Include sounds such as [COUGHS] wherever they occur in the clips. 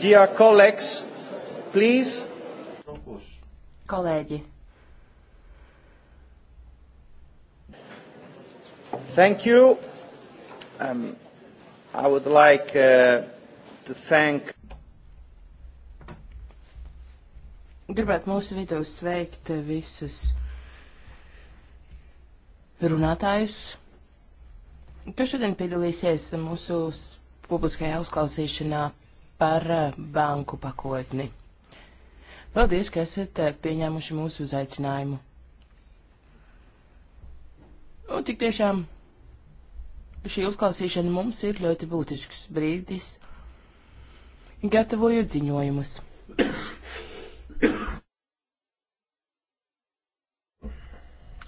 Dear colleagues, please. Kolēģi. Thank you. Um, I would like uh, to thank. Gribētu mūsu vidū sveikt visus runātājus, kas šodien piedalīsies mūsu publiskajā uzklausīšanā par eh, banku pakotni. Paldies, ka esat eh, pieņēmuši mūsu uzaicinājumu. Un tik tiešām šī uzklausīšana mums ir ļoti būtisks brīdis, gatavojot ziņojumus. [COUGHS]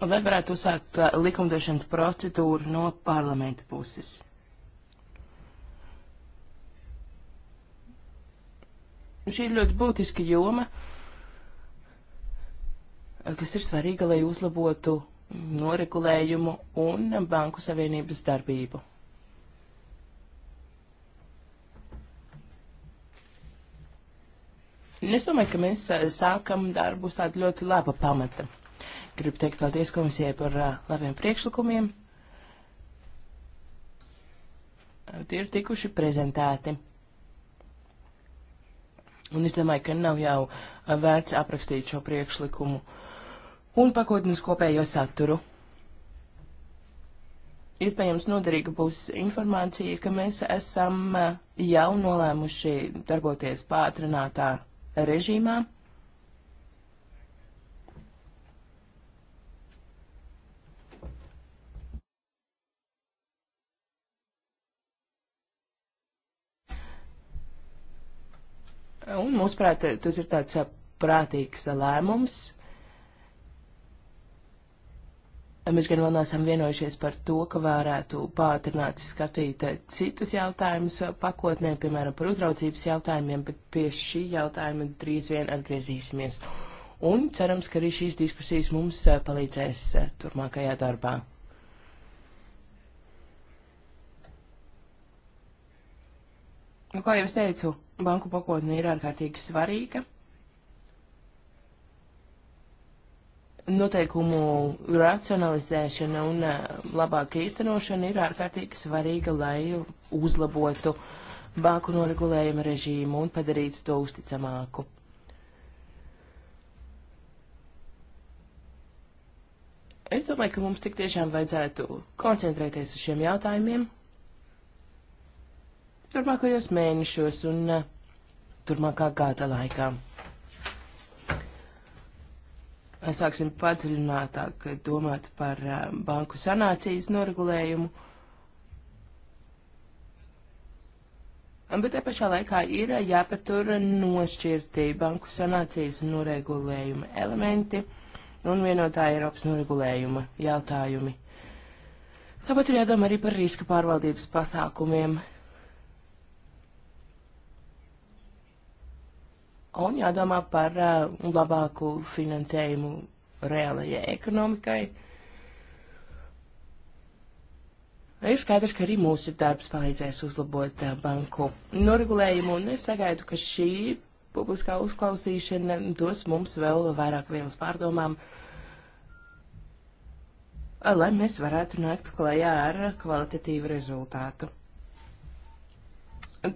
Lai varētu uzsākt eh, likumdošanas procedūru no parlamenta puses. Šī ir ļoti būtiska joma, kas ir svarīga, lai uzlabotu noregulējumu un banku savienības darbību. Es domāju, ka mēs eh, sākam darbu uz tādu ļoti laba pamata. Gribu teikt paldies komisijai par uh, labiem priekšlikumiem. Tie ir tikuši prezentēti. Un es domāju, ka nav jau eh, vērts aprakstīt šo priekšlikumu un pakotnes kopējo saturu. Iespējams, noderīga būs informācija, ka mēs esam eh, jau nolēmuši darboties pātrinātā režīmā. Un, mūsuprāt, tas ir tāds uh, prātīgs lēmums. Mēs gan vēl neesam vienojušies par to, ka varētu pātrināt skatīt uh, citus jautājumus uh, pakotnē, piemēram, par uzraudzības jautājumiem, bet pie šī jautājuma drīz vien atgriezīsimies. Un cerams, ka arī šīs diskusijas mums palīdzēs turmākajā darbā. Nu, kā jau es teicu, banku pakotne ir ārkārtīgi svarīga. Noteikumu racionalizēšana un eh, labāka īstenošana ir ārkārtīgi svarīga, lai uzlabotu banku noregulējuma režīmu un padarītu to uzticamāku. Es domāju, ka mums tik tiešām vajadzētu koncentrēties uz šiem jautājumiem, turpmākajos mēnešos un uh, turpmākā gada laikā. Sāksim padziļinātāk domāt par uh, banku sanācijas noregulējumu. Bet te pašā laikā ir jāpatur nošķirti banku sanācijas un noregulējuma elementi un vienotā Eiropas noregulējuma jautājumi. Tāpat ir jādomā arī par riska pārvaldības pasākumiem, un jādomā par uh, labāku finansējumu reālajai ekonomikai. Ir skaidrs, ka arī mūsu darbs palīdzēs uzlabot uh, banku noregulējumu, un es sagaidu, ka šī publiskā uzklausīšana dos mums vēl vairāk vielas pārdomām, lai mēs varētu nākt klajā ar kvalitatīvu rezultātu.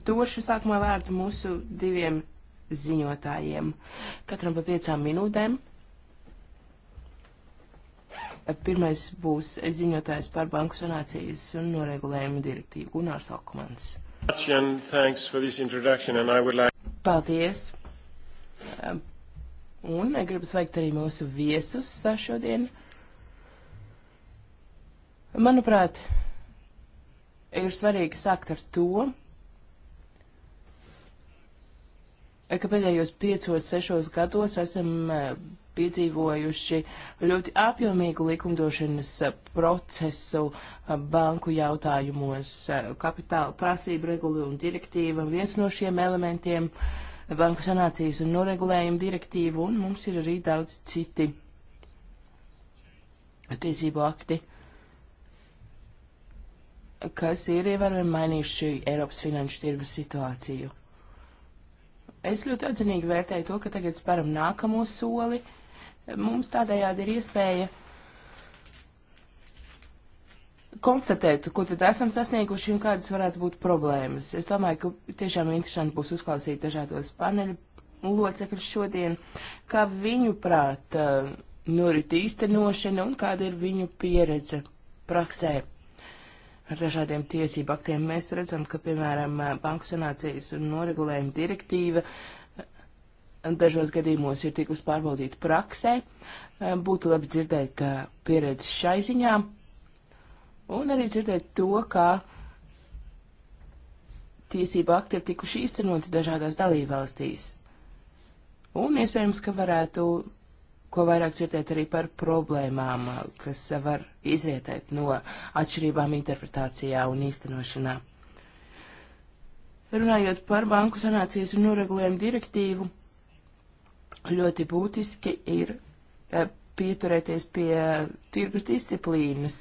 Došu sākumā vārdu mūsu diviem ziņotājiem. Katram pa piecām minūtēm. Pirmais būs ziņotājs par banku sanācijas un noregulējumu direktīvu Gunārs Okumans. Paldies! Un gribu sveikt arī mūsu viesus šodien. Manuprāt, ir svarīgi sākt ar to, ka pēdējos piecos, sešos gados esam e, piedzīvojuši ļoti apjomīgu likumdošanas e, procesu e, banku jautājumos, kapitāla prasību regulu un direktīva, viens no šiem elementiem, banku sanācijas un noregulējuma direktīva, un mums ir arī daudz citi tiesību akti, kas ir ievērojami mainījuši Eiropas finanšu tirgus situāciju. Es ļoti atzinīgi vērtēju to, ka tagad sparam nākamo soli. Mums tādējādi ir iespēja konstatēt, ko tad esam sasnieguši un kādas varētu būt problēmas. Es domāju, ka tiešām interesanti būs uzklausīt dažādos paneļu locekļus šodien, kā viņu prāt uh, norit nu, īstenošana un kāda ir viņu pieredze praksē ar dažādiem tiesību aktiem. Mēs redzam, ka, piemēram, banku sanācijas un noregulējuma direktīva eh, dažos gadījumos ir tikus pārbaudīta praksē. Eh, būtu labi dzirdēt eh, pieredzi šai ziņā un arī dzirdēt to, kā tiesība akti ir tikuši īstenoti dažādās dalībvalstīs. Un iespējams, ka varētu ko vairāk dzirdēt arī par problēmām, kas var izrietēt no atšķirībām interpretācijā un īstenošanā. Runājot par banku sanācijas un noregulējumu direktīvu, ļoti būtiski ir eh, pieturēties pie eh, tirgus disciplīnas,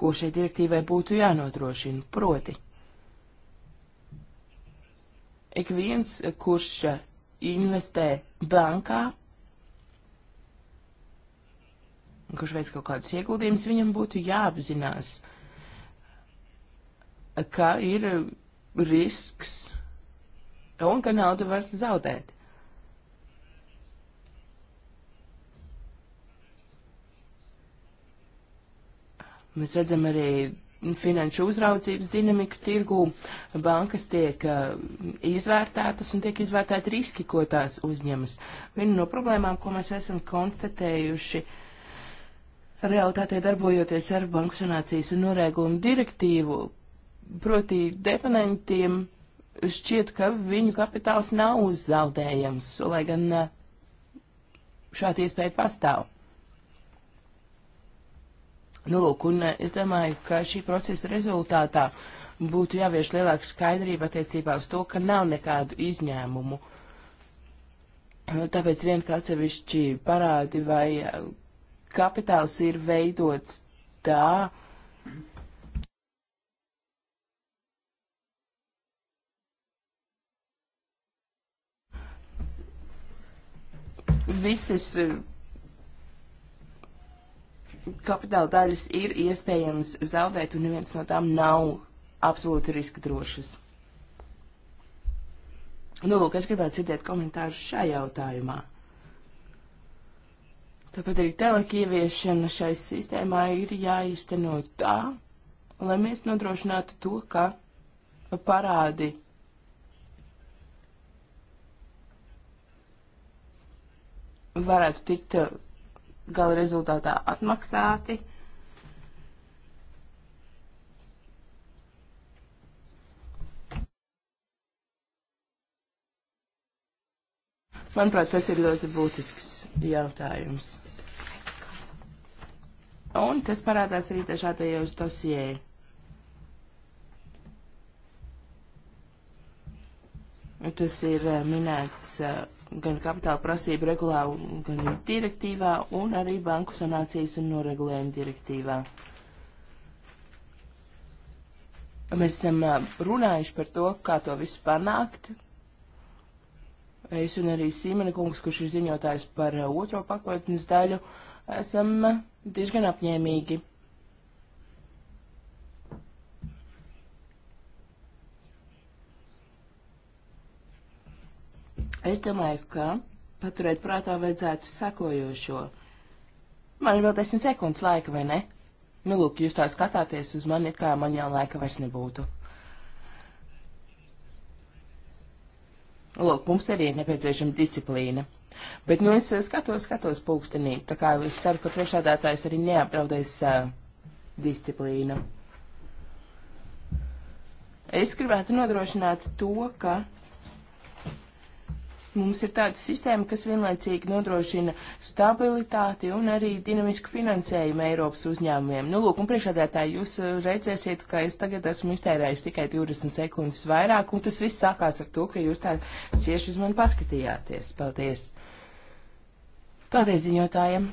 ko šai direktīvai būtu jānodrošina. Proti, ik viens, kurš eh, investē bankā, kurš veids kaut kādus ieguldījumus, viņam būtu jāapzinās, ka ir risks un ka naudu var zaudēt. Mēs redzam arī finanšu uzraudzības dinamiku tirgū. Bankas tiek uh, izvērtētas un tiek izvērtēti riski, ko tās uzņemas. Viena no problēmām, ko mēs esam konstatējuši, uh, realitātē darbojoties ar banku sanācijas un noregulumu direktīvu, proti deponentiem šķiet, ka viņu kapitāls nav zaudējams, lai gan eh, šāda iespēja pastāv. Nu, lūk, un eh, es domāju, ka šī procesa rezultātā būtu jāvieš lielāka skaidrība attiecībā uz to, ka nav nekādu izņēmumu. Tāpēc vien kā atsevišķi parādi vai eh, kapitāls ir veidots tā, visas eh, kapitāla daļas ir iespējams zaudēt, un neviens no tām nav absolūti riska drošas. Nu, lūk, es gribētu citēt komentārus šajā jautājumā. Tāpat arī teleka ieviešana šai sistēmā ir jāizteno tā, lai mēs nodrošinātu to, ka parādi varētu tikt eh, gala rezultātā atmaksāti. Manuprāt, tas ir ļoti būtisks jautājums. Un tas parādās arī dažādajos dosijē. Tas ir eh, minēts eh, gan kapitāla prasību regulā, gan direktīvā, un arī banku sanācijas un noregulējuma direktīvā. Mēs esam eh, runājuši par to, kā to visu panākt, es un arī Sīmena kungs, kurš ir ziņotājs par uh, otro pakotnes daļu, esam diezgan apņēmīgi. Es domāju, ka paturēt prātā vajadzētu sakojošo. Man ir vēl desmit sekundes laika, vai ne? Nu, lūk, jūs tā skatāties uz mani, kā man jau laika vairs nebūtu. Lūk, mums arī ir nepieciešama disciplīna. Bet, nu, es skatos, skatos pulkstenī, tā kā es ceru, ka priekšādātājs arī neapdraudēs uh, disciplīnu. Es gribētu nodrošināt to, ka mums ir tāda sistēma, kas vienlaicīgi nodrošina stabilitāti un arī dinamisku finansējumu Eiropas uzņēmumiem. Nu, lūk, un priekšādētāji, jūs uh, redzēsiet, ka es tagad esmu iztērējis tikai 20 sekundes vairāk, un tas viss sākās ar to, ka jūs tā cieši uz mani paskatījāties. Paldies! Paldies ziņotājiem!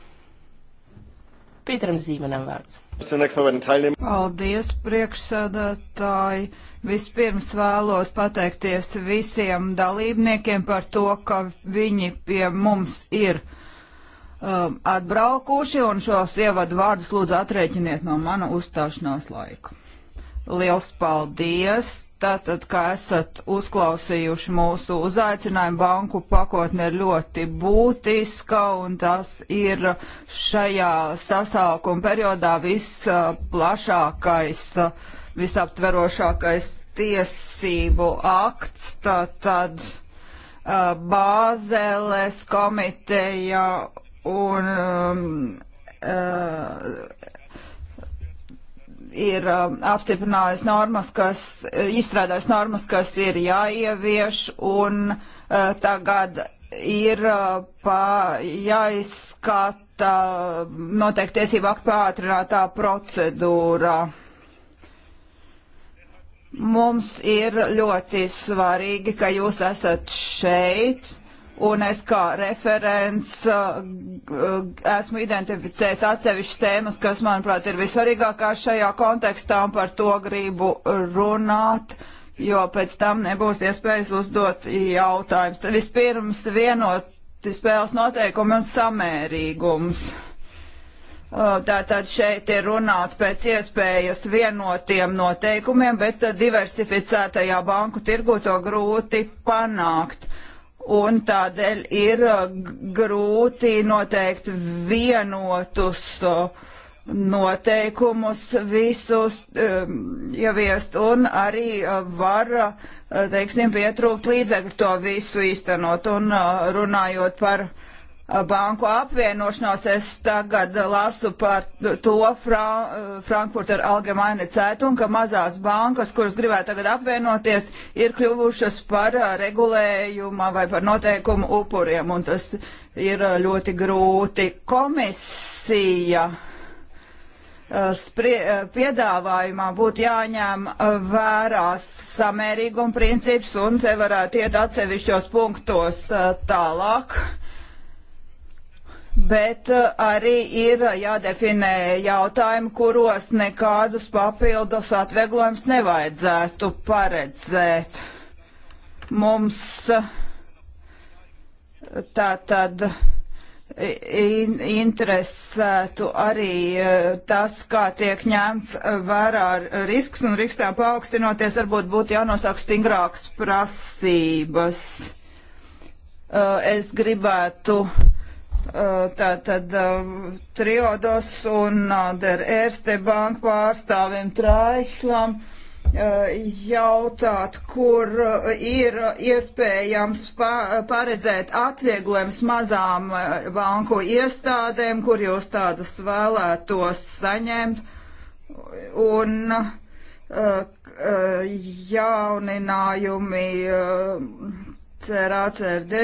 Pīteram Zīmenam vārds. Paldies, priekšsēdētāji! Vispirms vēlos pateikties visiem dalībniekiem par to, ka viņi pie mums ir um, atbraukuši, un šos ievadu vārdus lūdzu atrēķiniet no mana uzstāšanās laika. Liels paldies! tātad, kā esat uzklausījuši mūsu uzaicinājumu, banku pakotne ir ļoti būtiska un tas ir šajā sasaukuma periodā visplašākais, visaptverošākais tiesību akts. Tātad Bāzeles komiteja un um, ir um, apstiprinājusi normas, kas, eh, izstrādājusi normas, kas ir jāievieš, un eh, tagad ir eh, pā, jāizskata um, noteikti tiesību aktu pātrinātā procedūra. Mums ir ļoti svarīgi, ka jūs esat šeit un es kā referents uh, uh, esmu identificējis atsevišķas tēmas, kas, manuprāt, ir visvarīgākās šajā kontekstā, un par to gribu runāt, jo pēc tam nebūs iespējas uzdot jautājumus. Tad vispirms vienoti spēles noteikumi un samērīgums. Uh, tātad šeit ir runāts pēc iespējas vienotiem noteikumiem, bet diversificētajā banku tirgu to grūti panākt. Uh, un tādēļ ir uh, grūti noteikt vienotus uh, noteikumus visus um, ieviest un arī uh, var, teiksim, pietrūkt līdzekļu to visu īstenot. Un runājot par uh, banku apvienošanos. Es tagad lasu par to Fra Frankfurter Algemeine Cētun, ka mazās bankas, kuras gribētu tagad apvienoties, ir kļuvušas par regulējuma vai par noteikumu upuriem, un tas ir ļoti grūti. Komisija e, e, piedāvājumā būtu jāņem vērā samērīguma princips, un te varētu iet atsevišķos punktos e, tālāk bet eh, arī ir jādefinē jautājumi, kuros nekādus papildus atvieglojumus nevajadzētu paredzēt. Mums eh, tā tad interesētu arī eh, tas, kā tiek ņemts vērā risks un riskām paaugstinoties, varbūt būtu jānosāk stingrākas prasības. Es gribētu uh, Eh, tātad eh, Triodos un eh, Der Erste banka pārstāvim Traihlam jautāt, kur ir iespējams paredzēt atvieglojums mazām banku iestādēm, kur jūs tādas vēlētos saņemt. Un jauninājumi CRACRD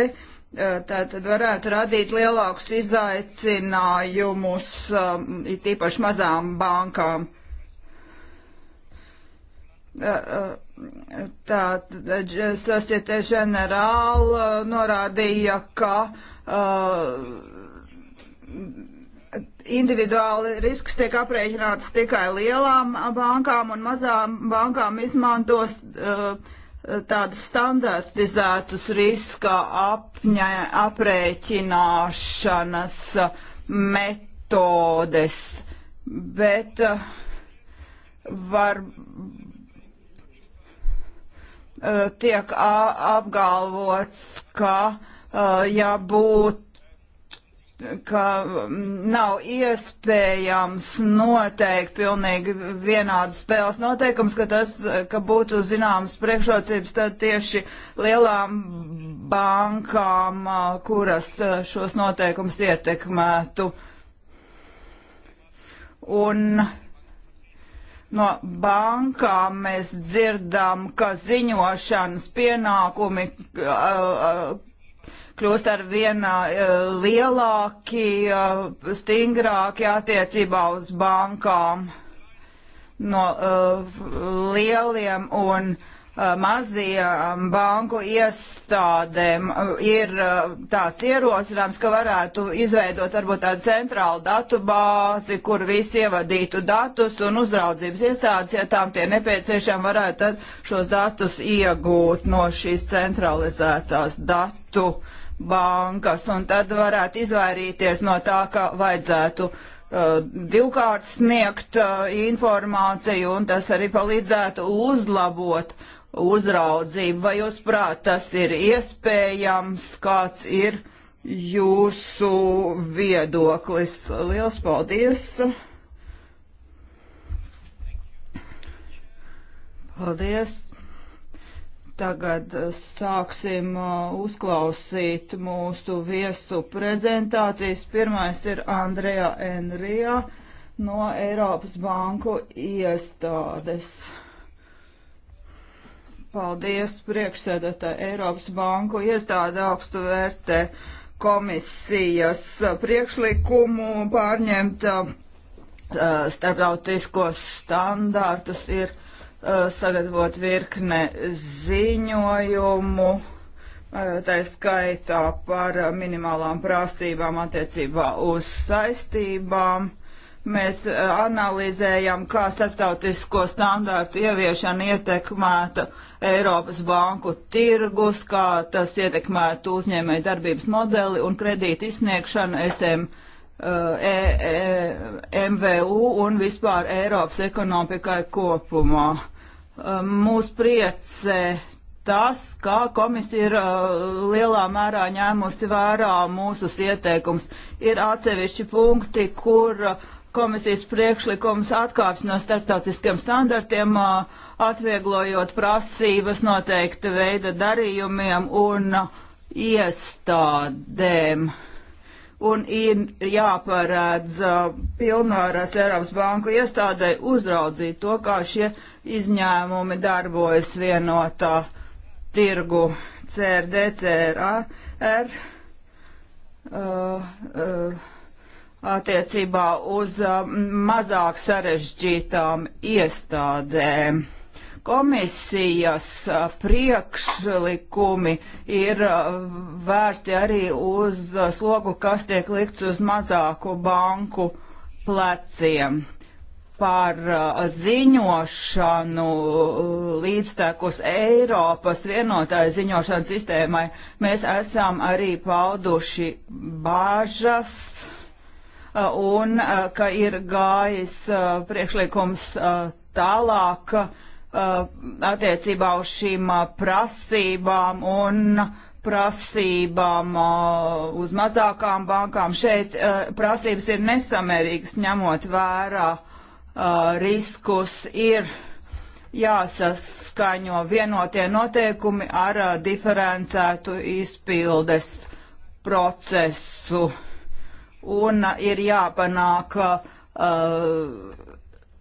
tā tad varētu radīt lielākus izaicinājumus, it īpaši mazām bankām. Tā Societe Generāla norādīja, ka individuāli risks tiek aprēķināts tikai lielām bankām un mazām bankām izmantos uh, tādus standartizētus riska apņa, aprēķināšanas metodes, bet eh, var eh, tiek apgalvots, ka eh, ja būtu ka mm, nav iespējams noteikt pilnīgi vienādu spēles noteikums, ka tas, ka būtu zināmas priekšrocības tad tieši lielām bankām, kuras šos noteikums ietekmētu. Un no bankām mēs dzirdam, ka ziņošanas pienākumi kļūst ar vienā eh, lielāki, eh, stingrāki attiecībā uz bankām no eh, lieliem un mazajām banku iestādēm ir tāds ierosinājums, ka varētu izveidot varbūt tādu centrālu datu bāzi, kur visi ievadītu datus un uzraudzības iestādes, ja tām tie nepieciešami, varētu tad šos datus iegūt no šīs centralizētās datu uh, bankas, un tad varētu izvairīties no tā, ka vajadzētu Uh, divkārt sniegt uh, informāciju, un tas arī palīdzētu uzlabot uzraudzību. Vai jūs prāt, tas ir iespējams, kāds ir jūsu viedoklis? Liels paldies! Paldies! Tagad eh, sāksim eh, uzklausīt mūsu viesu prezentācijas. Pirmais ir Andrejā Enrijā no Eiropas Banku iestādes. Paldies priekšsēdētāji Eiropas Banku iestāde augstu vērtē komisijas priekšlikumu pārņemt uh, starptautiskos standārtus ir Uh, sagatavot virkne ziņojumu, uh, tā skaitā par minimālām prasībām attiecībā uz saistībām. Mēs uh, analizējam, kā starptautisko standārtu ieviešana ietekmēta Eiropas banku tirgus, kā tas ietekmētu uzņēmēju darbības modeli un kredītu izsniegšanu SM e, e, MVU un vispār Eiropas ekonomikai kopumā. E, mūs priecē tas, kā komisija ir uh, lielā mērā ņēmusi vērā mūsus ieteikums. Ir atsevišķi punkti, kur uh, komisijas priekšlikums atkāps no starptautiskiem standartiem, uh, atvieglojot prasības noteikta veida darījumiem un iestādēm. Uh, un ir jāparēdz uh, pilnvaras Eiropas Banku iestādai uzraudzīt to, kā šie izņēmumi darbojas vienotā tirgu CRD, CRR. Uh, uh, attiecībā uz uh, mazāk sarežģītām iestādēm. Komisijas priekšlikumi ir vērsti arī uz slogu, kas tiek likts uz mazāku banku pleciem par ziņošanu līdztekus Eiropas vienotāju ziņošanas sistēmai. Mēs esam arī pauduši bāžas un ka ir gājis priekšlikums tālāk, Uh, attiecībā uz šīm uh, prasībām un prasībām uh, uz mazākām bankām. Šeit prasības ir nesamērīgas, ņemot vērā riskus, ir jāsaskaņo vienotie noteikumi ar diferencētu izpildes procesu un ir jāpanāk uh,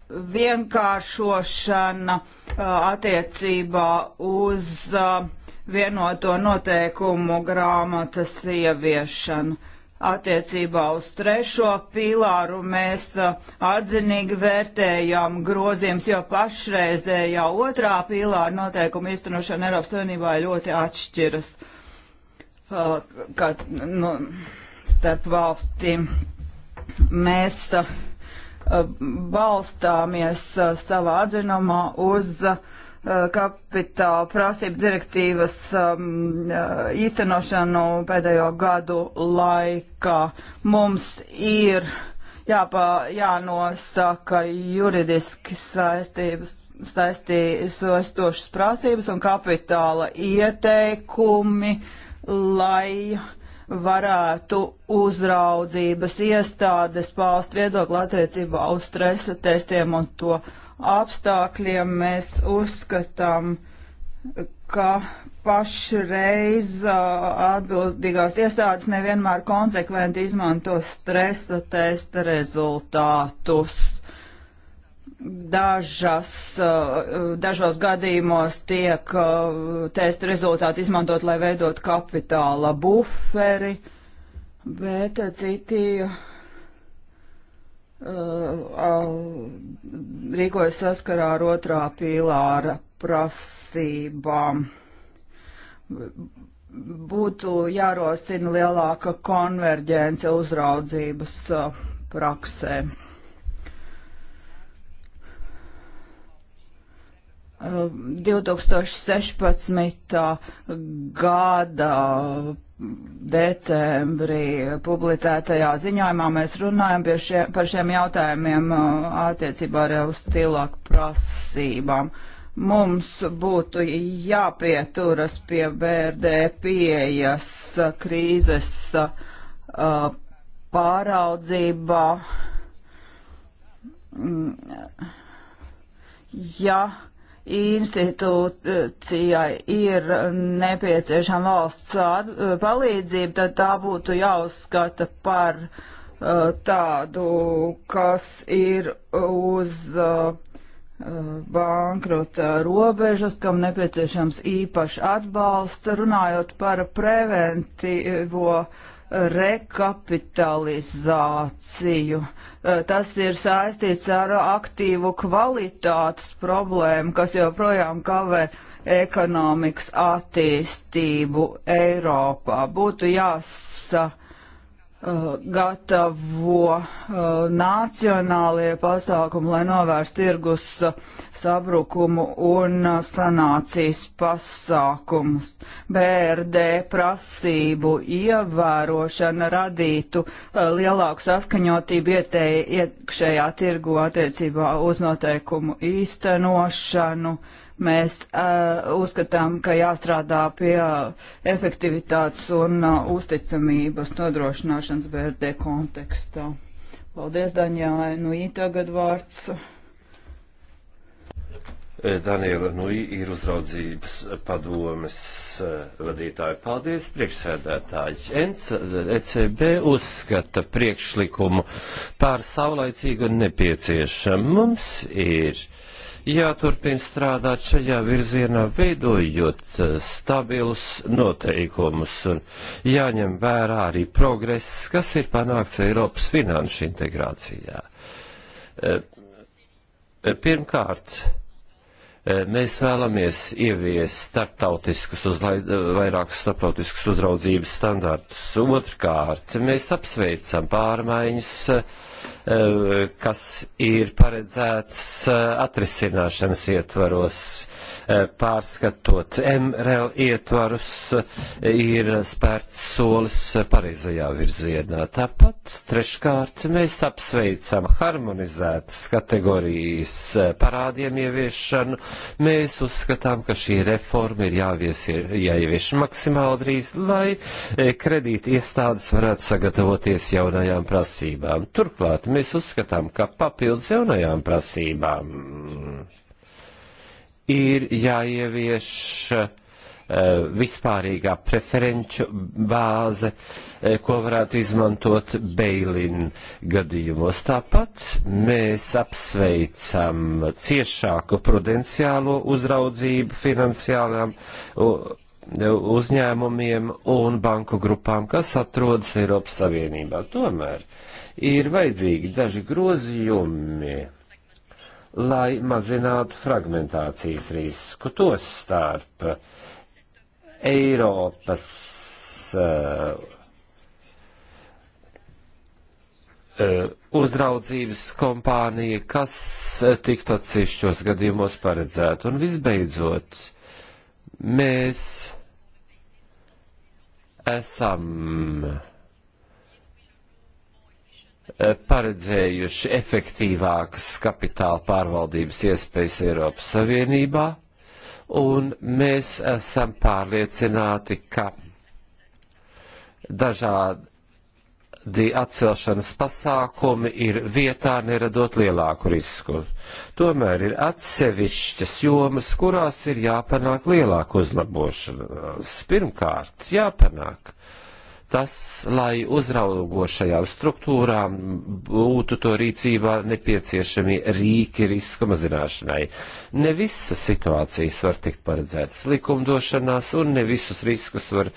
vienkāršošana uh, attiecībā uz uh, vienoto noteikumu grāmatas ieviešanu. Attiecībā uz trešo pīlāru mēs uh, atzinīgi vērtējam grozījums, jo pašreizējā otrā pīlāra noteikuma īstenošana Eiropas Savienībā ļoti atšķiras kā, nu, starp valstīm. Mēs uh, balstāmies savā atzinumā uz kapitāla prasību direktīvas um, īstenošanu pēdējo gadu laikā. Mums ir jāpā, jānosaka juridiski saistības saistošas prasības un kapitāla ieteikumi, lai uh, varētu uzraudzības iestādes paust viedokli attiecībā uz stresa testiem un to apstākļiem. Mēs uzskatām, ka pašreiz atbildīgās iestādes nevienmēr konsekventi izmanto stresa testa rezultātus Dažas, eh, dažos gadījumos tiek eh, testa rezultāti izmantot, lai veidot kapitāla buferi, bet citi eh, rīkojas saskarā ar otrā pīlāra prasībām. Būtu jārosina lielāka konverģence uzraudzības praksē. 2016. Uh, uh, gada decembrī publicētajā ziņojumā mēs runājam šie, par šiem jautājumiem uh, attiecībā arī uz tīlāku prasībām. Mums būtu jāpieturas pie BRD pieejas krīzes pāraudzībā. Mm, ja institūcijai ir nepieciešama valsts palīdzība, tad tā būtu jāuzskata par uh, tādu, kas ir uz uh, uh bankrota robežas, kam nepieciešams īpaši atbalsts, runājot par preventīvo uh, rekapitalizāciju. Eh, tas ir saistīts ar aktīvu kvalitātes problēmu, kas joprojām kavē ekonomikas attīstību Eiropā. Būtu jāsa Uh, gatavo uh, nacionālie pasākumi, lai novērstu tirgus uh, sabrukumu un sanācijas pasākumus. BRD prasību ievērošana radītu lielāku saskaņotību iekšējā tirgu attiecībā uz noteikumu īstenošanu. Uh, Mēs uh, uzskatām, ka jāstrādā pie uh, efektivitātes un uh, uzticamības nodrošināšanas BRD kontekstā. Paldies, Daņēlē. Nu, ī tagad vārds. Eh, Daniela Nui ir uzraudzības padomes eh, vadītāja. Paldies, priekšsēdētāji. ECB e uzskata priekšlikumu pār saulaicīgu un nepieciešamu. Mums ir jāturpina strādāt šajā virzienā, veidojot eh, stabilus noteikumus un jāņem vērā arī progress, kas ir panākts Eiropas finanšu integrācijā. Eh, eh, pirmkārt, Eh, mēs vēlamies ieviest starptautiskus, uzlaid, eh, vairākus starptautiskus uzraudzības standartus. Otrkārt, mēs apsveicam pārmaiņas, eh, kas ir paredzētas atrisināšanas ietvaros, pārskatot MRL ietvarus, ir spērts solis pareizajā virzienā. Tāpat, treškārt, mēs apsveicam harmonizētas kategorijas parādiem ieviešanu, Mēs uzskatām, ka šī reforma ir jāvies, jāievieš maksimāli drīz, lai e, kredīti iestādes varētu sagatavoties jaunajām prasībām. Turklāt mēs uzskatām, ka papildus jaunajām prasībām ir jāievieš Eh, vispārīgā preferenču bāze, eh, ko varētu izmantot Beilin gadījumos. Tāpat mēs apsveicam ciešāku prudenciālo uzraudzību finansiālām uzņēmumiem un banku grupām, kas atrodas Eiropas Savienībā. Tomēr ir vajadzīgi daži grozījumi, lai mazinātu fragmentācijas risku to starp uh, Eiropas eh, eh, uzraudzības kompānija, kas eh, tiktu atsevišķos gadījumos paredzētu. Un visbeidzot, mēs esam paredzējuši efektīvākas kapitāla pārvaldības iespējas Eiropas Savienībā un mēs esam pārliecināti, ka dažādi atcelšanas pasākumi ir vietā, neradot lielāku risku. Tomēr ir atsevišķas jomas, kurās ir jāpanāk lielāka uzlabošanās. Pirmkārt, jāpanāk, uh, tas, lai uzraugošajām struktūrām būtu to rīcībā nepieciešami rīki riska mazināšanai. Ne visas situācijas var tikt paredzētas likumdošanās, un ne visus riskus var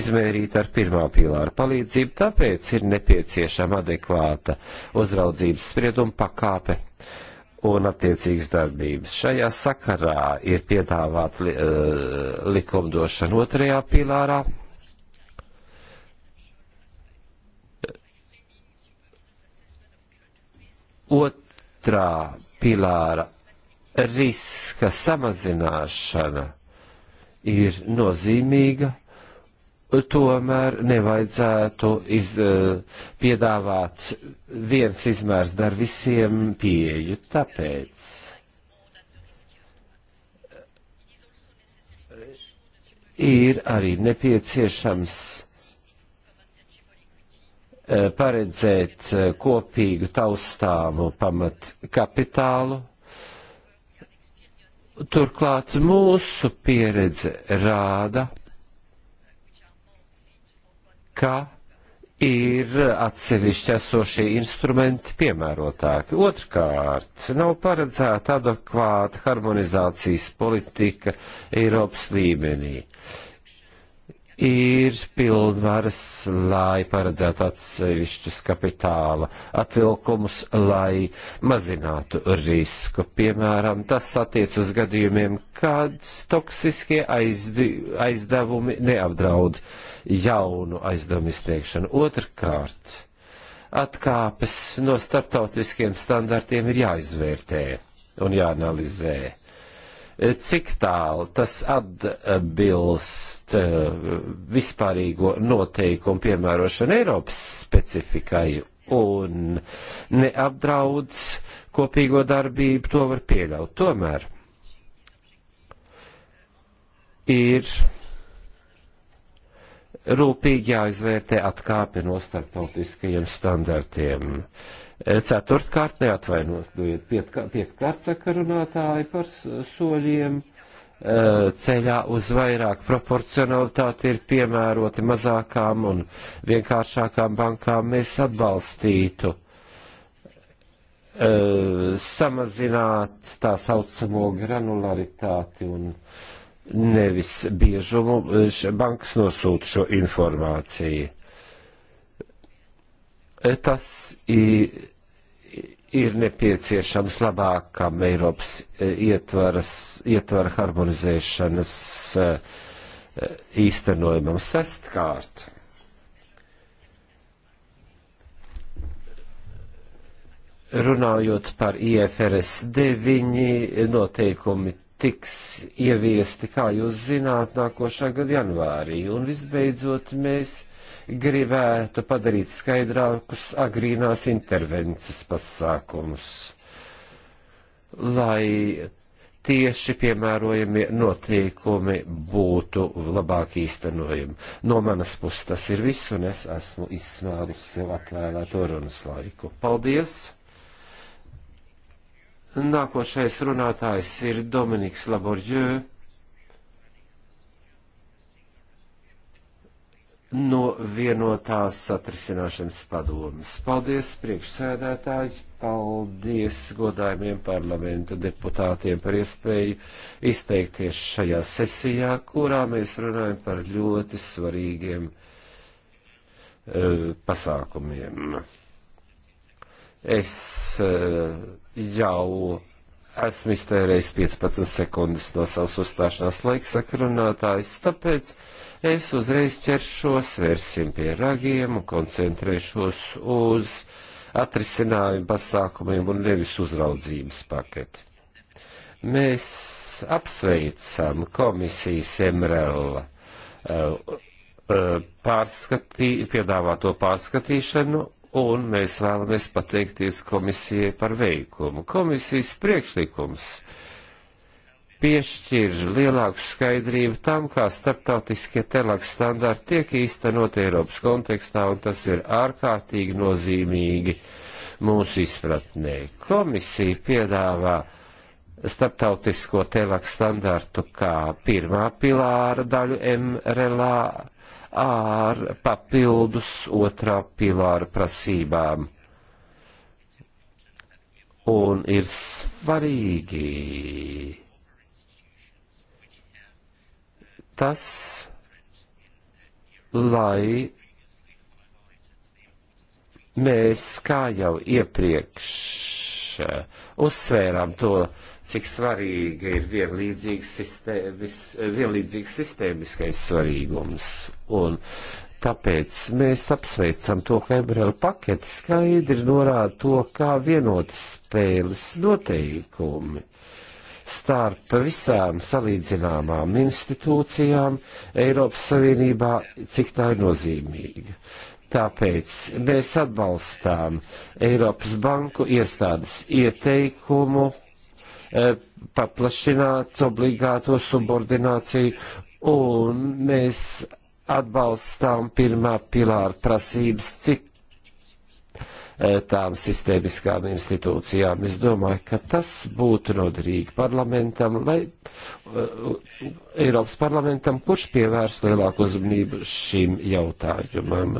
izmērīt ar pirmā pīlāra palīdzību, tāpēc ir nepieciešama adekvāta uzraudzības sprieduma pakāpe un attiecīgas darbības. Šajā sakarā ir piedāvāta li, uh, likumdošana otrajā pīlārā Otrā pilāra riska samazināšana ir nozīmīga, tomēr nevajadzētu iz, eh, piedāvāt viens izmērs dar visiem pieeju, tāpēc. Ir arī nepieciešams Eh, paredzēt eh, kopīgu taustāmu pamat kapitālu. Turklāt mūsu pieredze rāda, ka ir atsevišķi esošie instrumenti piemērotāki. Otrkārt, nav paredzēta adekvāta harmonizācijas politika Eiropas līmenī ir pilnvaras, lai paredzētu atsevišķus kapitāla atvilkumus, lai mazinātu risku. Piemēram, tas attiec uz gadījumiem, kad toksiskie aizdi, aizdevumi neapdraud jaunu aizdevumu izsniegšanu. Otrkārt, atkāpes no starptautiskiem standartiem ir jāizvērtē un jāanalizē cik tālu tas atbilst eh, vispārīgo noteikumu piemērošanu Eiropas specifikai un neapdraud kopīgo darbību, to var pieļaut. Tomēr ir rūpīgi jāizvērtē atkāpi no starptautiskajiem standartiem. Uh, Ceturtkārt, neatvainojiet, piektkārt sakarunātāji par soļiem e, ceļā uz vairāk proporcionalitāti ir piemēroti mazākām un vienkāršākām bankām. Mēs atbalstītu e, samazināt tā saucamo granularitāti un nevis biežumu. Bankas nosūta šo informāciju Tas ir ir nepieciešams labākam Eiropas e, ietvaras, ietvara harmonizēšanas e, e, īstenojumam. Sestkārt. Runājot par IFRS 9, noteikumi tiks ieviesti, kā jūs zināt, nākošā gada janvārī. Un visbeidzot, mēs gribētu padarīt skaidrākus agrīnās intervences pasākumus, lai tieši piemērojamie noteikumi būtu labāk īstenojami. No manas puses tas ir viss, un es esmu izsmēlus sev atvēlēto runas laiku. Paldies! Nākošais runātājs ir Dominiks Laborģē no vienotās satrisināšanas padomas. Paldies, priekšsēdētāji, paldies godājumiem parlamenta deputātiem par iespēju izteikties šajā sesijā, kurā mēs runājam par ļoti svarīgiem uh, pasākumiem. Es uh, jau esmu iztērējis 15 sekundes no savas uzstāšanās laika sakrunātājs, tāpēc Es uzreiz ķeršos, vērsim pie ragiem un koncentrēšos uz atrisinājumu pasākumiem un nevis uzraudzības paketi. Mēs apsveicam komisijas Emrela uh, pārskatī, piedāvāto pārskatīšanu, un mēs vēlamies pateikties komisijai par veikumu. Komisijas priekšlikums uh, piešķir lielāku skaidrību tam, kā starptautiskie telaks standarti tiek īstenot Eiropas kontekstā, un tas ir ārkārtīgi nozīmīgi mūsu izpratnē. Komisija piedāvā starptautisko telaks standartu kā pirmā pilāra daļu MRLA ar papildus otrā pilāra prasībām. Un ir svarīgi tas, lai mēs, kā jau iepriekš uzsvērām to, cik svarīga ir vienlīdzīgs, sistēmis, vienlīdzīgs sistēmiskais svarīgums. Un tāpēc mēs apsveicam to, ka Ebrela paketi skaidri norāda to, kā vienotas spēles noteikumi starp visām salīdzināmām institūcijām Eiropas Savienībā, cik tā ir nozīmīga. Tāpēc mēs atbalstām Eiropas Banku iestādes ieteikumu e, paplašināt obligāto subordināciju, un mēs atbalstām pirmā pilāra prasības, cik E, tām sistēmiskām institūcijām. Es domāju, ka tas būtu noderīgi parlamentam, lai e, Eiropas parlamentam, kurš pievērst lielāku uzmanību šīm jautājumam.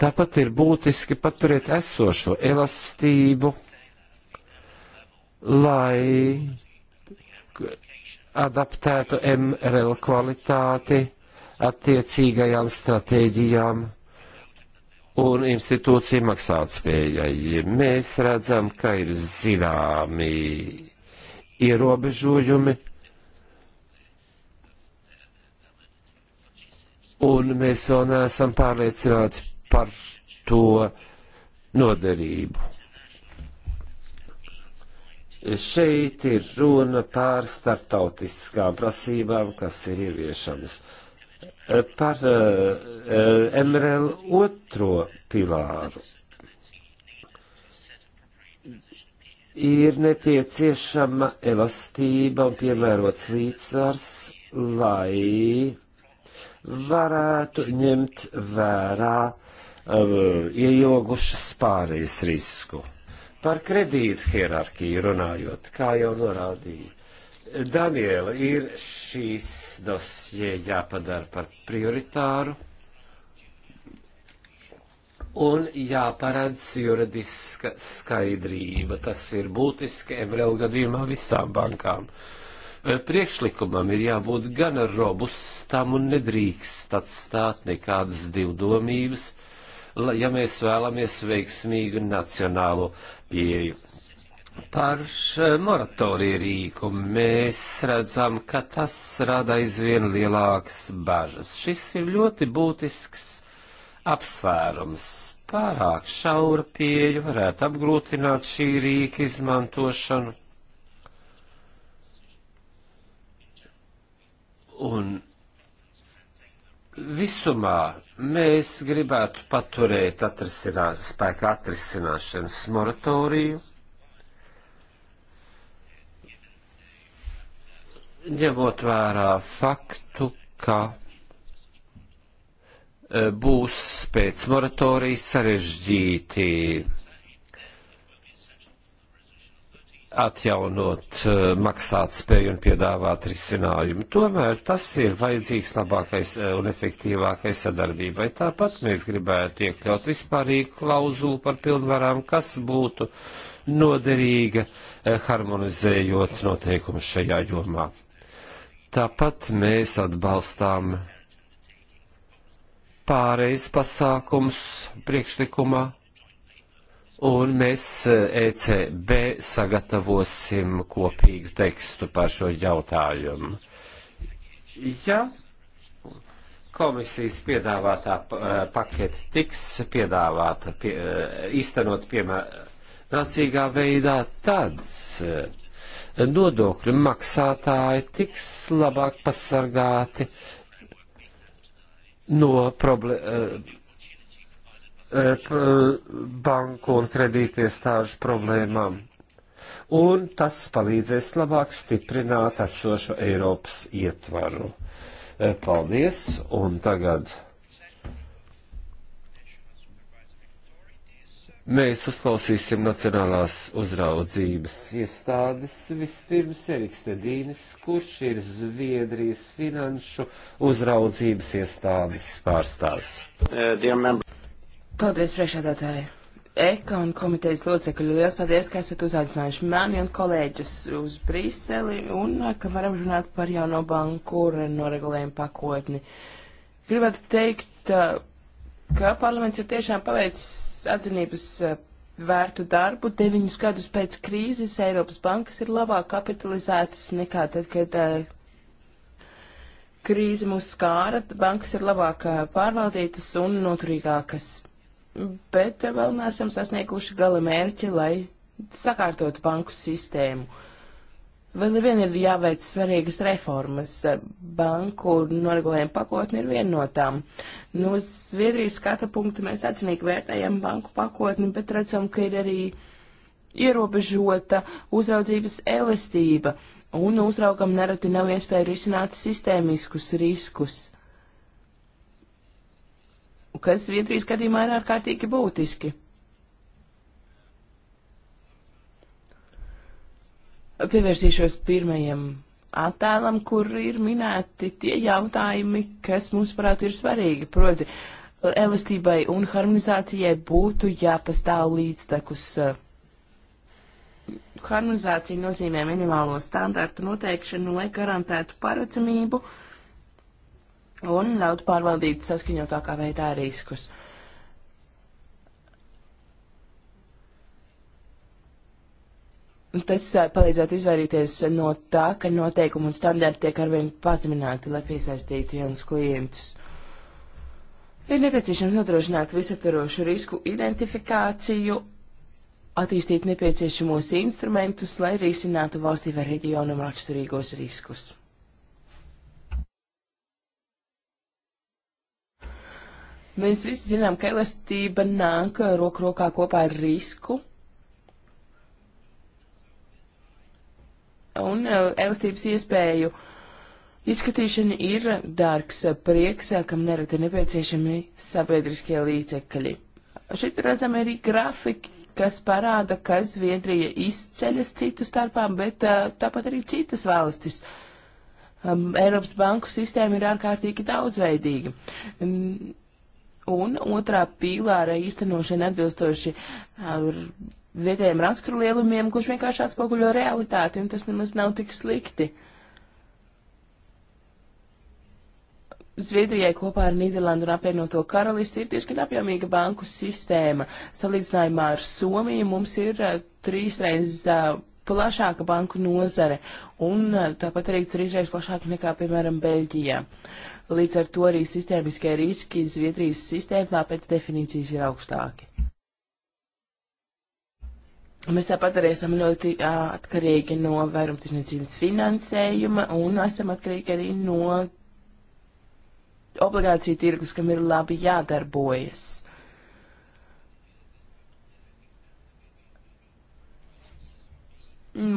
Tāpat ir būtiski paturēt esošo elastību, lai adaptētu MRL kvalitāti attiecīgajām stratēģijām un institūcija maksātspējai. Mēs redzam, ka ir zināmi ierobežojumi, un mēs vēl neesam pārliecināti par to noderību. Šeit ir runa pār startautiskām prasībām, kas ir ieviešanas. Uh, par eh, MRL otro pilāru. Ir nepieciešama elastība un piemērots līdzsvars, lai varētu ņemt vērā um, ieilgušas pārējas risku. Par kredītu hierarhiju runājot, kā jau norādīju, Daniela, ir šīs dosie jāpadara par prioritāru un jāparedz juridiska skaidrība. Tas ir būtiski MRL gadījumā visām bankām. E, priekšlikumam ir jābūt gan robustam un nedrīkst atstāt nekādas divdomības, ja mēs vēlamies veiksmīgu nacionālo pieeju. Par moratoriju rīku mēs redzam, ka tas rada aizvien lielākas bažas. Šis ir ļoti būtisks apsvērums. Pārāk šaura pieeja varētu apgrūtināt šī rīka izmantošanu. Un visumā mēs gribētu paturēt atrisinā, spēka atrisināšanas moratoriju ņemot vērā faktu, ka e, būs pēc moratorijas sarežģīti atjaunot e, maksāt spēju un piedāvāt risinājumu. Tomēr tas ir vajadzīgs labākais e, un efektīvākais sadarbībai. Tāpat mēs gribētu iekļaut vispārīgu klauzulu par pilnvarām, kas būtu noderīga harmonizējot noteikumus šajā jomā. Tāpat mēs atbalstām pārejas pasākums priekšlikumā, un mēs ECB eh, e sagatavosim kopīgu tekstu par šo jautājumu. Ja komisijas piedāvātā eh, pakete tiks piedāvāta, pie, eh, īstenot piemēr nācīgā veidā, tad nodokļu maksātāji tiks labāk pasargāti no problēmu eh, eh, banku un kredītiestāžu problēmām. Un tas palīdzēs labāk stiprināt esošo Eiropas ietvaru. Eh, paldies, un tagad. Mēs uzklausīsim Nacionālās uzraudzības iestādes vispirms Eriks Tedīnis, kurš ir Zviedrijas finanšu uzraudzības iestādes pārstāvs. Uh, paldies, priekšādātāji! Ekonu komitejas locekļi, liels paldies, ka esat uzaicinājuši mani un kolēģus uz Briseli un uh, ka varam runāt par jauno banku noregulējumu pakotni. Gribētu teikt, uh, ka parlaments ir tiešām paveicis atzinības eh, vērtu darbu. Deviņus gadus pēc krīzes Eiropas bankas ir labāk kapitalizētas nekā tad, kad eh, krīze mūs skāra. Bankas ir labāk eh, pārvaldītas un noturīgākas. Bet vēl neesam sasnieguši gala mērķi, lai sakārtotu banku sistēmu. Vēl ar vienu ir jāveic svarīgas reformas. Banku noregulējuma pakotne ir viena no tām. No nu, Zviedrijas skata punkta mēs atcinīgi vērtējam banku pakotni, bet redzam, ka ir arī ierobežota uzraudzības elastība un uzraugam nereti nav iespēja risināt sistēmiskus riskus, kas Zviedrijas gadījumā ir ārkārtīgi būtiski. Pievērsīšos pirmajam attēlam, kur ir minēti tie jautājumi, kas mums varētu ir svarīgi. Proti, elastībai un harmonizācijai būtu jāpastāv līdztekus. Harmonizācija nozīmē minimālo standārtu noteikšanu, lai garantētu paredzamību un ļautu pārvaldīt saskaņotākā veidā riskus. Tas palīdzētu izvairīties no tā, ka noteikumi un standarti tiek arvien pazemināti, lai piesaistītu jaunus klientus. Ir nepieciešams nodrošināt visaptvarošu risku identifikāciju, attīstīt nepieciešamos instrumentus, lai risinātu valstī vai reģionam raksturīgos riskus. Mēs visi zinām, ka elastība nāk roku rokā kopā ar risku un e, elastības iespēju izskatīšana ir dārgs prieks, e, kam nereti nepieciešami sabiedriskie līdzekļi. Šeit redzam arī grafiki, kas parāda, ka Zviedrija izceļas citu starpā, bet e, tāpat arī citas valstis. Um, Eiropas banku sistēma ir ārkārtīgi daudzveidīga. Um, un otrā pīlāra īstenošana atbilstoši ar, vietējiem raksturlielumiem, kurš vienkārši atspoguļo realitāti, un tas nemaz nav tik slikti. Zviedrijai kopā ar Nīderlandu un apvienoto karalisti ir diezgan apjomīga banku sistēma. Salīdzinājumā ar Somiju mums ir uh, trīsreiz uh, plašāka banku nozare un uh, tāpat arī trīsreiz plašāka nekā, piemēram, Beļģijā. Līdz ar to arī sistēmiskie riski Zviedrijas sistēmā pēc definīcijas ir augstāki. Mēs tāpat arī esam ļoti atkarīgi no vairumtirdzniecības finansējuma un esam atkarīgi arī no obligāciju tirgus, kam ir labi jādarbojas.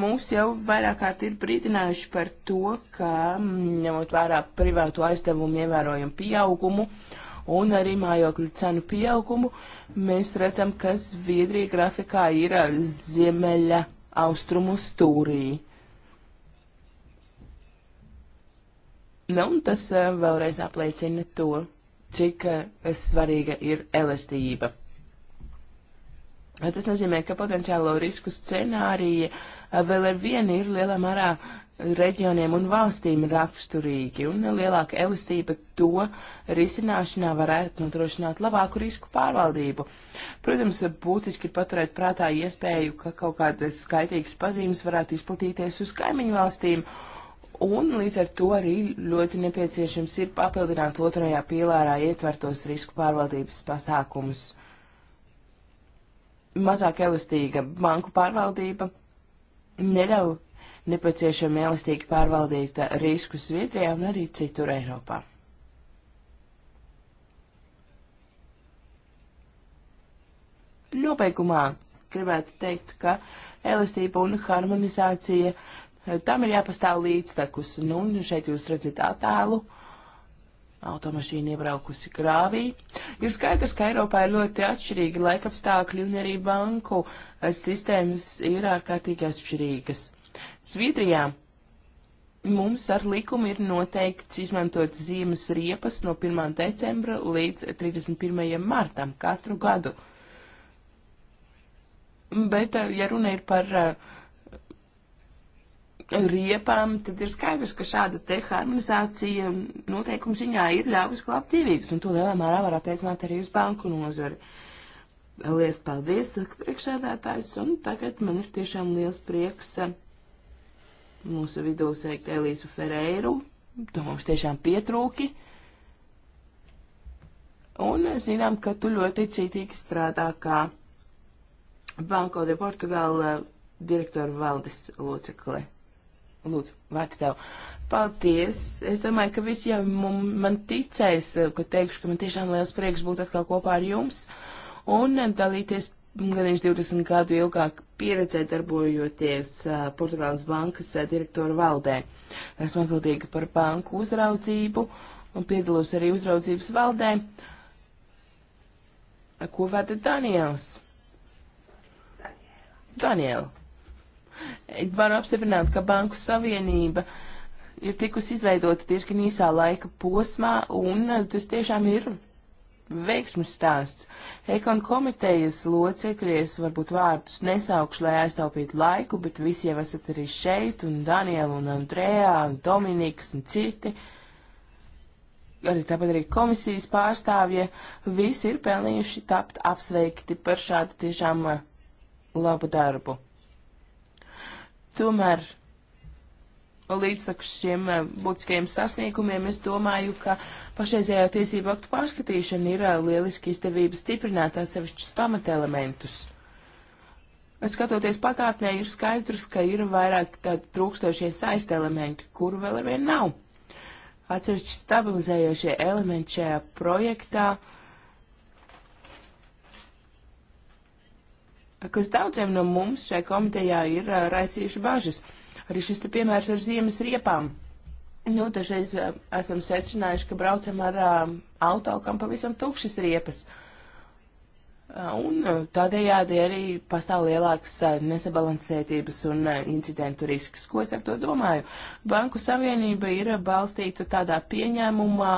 Mūs jau vairāk kārt ir brīdinājuši par to, ka mm, ņemot vērā privātu aizdevumu ievērojumu pieaugumu, uh, un arī mājokļu cenu pieaugumu, mēs redzam, ka Zviedrija grafikā ir ziemeļa austrumu stūrī. Nu, un tas vēlreiz apliecina to, cik svarīga ir elastība. Tas nozīmē, ka potenciālo risku scenārija vēl ar vienu ir lielā mērā reģioniem un valstīm raksturīgi, un lielāka elastība to risināšanā varētu nodrošināt labāku risku pārvaldību. Protams, būtiski paturēt prātā iespēju, ka kaut kādas skaitīgas pazīmes varētu izplatīties uz kaimiņu valstīm, un līdz ar to arī ļoti nepieciešams ir papildināt otrajā pīlārā ietvertos risku pārvaldības pasākumus. Mazāk elastīga banku pārvaldība neļauj nepieciešami elastīgi pārvaldīt riskus Zviedrijā un arī citur Eiropā. Nobeigumā gribētu teikt, ka elastība un harmonizācija eh, tam ir jāpastāv līdztekus. Nu, šeit jūs redzat attēlu. Automašīna iebraukusi krāvī. Ir skaidrs, ka Eiropā ir ļoti atšķirīgi laikapstākļi un arī banku eh, sistēmas ir ārkārtīgi atšķirīgas. Zviedrijā mums ar likumu ir noteikts izmantot ziemas riepas no 1. decembra līdz 31. martam katru gadu. Bet, eh, ja runa ir par eh, riepām, tad ir skaidrs, ka šāda te harmonizācija noteikumu ziņā ir ļāvis glābt dzīvības, un to lielā mērā var attiecināt arī uz banku nozari. Liels paldies, saka priekšsēdētājs, un tagad man ir tiešām liels prieks. Uh, mūsu vidū sveikt Elīzu Ferreiru, tu mums tiešām pietrūki. Un zinām, ka tu ļoti cītīgi strādā kā Banko de Portugāla direktoru valdes locekle. Lūdzu, vārds tev. Paldies! Es domāju, ka visi jau man ticēs, ka teikšu, ka man tiešām liels prieks būt atkal kopā ar jums un dalīties gandrīz 20 gadu ilgāk pieredzē darbojoties uh, Portugāles bankas uh, direktoru valdē. Esmu atbildīga par banku uzraudzību un piedalos arī uzraudzības valdē. Ko vada Daniels? Daniela. Varu apstiprināt, ka Banku Savienība ir tikusi izveidota diezgan īsā laika posmā, un tas tiešām ir veiksmes stāsts. Ekon komitejas locekļies varbūt vārdus nesaukšu, lai aiztaupītu laiku, bet visi jau esat arī šeit, un Daniela, un Andrejā, un Dominiks, un citi. Arī tāpat arī komisijas pārstāvja visi ir pelnījuši tapt apsveikti par šādu tiešām eh, labu darbu. Tomēr līdzsakus šiem eh, būtiskajiem sasniegumiem, es domāju, ka pašreizējā tiesību aktu pārskatīšana ir eh, lieliski izdevība stiprināt atsevišķus pamatelementus. Skatoties pagātnē, ir skaidrs, ka ir vairāk tādi trūkstošie saistelementi, kuru vēl ar vienu nav. Atsevišķi stabilizējošie elementi šajā projektā kas daudziem no mums šai komitejā ir eh, raisījuši bažas. Arī šis te piemērs ar ziemas riepām. Nu, dažreiz uh, esam secinājuši, ka braucam ar uh, eh, auto, kam pavisam tukšas riepas. Uh, un tādējādi arī pastāv lielākas nesabalansētības un incidentu risks. Ko es ar to domāju? Banku savienība ir balstīta tādā pieņēmumā,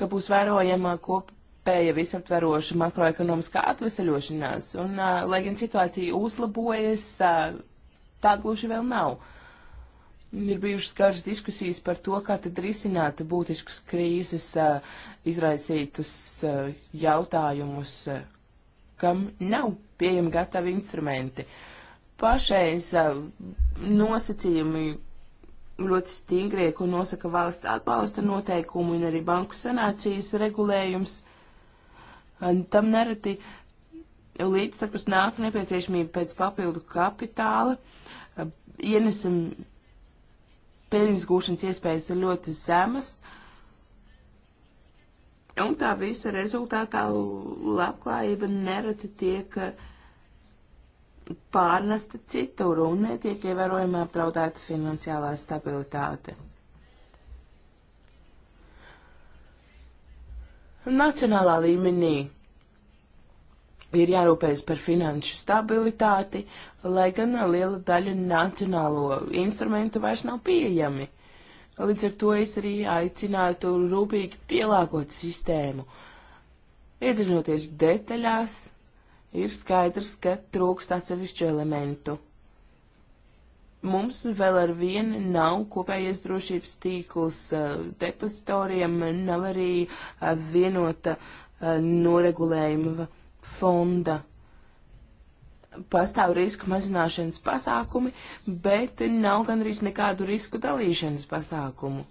ka būs vērojama kop, spēja visaptveroša makroekonomiskā atvesaļošanās, un, uh, lai gan situācija uzlabojas, uh, tā gluži vēl nav. Ir bijušas kādas diskusijas par to, kā tad risināt būtiskus krīzes eh, izraisītus eh, jautājumus, eh, kam nav pieejami gatavi instrumenti. Pašreiz nosacījumi ļoti stingrie, ko nosaka valsts atbalsta noteikumi un arī banku sanācijas regulējums. Tam nereti līdzsakus nāk nepieciešamība pēc papildu kapitāla. Ienesam peļņas gūšanas iespējas ir ļoti zemas. Un tā visa rezultātā labklājība nereti tiek pārnesta citur un netiek ievērojami apdraudēta finansiālā stabilitāte. Nacionālā līmenī ir jārūpējas par finanšu stabilitāti, lai gan liela daļa nacionālo instrumentu vairs nav pieejami. Līdz ar to es arī aicinātu rūpīgi pielāgot sistēmu. Iedzinoties detaļās, ir skaidrs, ka trūkst atsevišķu elementu. Mums vēl ar vienu nav kopējies drošības tīkls eh, depozitoriem, nav arī eh, vienota eh, noregulējuma fonda pastāv risku mazināšanas pasākumi, bet nav gandrīz nekādu risku dalīšanas pasākumu.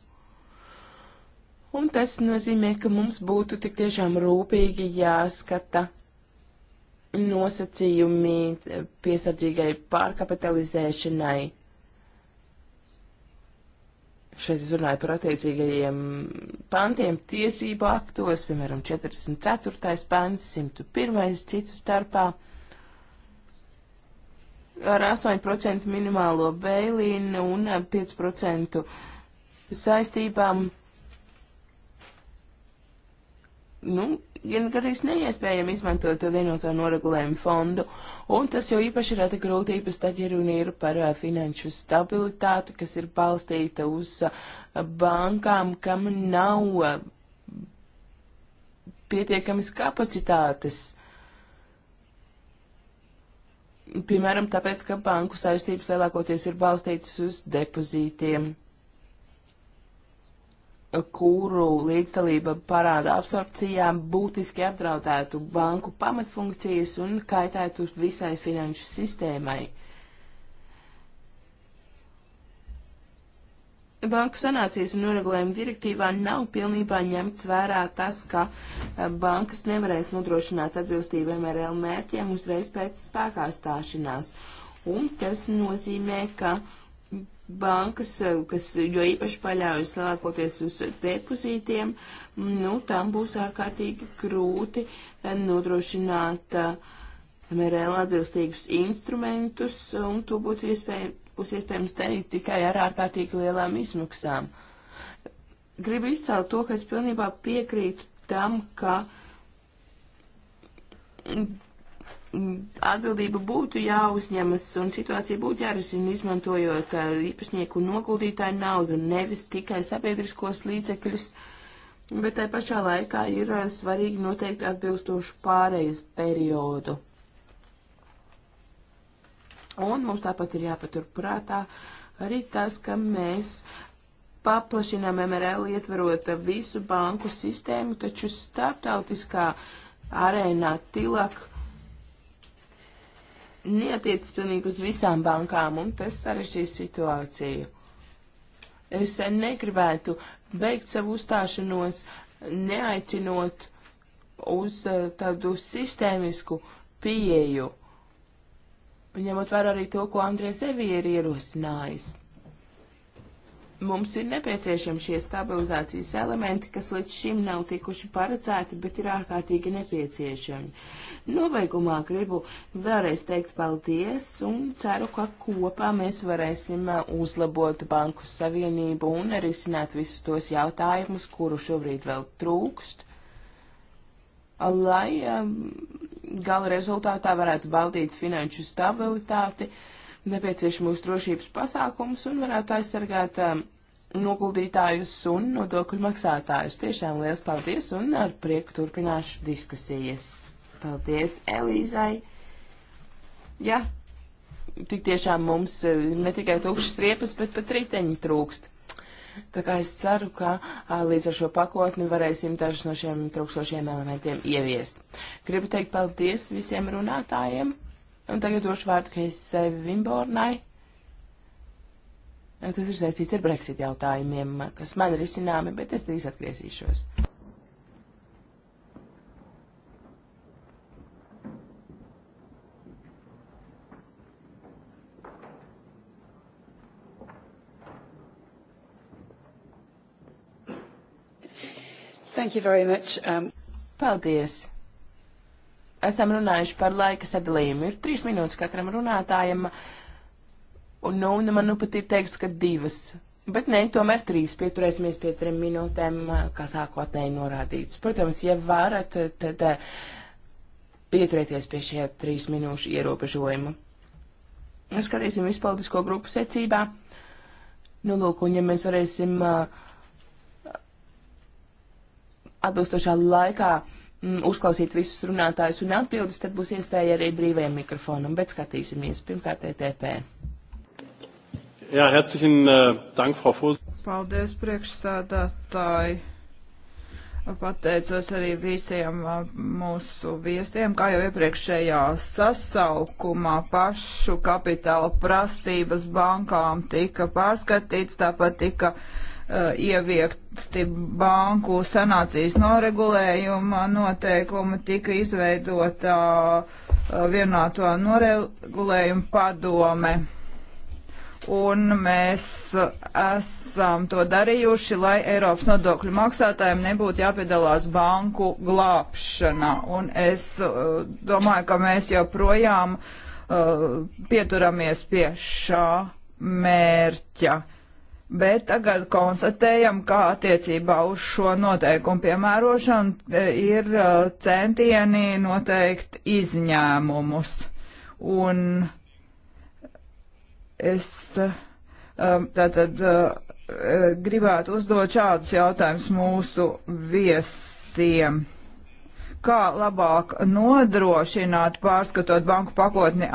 Un tas nozīmē, ka mums būtu tik tiešām rūpīgi jāskata nosacījumi piesardzīgai pārkapitalizēšanai Šeit es runāju par attiecīgajiem pantiem tiesību aktos, piemēram, 44. pants, 101. citu starpā. Ar 8% minimālo beilīnu un 5% saistībām nu, gan arī neiespējami izmantot vienoto noregulējumu fondu, un tas jau īpaši rada grūtības, tad, ja runa ir par uh, finanšu stabilitāti, kas ir balstīta uz uh, bankām, kam nav uh, pietiekamas kapacitātes. Piemēram, tāpēc, ka banku saistības lielākoties ir balstītas uz depozītiem kuru līdzdalība parāda absorpcijām būtiski apdraudētu banku pamatfunkcijas un kaitētu visai finanšu sistēmai. Banku sanācijas un noregulējuma direktīvā nav pilnībā ņemts vērā tas, ka eh, bankas nevarēs nodrošināt atbilstību MRL mērķiem uzreiz pēc spēkā stāšanās. Un tas nozīmē, ka uh, bankas, eh, kas jo īpaši paļaujas lielākoties uz depozītiem, nu, tam būs ārkārtīgi grūti eh, nodrošināt eh, MRL atbilstīgus instrumentus, un to būtu iespēj, būs iespējams darīt tikai ar ārkārtīgi lielām izmaksām. Gribu izcelt to, ka es pilnībā piekrītu tam, ka atbildība būtu jāuzņemas un situācija būtu jārisina izmantojot uh, īpašnieku un noguldītāju naudu, nevis tikai sabiedriskos līdzekļus, bet tai pašā laikā ir uh, svarīgi noteikt atbilstošu pārejas periodu. Un mums tāpat ir jāpatur prātā arī tas, ka mēs paplašinām MRL ietverot visu banku sistēmu, taču starptautiskā arēnā tilak neatiecas pilnīgi uz visām bankām, un tas sarežģīs situāciju. Es negribētu beigt savu uzstāšanos, neaicinot uz eh, tādu sistēmisku pieeju, ņemot vērā arī to, ko Andrēs Evija ir ierosinājis. Mums ir nepieciešami šie stabilizācijas elementi, kas līdz šim nav tikuši paredzēti, bet ir ārkārtīgi nepieciešami. Nobeigumā gribu vēlreiz teikt paldies un ceru, ka kopā mēs varēsim uh, uzlabot Banku Savienību un arī sināt visus tos jautājumus, kuru šobrīd vēl trūkst, lai um, gala rezultātā varētu baudīt finanšu stabilitāti nepieciešamos drošības pasākumus un varētu aizsargāt um, noguldītājus un nodokļu maksātājus. Tiešām liels paldies un ar prieku turpināšu diskusijas. Paldies Elīzai. Jā, tik tiešām mums uh, ne tikai tukšas riepas, bet pat riteņi trūkst. Tā kā es ceru, ka a, uh, līdz ar šo pakotni varēsim dažus no šiem trūkstošiem elementiem ieviest. Gribu teikt paldies visiem runātājiem. Un tagad došu vārdu Keisai Vimbornai. Tas ir saistīts ar Brexit jautājumiem, kas man ir izcināmi, bet es drīz atgriezīšos. Thank you very much. Um... Paldies! esam runājuši par laika sadalījumu. Ir trīs minūtes katram runātājam, un, nu, un man nu pat ir teikts, ka divas. Bet nē, tomēr trīs pieturēsimies pie trim minūtēm, kā sākotnēji norādīts. Protams, ja varat, tad eh, pieturēties pie šie trīs minūšu ierobežojuma. Skatīsim izpaldisko grupu secībā. Nu, lūk, un ja mēs varēsim eh, atbilstošā laikā Mm, uzklausīt visus runātājus un atbildes, tad būs iespēja arī brīvajam mikrofonam, bet skatīsimies pirmkārt ETP. Jā, herzlichen uh, Dank, Frau Fos. Paldies, priekšsādātāji. Pateicos arī visiem uh, mūsu viestiem, kā jau iepriekšējā sasaukumā pašu kapitāla prasības bankām tika pārskatīts, tāpat tika Eh, ieviekti banku sanācijas noregulējuma noteikumi, tika izveidota eh, vienāto noregulējuma padome. Un mēs esam to darījuši, lai Eiropas nodokļu maksātājiem nebūtu jāpiedalās banku glābšanā. Un es eh, domāju, ka mēs joprojām uh, pieturamies pie šā mērķa. Uh, bet tagad konstatējam, kā attiecībā uz šo noteikumu piemērošanu e, ir e, centieni noteikt izņēmumus. Un es e, tātad gribētu uzdot šādus jautājumus mūsu viesiem kā labāk nodrošināt, pārskatot banku pakotni,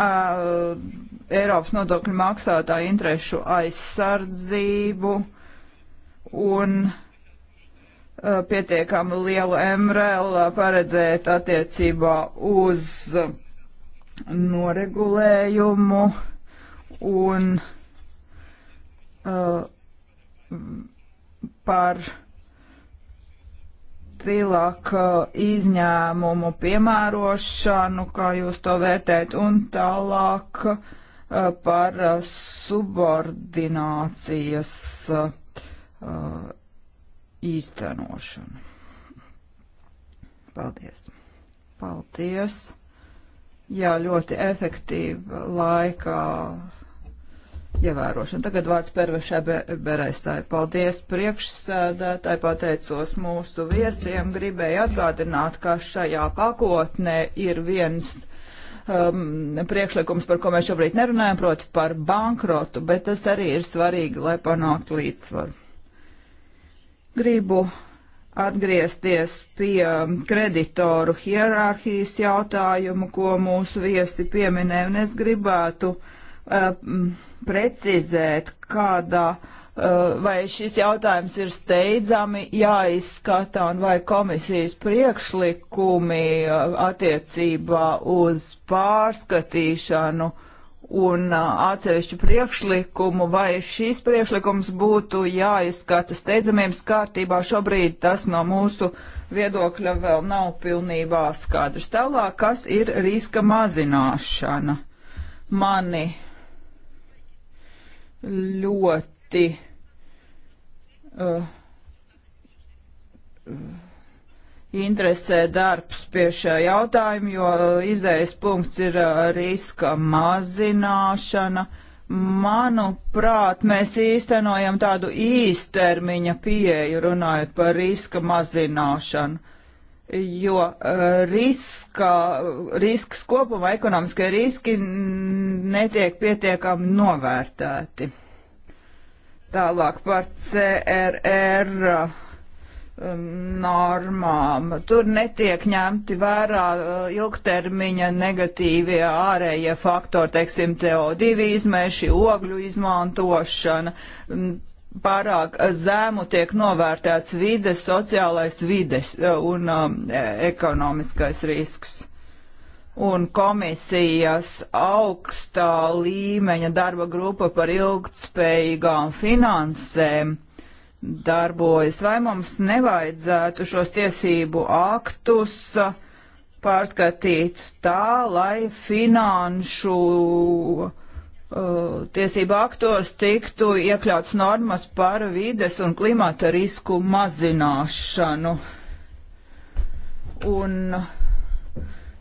Eiropas nodokļu maksātāju interešu aizsardzību un uh, pietiekami lielu MRL paredzēt attiecībā uz noregulējumu un uh, par tilāk uh, izņēmumu piemērošanu, kā jūs to vērtējat, un tālāk uh, Uh, par uh, subordinācijas uh, īstenošanu. Paldies! Paldies! Jā, ļoti efektīva laika ievērošana. Tagad vārds pervešai bereistāji. Paldies priekšsēdētāji, pateicos mūsu viesiem. Gribēju atgādināt, ka šajā pakotnē ir viens um, priekšlikums, par ko mēs šobrīd nerunājam, proti par bankrotu, bet tas arī ir svarīgi, lai panāktu līdzsvaru. Gribu atgriezties pie kreditoru hierarhijas jautājumu, ko mūsu viesi pieminēja, un es gribētu uh, precizēt, kādā uh, Eh, vai šis jautājums ir steidzami jāizskata un vai komisijas priekšlikumi eh, attiecībā uz pārskatīšanu un eh, atsevišķu priekšlikumu, vai šīs priekšlikums būtu jāizskata steidzamības kārtībā. Šobrīd tas no mūsu viedokļa vēl nav pilnībā skaidrs. Tālāk, kas ir riska mazināšana? Mani ļoti uh, interesē darbs pie šā jautājuma, jo izējas punkts ir uh, riska mazināšana. Manuprāt, mēs īstenojam tādu īstermiņa pieeju runājot par riska mazināšanu, jo uh, riska, risks kopumā, ekonomiskie riski netiek pietiekami novērtēti. Tālāk par CRR um, normām. Tur netiek ņemti vērā uh, ilgtermiņa negatīvie ārējie faktori, teiksim, CO2 izmeši, ogļu izmantošana. Mm, pārāk zēmu tiek novērtēts vides, sociālais vides uh, un um, e-, ekonomiskais risks un komisijas augstā līmeņa darba grupa par ilgtspējīgām finansēm darbojas. Vai mums nevajadzētu šos tiesību aktus pārskatīt tā, lai finanšu uh, tiesību aktos tiktu iekļauts normas par vides un klimata risku mazināšanu? Un uh,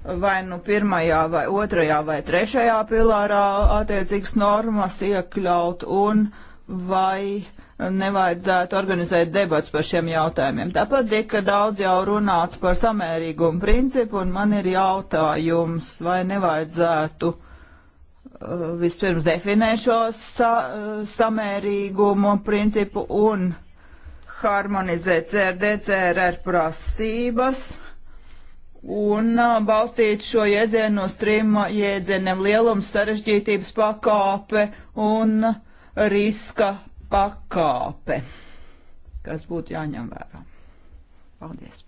vai nu pirmajā, vai otrajā, vai trešajā pilārā attiecīgas normas iekļaut un vai nevajadzētu organizēt debats par šiem jautājumiem. Tāpat tika daudz jau runāts par samērīgumu principu, un man ir jautājums, vai nevajadzētu uh, vispirms definēt šo sa uh, samērīgumu principu un harmonizēt CRD, CRR prasības un balstīt šo jēdzienu uz trim jēdzieniem - lielums, sarežģītības pakāpe un riska pakāpe, kas būtu jāņem vērā. Paldies!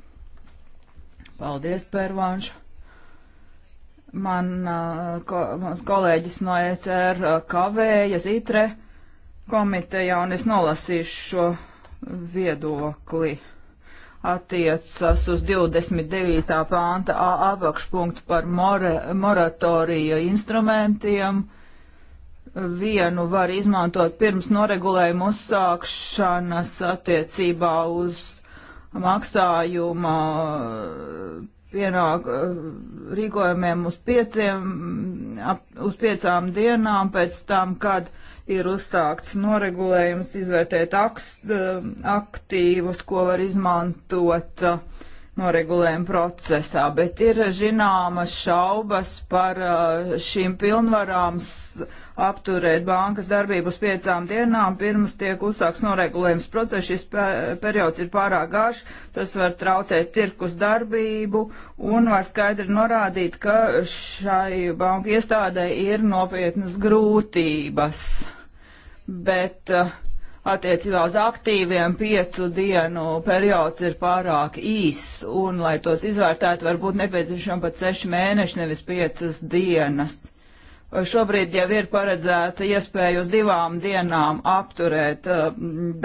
Paldies, Pērvānš! Man ko, mans kolēģis no ECR kavējas itre komiteja, un es nolasīšu šo viedokli attiecas uz 29. pānta A apakšpunktu par more, moratorija instrumentiem. Vienu var izmantot pirms noregulējuma uzsākšanas attiecībā uz maksājuma pienāk eh, rīkojumiem uz, pieciem, ap, uz piecām dienām pēc tam, kad ir uzsākts noregulējums, izvērtēt akst, eh, aktīvus, ko var izmantot uh, noregulējuma procesā, bet ir zināmas šaubas par uh, šīm pilnvarām apturēt bankas darbību uz piecām dienām, pirms tiek uzsāks noregulējums process. Šis periods ir pārāk garš, tas var traucēt tirkus darbību un var skaidri norādīt, ka šai banku iestādē ir nopietnas grūtības. Bet uh, attiecībā uz aktīviem piecu dienu periods ir pārāk īss, un, lai tos izvērtētu, var būt nepieciešama pat seši mēneši, nevis piecas dienas. Šobrīd jau ir paredzēta iespēja uz divām dienām apturēt uh,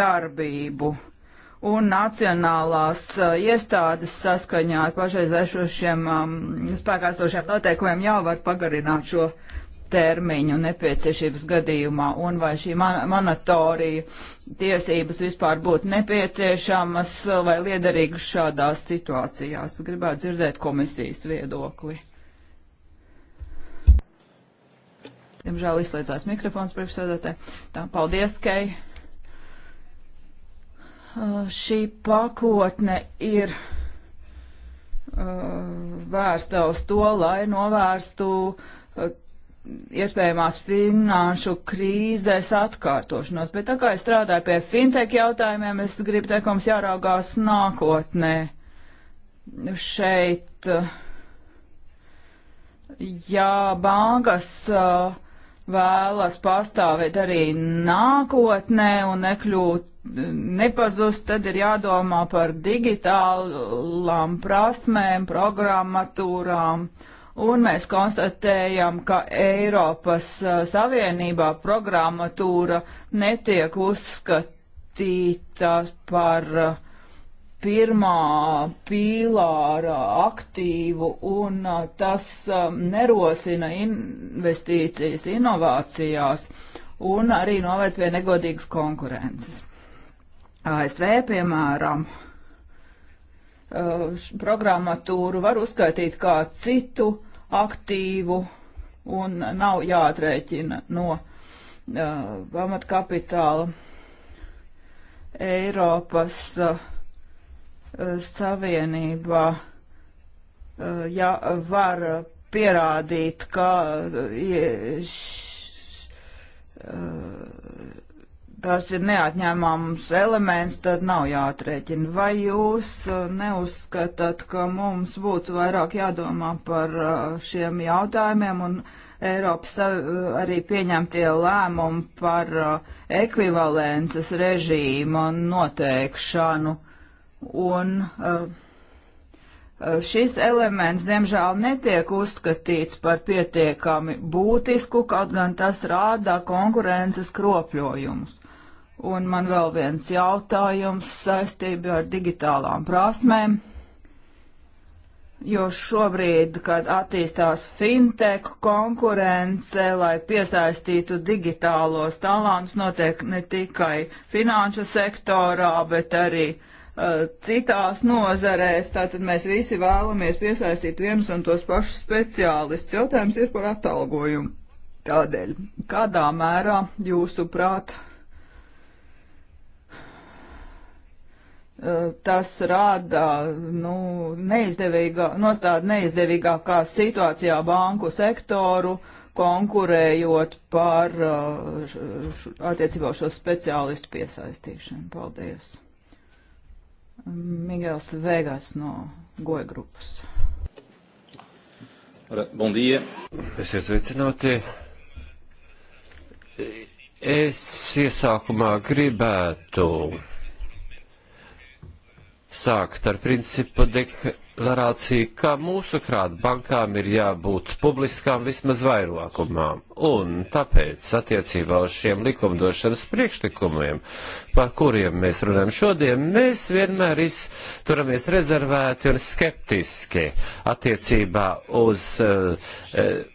darbību, un nacionālās uh, iestādes saskaņā ar pašreizēšošiem um, spēkāsošiem noteikumiem jau var pagarināt šo termiņu nepieciešības gadījumā, un vai šī man manatorija tiesības vispār būtu nepieciešamas vai liederīgas šādās situācijās. Gribētu dzirdēt komisijas viedokli. Diemžēl izslēdzās mikrofons priekšsēdētē. Tā, paldies, Kei. Uh, šī pakotne ir uh, vērsta uz to, lai novērstu uh, iespējamās finanšu krīzes atkārtošanos. Bet tā kā es strādāju pie fintech jautājumiem, es gribu teikt, ka mums jāraugās nākotnē. Šeit, eh, ja bankas eh, vēlas pastāvēt arī nākotnē un nekļūt, eh, nepazust, tad ir jādomā par digitālām prasmēm, programmatūrām. Uh, un mēs konstatējam, ka Eiropas uh, Savienībā programmatūra netiek uzskatīta par uh, pirmā pīlāra aktīvu, un uh, tas um, nerosina investīcijas inovācijās un arī noved pie negodīgas konkurences. ASV, piemēram, uh, programmatūru var uzskaitīt kā citu aktīvu un nav jāatrēķina no pamatkapitāla Eiropas Savienībā, ja var pierādīt, ka tas ir neatņēmāms elements, tad nav jāatrēķina. Vai jūs uh, neuzskatāt, ka mums būtu vairāk jādomā par uh, šiem jautājumiem un Eiropas uh, arī pieņemtie lēmumi par ekvivalences režīmu un noteikšanu? Un šis elements, diemžēl, netiek uzskatīts par pietiekami būtisku, kaut gan tas rāda konkurences kropļojumus. Un man vēl viens jautājums saistība ar digitālām prasmēm. Jo šobrīd, kad attīstās fintech konkurence, lai piesaistītu digitālos talantus, notiek ne tikai finanšu sektorā, bet arī uh, citās nozarēs. Tātad mēs visi vēlamies piesaistīt vienus un tos pašus speciālistus. Jautājums ir par atalgojumu. Tādēļ, kādā mērā jūsuprāt Eh, tas rada nu, neizdevīgā, nostāda neizdevīgākā situācijā banku sektoru, konkurējot par eh, attiecībā šo speciālistu piesaistīšanu. Paldies! Miguels Vegas no Goja grupas. Bom dia. Esiet sveicināti. Es iesākumā gribētu sākt ar principu deklarāciju, ka mūsu krāt bankām ir jābūt publiskām vismaz vairākumā. Un tāpēc attiecībā uz šiem likumdošanas priekšlikumiem, par kuriem mēs runājam šodien, mēs vienmēr izturamies rezervēti un skeptiski attiecībā uz. Uh, uh,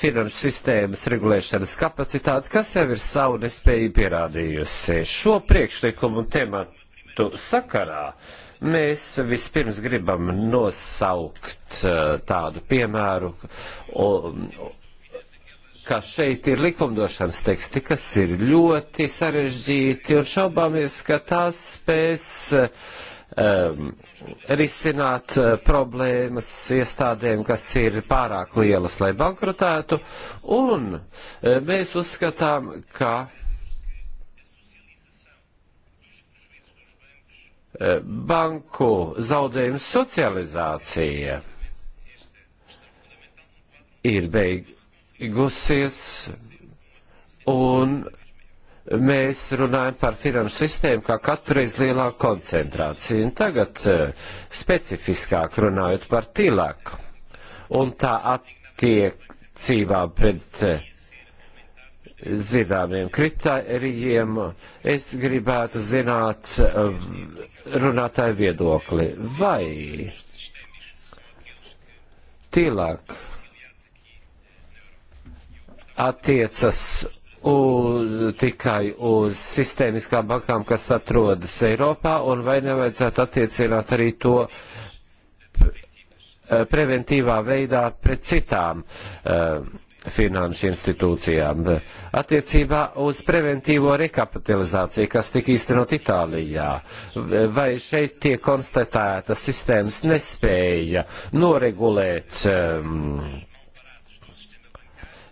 finanšu sistēmas regulēšanas kapacitāti, kas jau ir savu nespēju pierādījusi. Šo priekšlikumu tematu sakarā uh, Mēs vispirms gribam nosaukt uh, tādu piemēru, ka šeit ir likumdošanas teksti, kas ir ļoti sarežģīti un šaubāmies, ka tās spēs um, risināt uh, problēmas iestādēm, kas ir pārāk lielas, lai bankrotētu, un uh, mēs uzskatām, ka Eh, banku zaudējumu socializācija ir beigusies, un mēs runājam par finanšu sistēmu kā katru reizi lielāku koncentrāciju. Un tagad eh, specifiskāk runājot par tīlāku un tā attiecībā pret eh, zināmiem kriterijiem. Es gribētu zināt eh, runātāju viedokli. Vai tīlāk attiecas u, tikai uz sistēmiskām bankām, kas atrodas Eiropā, un vai nevajadzētu attiecināt arī to eh, preventīvā veidā pret citām uh, finanšu institūcijām. Attiecībā uz preventīvo rekapitalizāciju, kas tika īstenot Itālijā, vai šeit tiek konstatēta sistēmas nespēja noregulēt um,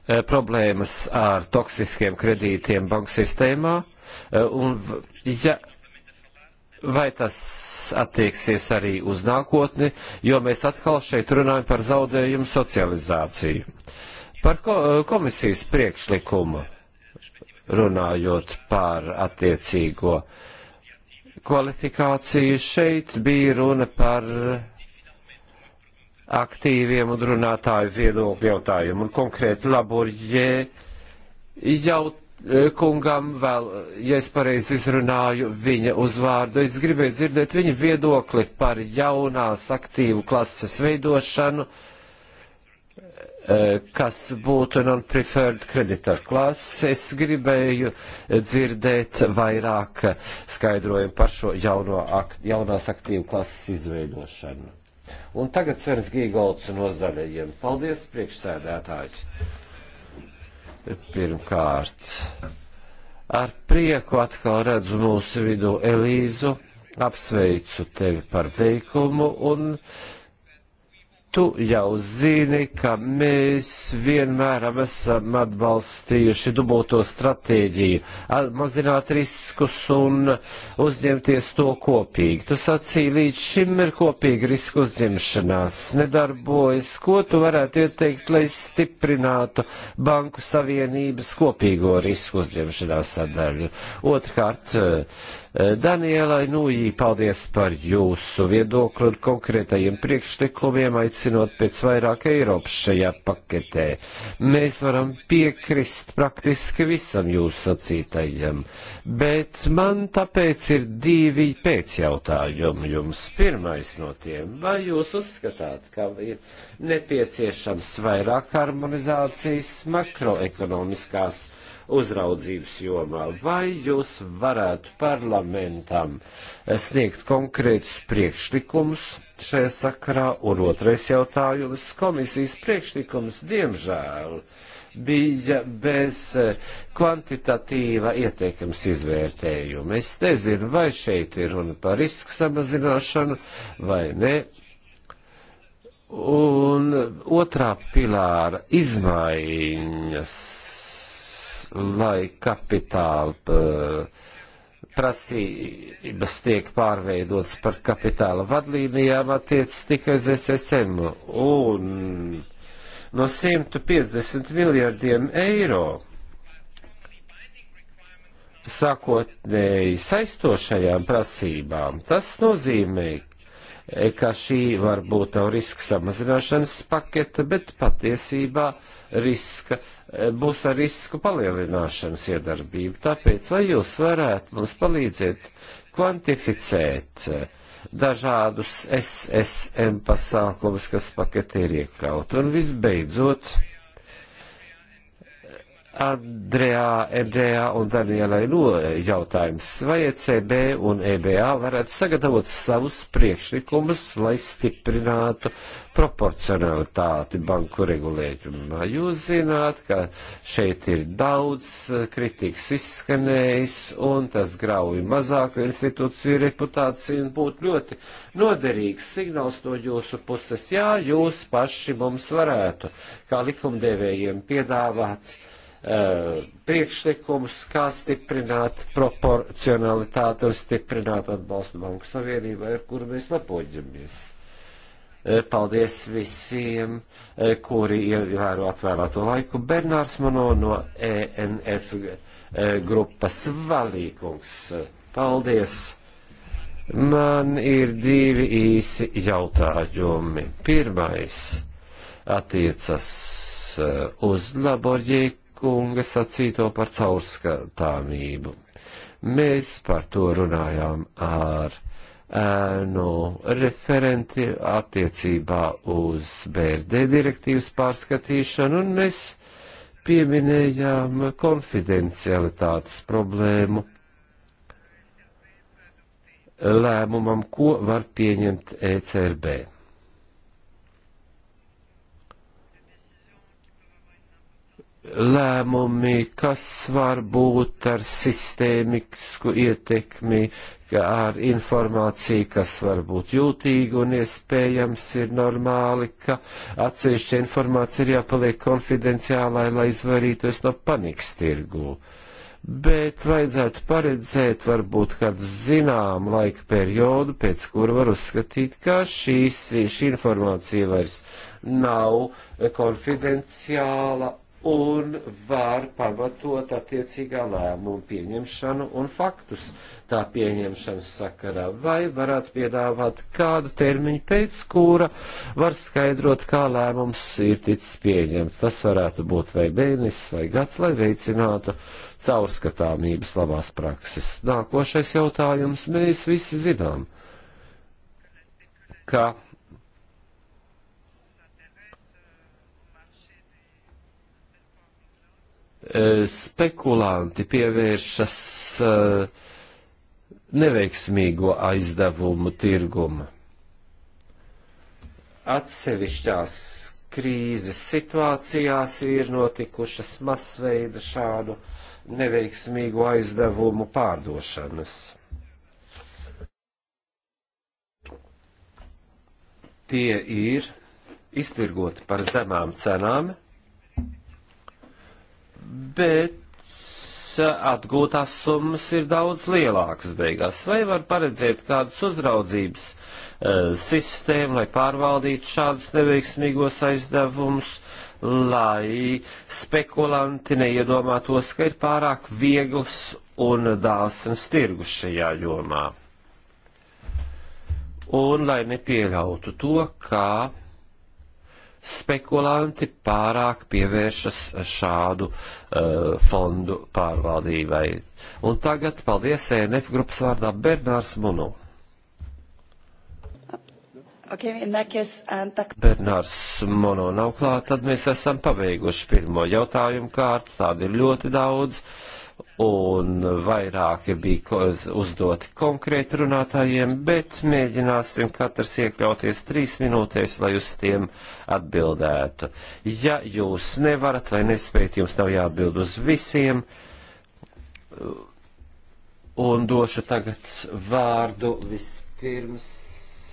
eh, problēmas ar toksiskiem kredītiem banku sistēmā? Eh, un, ja, vai tas attieksies arī uz nākotni, jo mēs atkal šeit runājam par zaudējumu socializāciju. Uh, Par eh, komisijas priekšlikumu runājot par attiecīgo kvalifikāciju, šeit bija runa par aktīviem un runātāju viedokļu jautājumu. Un konkrēti laburjē jau eh, kungam vēl, ja es pareizi izrunāju viņa uzvārdu, es gribēju dzirdēt viņa viedokli par jaunās aktīvu klases veidošanu. Uh, Eh, kas būtu non-preferred creditor class. Es gribēju dzirdēt vairāk skaidrojumu par šo jauno, akt, jaunās aktīvu klases izveidošanu. Un tagad Svens Gīgolds no zaļajiem. Paldies, priekšsēdētāji! Pirmkārt, ar prieku atkal redzu mūsu vidū Elīzu, apsveicu tevi par veikumu un uh, tu jau zini, ka mēs vienmēr esam atbalstījuši dubulto stratēģiju, mazināt riskus un uzņemties to kopīgi. Tu sacīji, līdz šim ir kopīga riska uzņemšanās, nedarbojas. Ko tu varētu ieteikt, lai stiprinātu Banku Savienības kopīgo risku uzņemšanās sadaļu? Otrkārt, Eh, Danielai Nūjī, nu, paldies par jūsu viedokli un konkrētajiem priekšlikumiem, aicinot pēc vairāk Eiropas šajā paketē. Mēs varam piekrist praktiski visam jūsu sacītajam, bet man tāpēc ir divi pēcjautājumi jums. Pirmais no tiem, vai jūs uzskatāt, ka ir nepieciešams vairāk harmonizācijas makroekonomiskās? uzraudzības jomā. Vai jūs varētu parlamentam sniegt konkrētus priekšlikumus šajā sakarā? Un otrais jautājums - komisijas priekšlikums, diemžēl, bija bez eh, kvantitatīva ieteikums izvērtējuma. Es nezinu, vai šeit ir runa par risku samazināšanu vai ne. Un otrā pilāra izmaiņas lai kapitāla eh, prasības tiek pārveidotas par kapitāla vadlīnijām attiecas tikai uz SSM. Un no 150 miljardiem eiro sākotnēji saistošajām prasībām, tas nozīmē, Eh, ka šī var būt nav riska samazināšanas paketa, bet patiesībā riska, eh, būs ar risku palielināšanas iedarbība. Tāpēc, vai jūs varētu mums palīdzēt kvantificēt eh, dažādus SSM pasākumus, kas paketē ir iekļaut? Un visbeidzot, Andrejā, Edžējā un Danielai no nu, jautājums, vai ECB un EBA varētu sagatavot savus priekšlikumus, lai stiprinātu proporcionalitāti banku regulējumā. Jūs zināt, ka šeit ir daudz kritikas izskanējis, un tas grauj mazāku institūciju reputāciju un būtu ļoti noderīgs signāls no jūsu puses. Jā, jūs paši mums varētu, kā likumdevējiem, piedāvāt Uh, priekšlikumus, kā stiprināt proporcionalitāti un stiprināt atbalstu Banku Savienībai, ar kuru mēs lepoģamies. Uh, paldies visiem, uh, kuri ievēro atvēlēto laiku. Bernārs Mano no ENF grupas valīkums. Paldies! Man ir divi īsi jautājumi. Pirmais attiecas uz Laborģiju kunga sacīto par caurskatāmību. Mēs par to runājām ar ēnu referenti attiecībā uz BRD direktīvas pārskatīšanu, un mēs pieminējām konfidencialitātes problēmu lēmumam, ko var pieņemt ECRB. lēmumi, kas var būt ar sistēmisku ietekmi, ar informāciju, kas var būt jūtīga un iespējams ir normāli, ka atsevišķa informācija ir jāpaliek konfidenciālai, lai izvairītos no panikas tirgū. Bet vajadzētu paredzēt varbūt kādu zināmu laika periodu, pēc kura var uzskatīt, ka šīs, šī informācija vairs nav konfidenciāla un var pamatot attiecīgā lēmuma pieņemšanu un faktus tā pieņemšanas sakarā, vai varētu piedāvāt kādu termiņu pēc kura var skaidrot, kā lēmums ir ticis pieņemts. Tas varētu būt vai bērnis, vai gads, lai veicinātu caurskatāmības labās prakses. Nākošais jautājums mēs visi zinām, ka E, spekulanti pievēršas e, neveiksmīgo aizdevumu tirgumu. Atsevišķās krīzes situācijās ir notikušas masveida šādu neveiksmīgu aizdevumu pārdošanas. Tie ir iztirgoti par zemām cenām bet uh, atgūtās summas ir daudz lielākas beigās. Vai var paredzēt kādus uzraudzības uh, sistēmu, lai pārvaldītu šādus neveiksmīgos aizdevumus, lai spekulanti neiedomātos, ka ir pārāk viegls un dāsns tirgus šajā jomā? Un lai nepieļautu to, kā spekulanti pārāk pievēršas šādu uh, fondu pārvaldībai. Un tagad paldies ENF grupas vārdā Bernārs Munu. Okay, case, um, tak... Bernārs Mono nav klāt, tad mēs esam pabeiguši pirmo jautājumu kārtu, tādu ir ļoti daudz. Uh, un vairāki bija uzdoti konkrēti runātājiem, bet mēģināsim katrs iekļauties trīs minūtēs, lai uz tiem atbildētu. Ja jūs nevarat vai nespējat, jums nav jāatbild uz visiem. Un došu tagad vārdu vispirms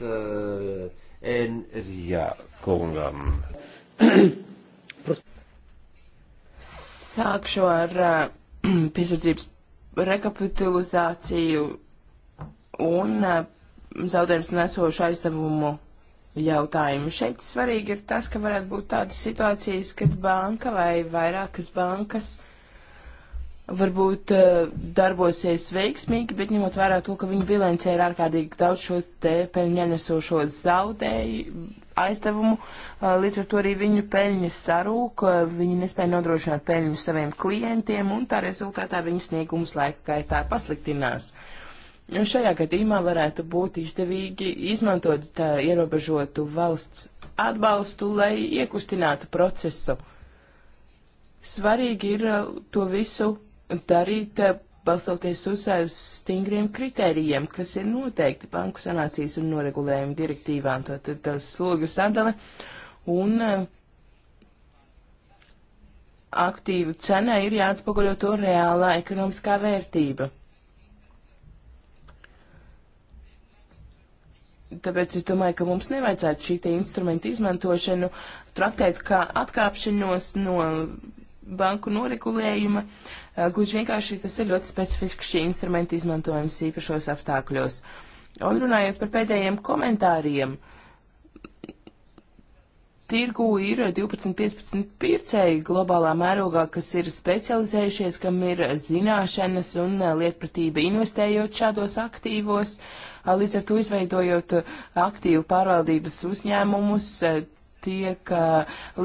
uh, eh, Enrijā kungam. Sākšu ar uh, [CLEARS THROAT] piesardzības rekapitalizāciju un eh, zaudējums nesošu aizdevumu jautājumu. Šeit svarīgi ir tas, ka varētu būt tādas situācijas, kad banka vai vairākas bankas varbūt eh, darbosies veiksmīgi, bet ņemot vērā to, ka viņu bilancē ir ārkārtīgi daudz šo te peļņu nenesošo zaudēju, aizdevumu, līdz ar to arī viņu peļņas sarūk, viņi nespēja nodrošināt peļņu saviem klientiem, un tā rezultātā viņu sniegums laika gaitā pasliktinās. Un šajā gadījumā varētu būt izdevīgi izmantot tā ierobežotu valsts atbalstu, lai iekustinātu procesu. Svarīgi ir to visu darīt balstoties uzsāju uz stingriem kritērijiem, kas ir noteikti banku sanācijas un noregulējuma direktīvām, tātad tā, tā sloga sadale un uh, aktīvu cenai ir jāatspoguļo to reālā ekonomiskā vērtība. Tāpēc es domāju, ka mums nevajadzētu šī instrumenta izmantošanu traktēt kā atkāpšanos no banku noregulējuma. Uh, Eh, gluži vienkārši tas ir ļoti specifisks šī instrumenta izmantojums īpašos apstākļos. Un runājot par pēdējiem komentāriem, tirgu ir 12-15 pircēji globālā mērogā, kas ir specializējušies, kam ir zināšanas un eh, lietpratība investējot šādos aktīvos, eh, līdz ar to izveidojot aktīvu pārvaldības uzņēmumus, tiek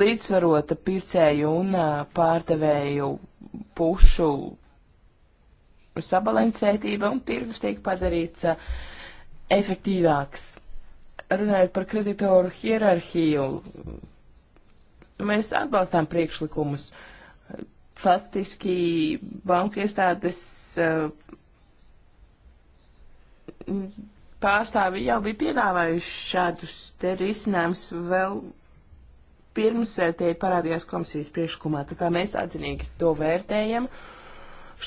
līdzsvarota pircēju un pārdevēju pušu sabalansētība un tirgus tiek padarīts uh, efektīvāks. Runājot par kreditoru hierarhiju, mēs atbalstām priekšlikumus. Faktiski banka iestādes uh, pārstāvi jau bija piedāvājuši šādus te risinājumus vēl pirms eh, tie parādījās komisijas priekšlikumā, tā kā mēs atzinīgi to vērtējam.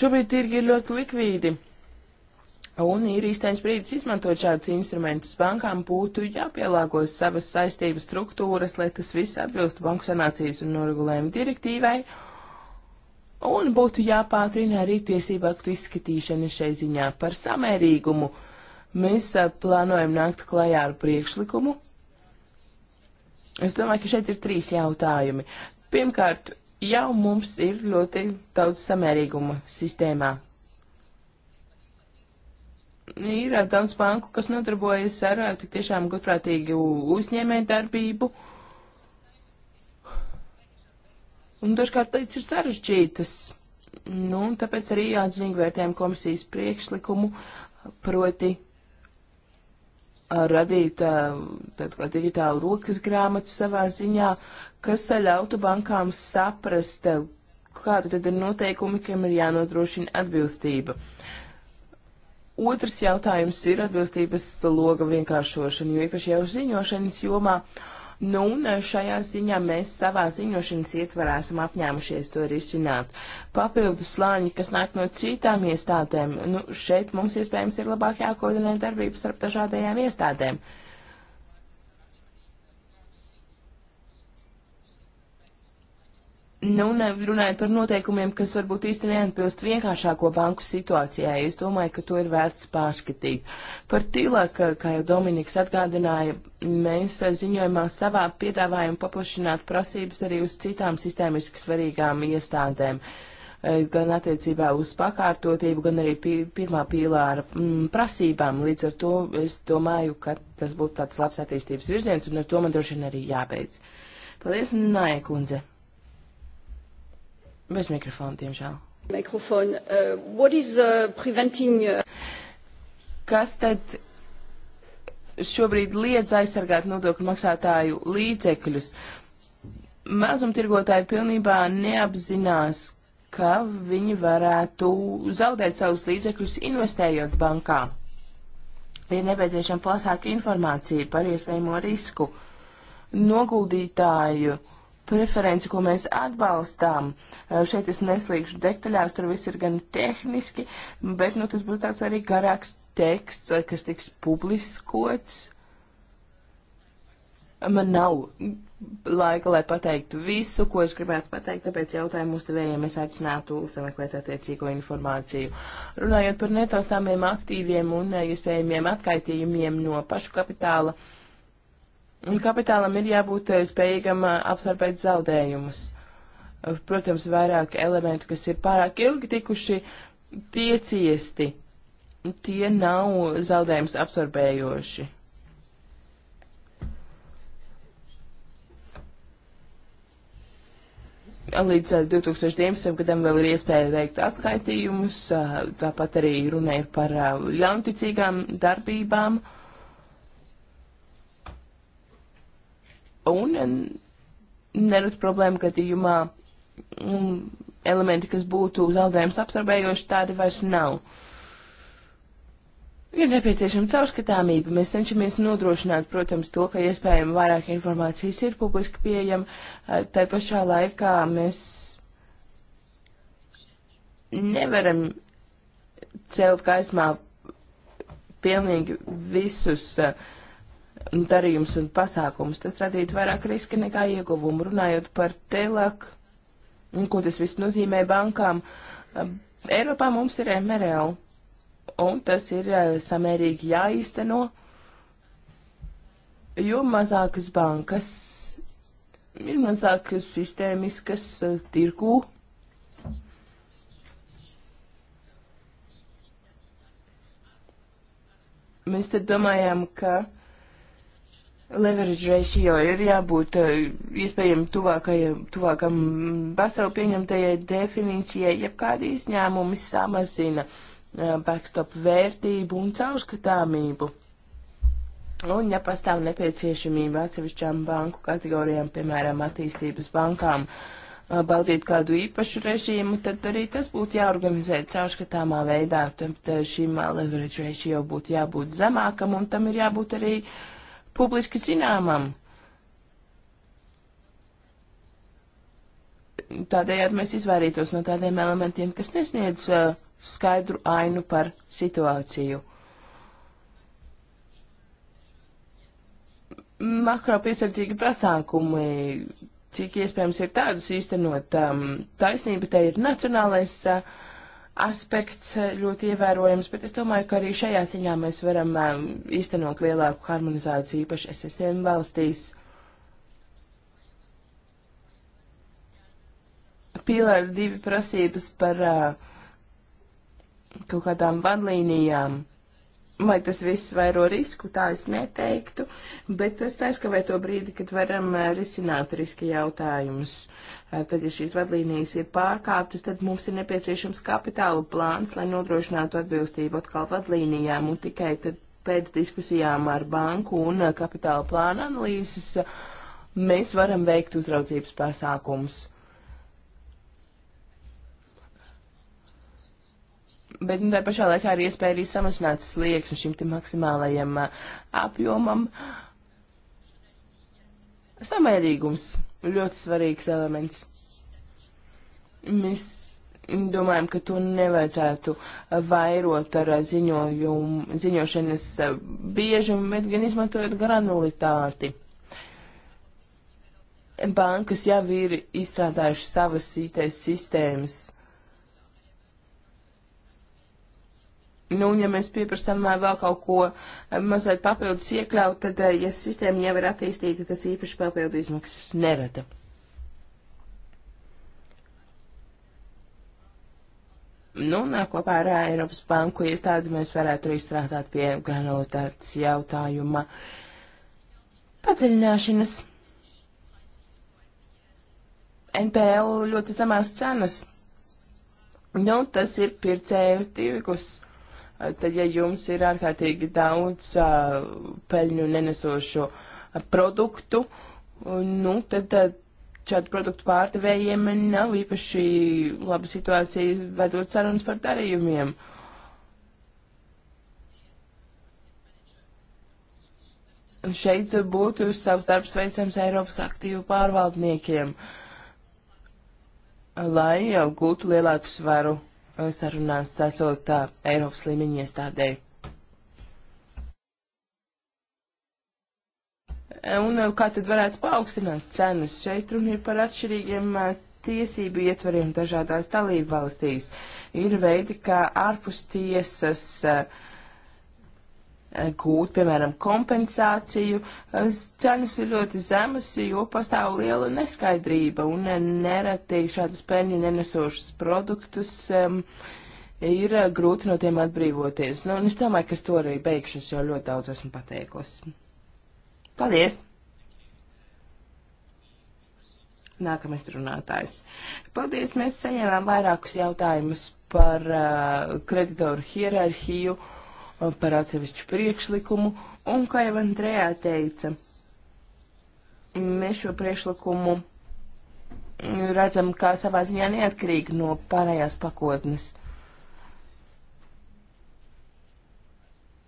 Šobrīd tirgi ir ļoti likvīdi. Un ir īstais brīdis izmantot šādus instrumentus. Bankām būtu jāpielāgo savas saistības struktūras, lai tas viss atbilstu banku sanācijas un noregulējumu direktīvai. Un būtu jāpātrina arī tiesību aktu izskatīšana šai ziņā par samērīgumu. Mēs eh, plānojam nākt klajā ar priekšlikumu, Es domāju, ka šeit ir trīs jautājumi. Pirmkārt, jau mums ir ļoti daudz samērīguma sistēmā. Ir daudz banku, kas nodarbojas ar tik tiešām gudprātīgu uzņēmēju darbību. Un dažkārt lietas ir sarežģītas. Nu, tāpēc arī atzinīgi vērtējam komisijas priekšlikumu, proti radīt tādu digitālu rokas grāmatu savā ziņā, kas ļautu bankām saprast, kāda tad ir noteikumi, kam ir jānodrošina atbilstība. Otrs jautājums ir atbilstības loga vienkāršošana, jo īpaši jau ziņošanas jomā uh, Nu, un eh, šajā ziņā mēs savā ziņošanas ietvarā esam apņēmušies to risināt. Papildu slāņi, kas nāk no citām iestādēm, nu, šeit mums iespējams ir labāk jākoordinē darbības starp dažādajām iestādēm. Uh, Nu, ne, runājot par noteikumiem, kas varbūt īsti neatbilst vienkāršāko banku situācijai, es domāju, ka to ir vērts pārskatīt. Par tīlāk, kā jau Dominiks atgādināja, mēs ziņojumā savā piedāvājam paplašināt prasības arī uz citām sistēmiski svarīgām iestādēm, eh, gan attiecībā uz pakārtotību, gan arī pī, pirmā pīlāra m, mm, prasībām. Līdz ar to es domāju, ka tas būtu tāds labs attīstības virziens, un ar to man droši vien arī jābeidz. Paldies, Nāja kundze! Bez mikrofona, diemžēl. Mikrofon. Uh, what is uh, preventing... Uh... Kas tad šobrīd liedz aizsargāt nodokļu maksātāju līdzekļus? Mazumtirgotāji pilnībā neapzinās, ka viņi varētu zaudēt savus līdzekļus investējot bankā. Ir nepieciešama plašāka informācija par iespējamo risku. Noguldītāju uh, preferenci, ko mēs atbalstām. Šeit es neslīgšu detaļās, tur viss ir gan tehniski, bet nu, tas būs tāds arī garāks teksts, kas tiks publiskots. Man nav laika, lai pateiktu visu, ko es gribētu pateikt, tāpēc jautājumu uzdevējiem es aicinātu sameklēt attiecīgo informāciju. Runājot par netaustāmiem aktīviem un iespējamiem atkaitījumiem no pašu kapitāla. Uh, Un kapitālam ir jābūt eh, spējīgam eh, absorbēt zaudējumus. Eh, protams, vairāk elementu, kas ir pārāk ilgi tikuši pieciesti, tie nav zaudējums absorbējoši. Līdz 2011. gadam vēl ir iespēja veikt atskaitījumus, tāpat arī runa ir par ļaunticīgām darbībām. Uh, Un nerad problēma gadījumā mm, elementi, kas būtu zaudējums absorbējoši, tādi vairs nav. Ir nepieciešama caurskatāmība. Mēs cenšamies nodrošināt, protams, to, ka iespējami vairāk informācijas ir publiski pieejama. Tā pašā laikā mēs nevaram celt gaismā pilnīgi visus uh, darījums un pasākums. Tas radītu vairāk riska nekā ieguvumu. Runājot par telak, un ko tas viss nozīmē bankām, um, Eiropā mums ir MRL, un tas ir uh, samērīgi jāīsteno, jo mazākas bankas ir mazākas sistēmiskas uh, tirkū. Mēs te domājam, ka leverage ratio ir jābūt eh, iespējami tuvākam Baselu pieņemtajai definīcijai, ja kādi izņēmumi samazina eh, backstop vērtību un caurskatāmību. Un, ja pastāv nepieciešamība atsevišķām banku kategorijām, piemēram, attīstības bankām, eh, baudīt kādu īpašu režīmu, tad arī tas būtu jāorganizē caurskatāmā veidā. Tad šim leverage ratio būtu jābūt zemākam, un tam ir jābūt arī uh, publiski zināmam. Tādējādi mēs izvairītos no tādiem elementiem, kas nesniedz uh, skaidru ainu par situāciju. Makro piesardzīgi pasākumi, cik iespējams ir tādus īstenot, um, taisnība te ir nacionālais uh, aspekts eh, ļoti ievērojams, bet es domāju, ka arī šajā ziņā mēs varam eh, īstenot lielāku harmonizāciju, īpaši SSM valstīs. Pīlēra divi prasības par uh, kaut kādām vadlīnijām Vai tas viss vairo risku, tā es neteiktu, bet tas aizkavē to brīdi, kad varam eh, risināt riska jautājumus. Eh, tad, ja šīs vadlīnijas ir pārkāptas, tad mums ir nepieciešams kapitāla plāns, lai nodrošinātu atbilstību atkal vadlīnijām, un tikai tad pēc diskusijām ar banku un eh, kapitāla plāna analīzes mēs varam veikt uzraudzības pasākumus. bet nu, tā pašā laikā ir iespēja arī samazināt slieksni šim te maksimālajam apjomam. Samērīgums ļoti svarīgs elements. Mēs domājam, ka to nevajadzētu vairot ar ziņojumu, ziņošanas biežumu, bet gan izmantojot granulitāti. Bankas jau ir izstrādājušas savas IT sistēmas Nu, un ja mēs pieprasām vēl kaut ko eh, mazliet papildus iekļaut, tad, eh, ja sistēma jau ir attīstīta, tas īpaši papildu izmaksas nerada. Nu, un eh, kopā ar Eiropas banku iestādi mēs varētu arī strādāt pie granulotārts jautājuma padziļināšanas. NPL ļoti zemās cenas. Nu, tas ir pircēju tirgus tad ja jums ir ārkārtīgi daudz uh, peļņu nenesošu produktu, nu, tad uh, šādu produktu pārdevējiem nav īpaši laba situācija vedot sarunas par darījumiem. Šeit būtu savs darbs veicams Eiropas aktīvu pārvaldniekiem, lai gūtu lielāku svaru sarunās esot Eiropas līmeņa iestādēji. Un kā tad varētu paaugstināt cenas? Šeit runa ir par atšķirīgiem tiesību ietvariem dažādās dalību valstīs. Ir veidi, kā ārpus tiesas uh, Eh, gūt, piemēram, kompensāciju. Eh, cenas ir ļoti zemas, jo pastāv liela neskaidrība un nereti šādus peļņu nenesošus produktus um, ir eh, grūti no tiem atbrīvoties. Nu, un es domāju, ka es to arī beigšu, jo ļoti daudz esmu pateikusi. Paldies! Nākamais runātājs. Paldies, mēs saņēmām vairākus jautājumus par uh, kreditoru hierarhiju. Uh, par atsevišķu priekšlikumu, un, kā jau Andrejā teica, mēs šo priekšlikumu redzam kā savā ziņā neatkarīgi no pārējās pakotnes.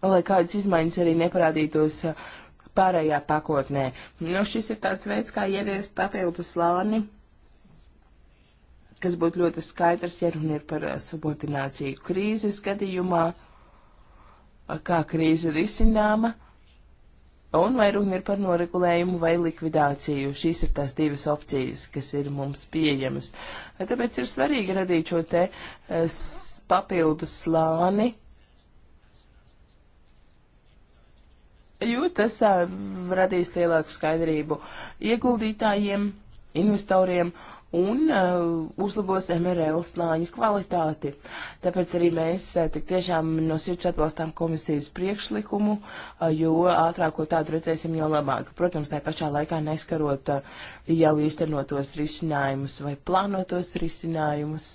Lai kādas izmaiņas arī neparādītos pārējā pakotnē. Nu, šis ir tāds veids, kā ieviest papildus slāni, kas būtu ļoti skaidrs, ja runa ir par subordināciju krīzes gadījumā kā krīze ir izcināma un vai runa ir par noregulējumu vai likvidāciju. Šīs ir tās divas opcijas, kas ir mums pieejamas. Tāpēc ir svarīgi radīt šo te eh, papildu slāni, jo tas eh, radīs lielāku skaidrību ieguldītājiem, investoriem un uh, uzlabos MRL slāņu kvalitāti. Tāpēc arī mēs uh, tik tiešām no sirds atbalstām komisijas priekšlikumu, uh, jo ātrāko tādu redzēsim jau labāk. Protams, tā pašā laikā neskarot uh, jau īstenotos risinājumus vai plānotos risinājumus.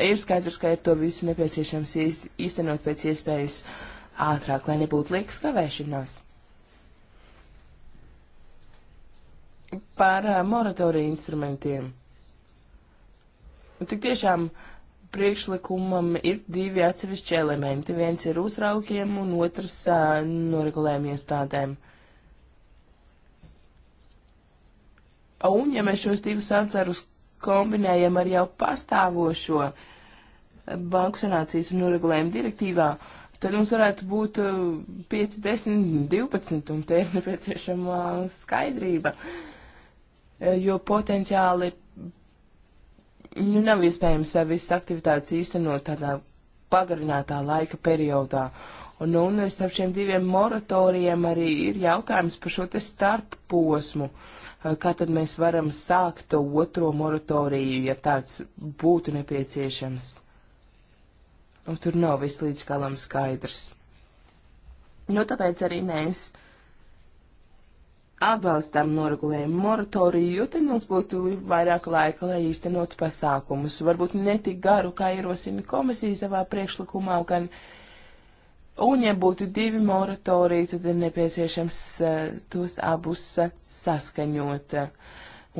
Ir skaidrs, ka ir to visu nepieciešams īstenot pēc iespējas uh, ātrāk, lai nebūtu liekas kavēšanās. Par moratoriju instrumentiem. Tik tiešām priekšlikumam ir divi atsevišķi elementi. Viens ir uzraukiem un otrs noregulējuma iestādēm. Un, ja mēs šos divus atzarus kombinējam ar jau pastāvošo banku sanācijas un noregulējumu direktīvā, uh, tad mums varētu būt 5, 10, 12, un te ir [LAUGHS] nepieciešama skaidrība, uh, jo potenciāli nu, nav iespējams visas aktivitātes īstenot tādā pagarinātā laika periodā. Un, un starp šiem diviem moratorijiem arī ir jautājums par šo te starp posmu. Uh, kā tad mēs varam sākt to otro moratoriju, ja tāds būtu nepieciešams? tur nav viss līdz galam skaidrs. Nu, tāpēc arī mēs atbalstam noregulējumu moratoriju, jo tad mums būtu vairāk laika, lai īstenotu pasākumus. Varbūt ne tik garu, kā ierosina komisija savā priekšlikumā, gan, un ja būtu divi moratoriji, tad ir nepieciešams uh, tos abus uh, saskaņot uh,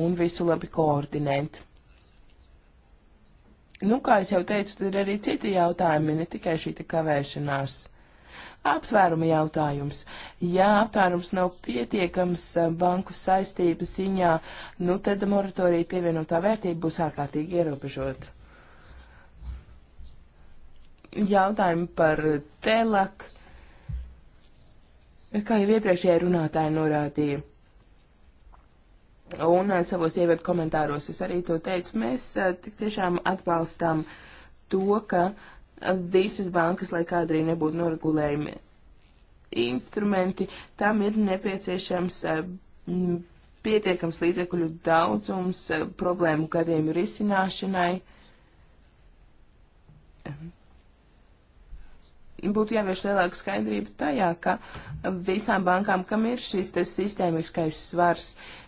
un visu labi koordinēt. Nu, kā es jau teicu, tad ir arī citi jautājumi, ne tikai šī kavēšanās. Aptvēruma jautājums. Ja aptvērums nav pietiekams eh, banku saistību ziņā, nu tad moratorija pievienotā vērtība būs ārkārtīgi ierobežota. Jautājumi par telak. Kā jau iepriekšējā runātāja norādīja, Un eh, savos ievietu komentāros es arī to teicu. Mēs eh, tik tiešām atbalstām to, ka eh, visas bankas, lai kāda arī nebūtu noregulējumi instrumenti, tam ir nepieciešams pietiekams līdzekļu daudzums problēmu gadiem risināšanai būtu jāvieš lielāka skaidrība tajā, ka visām bankām, kam ir šis sistēmiskais svars,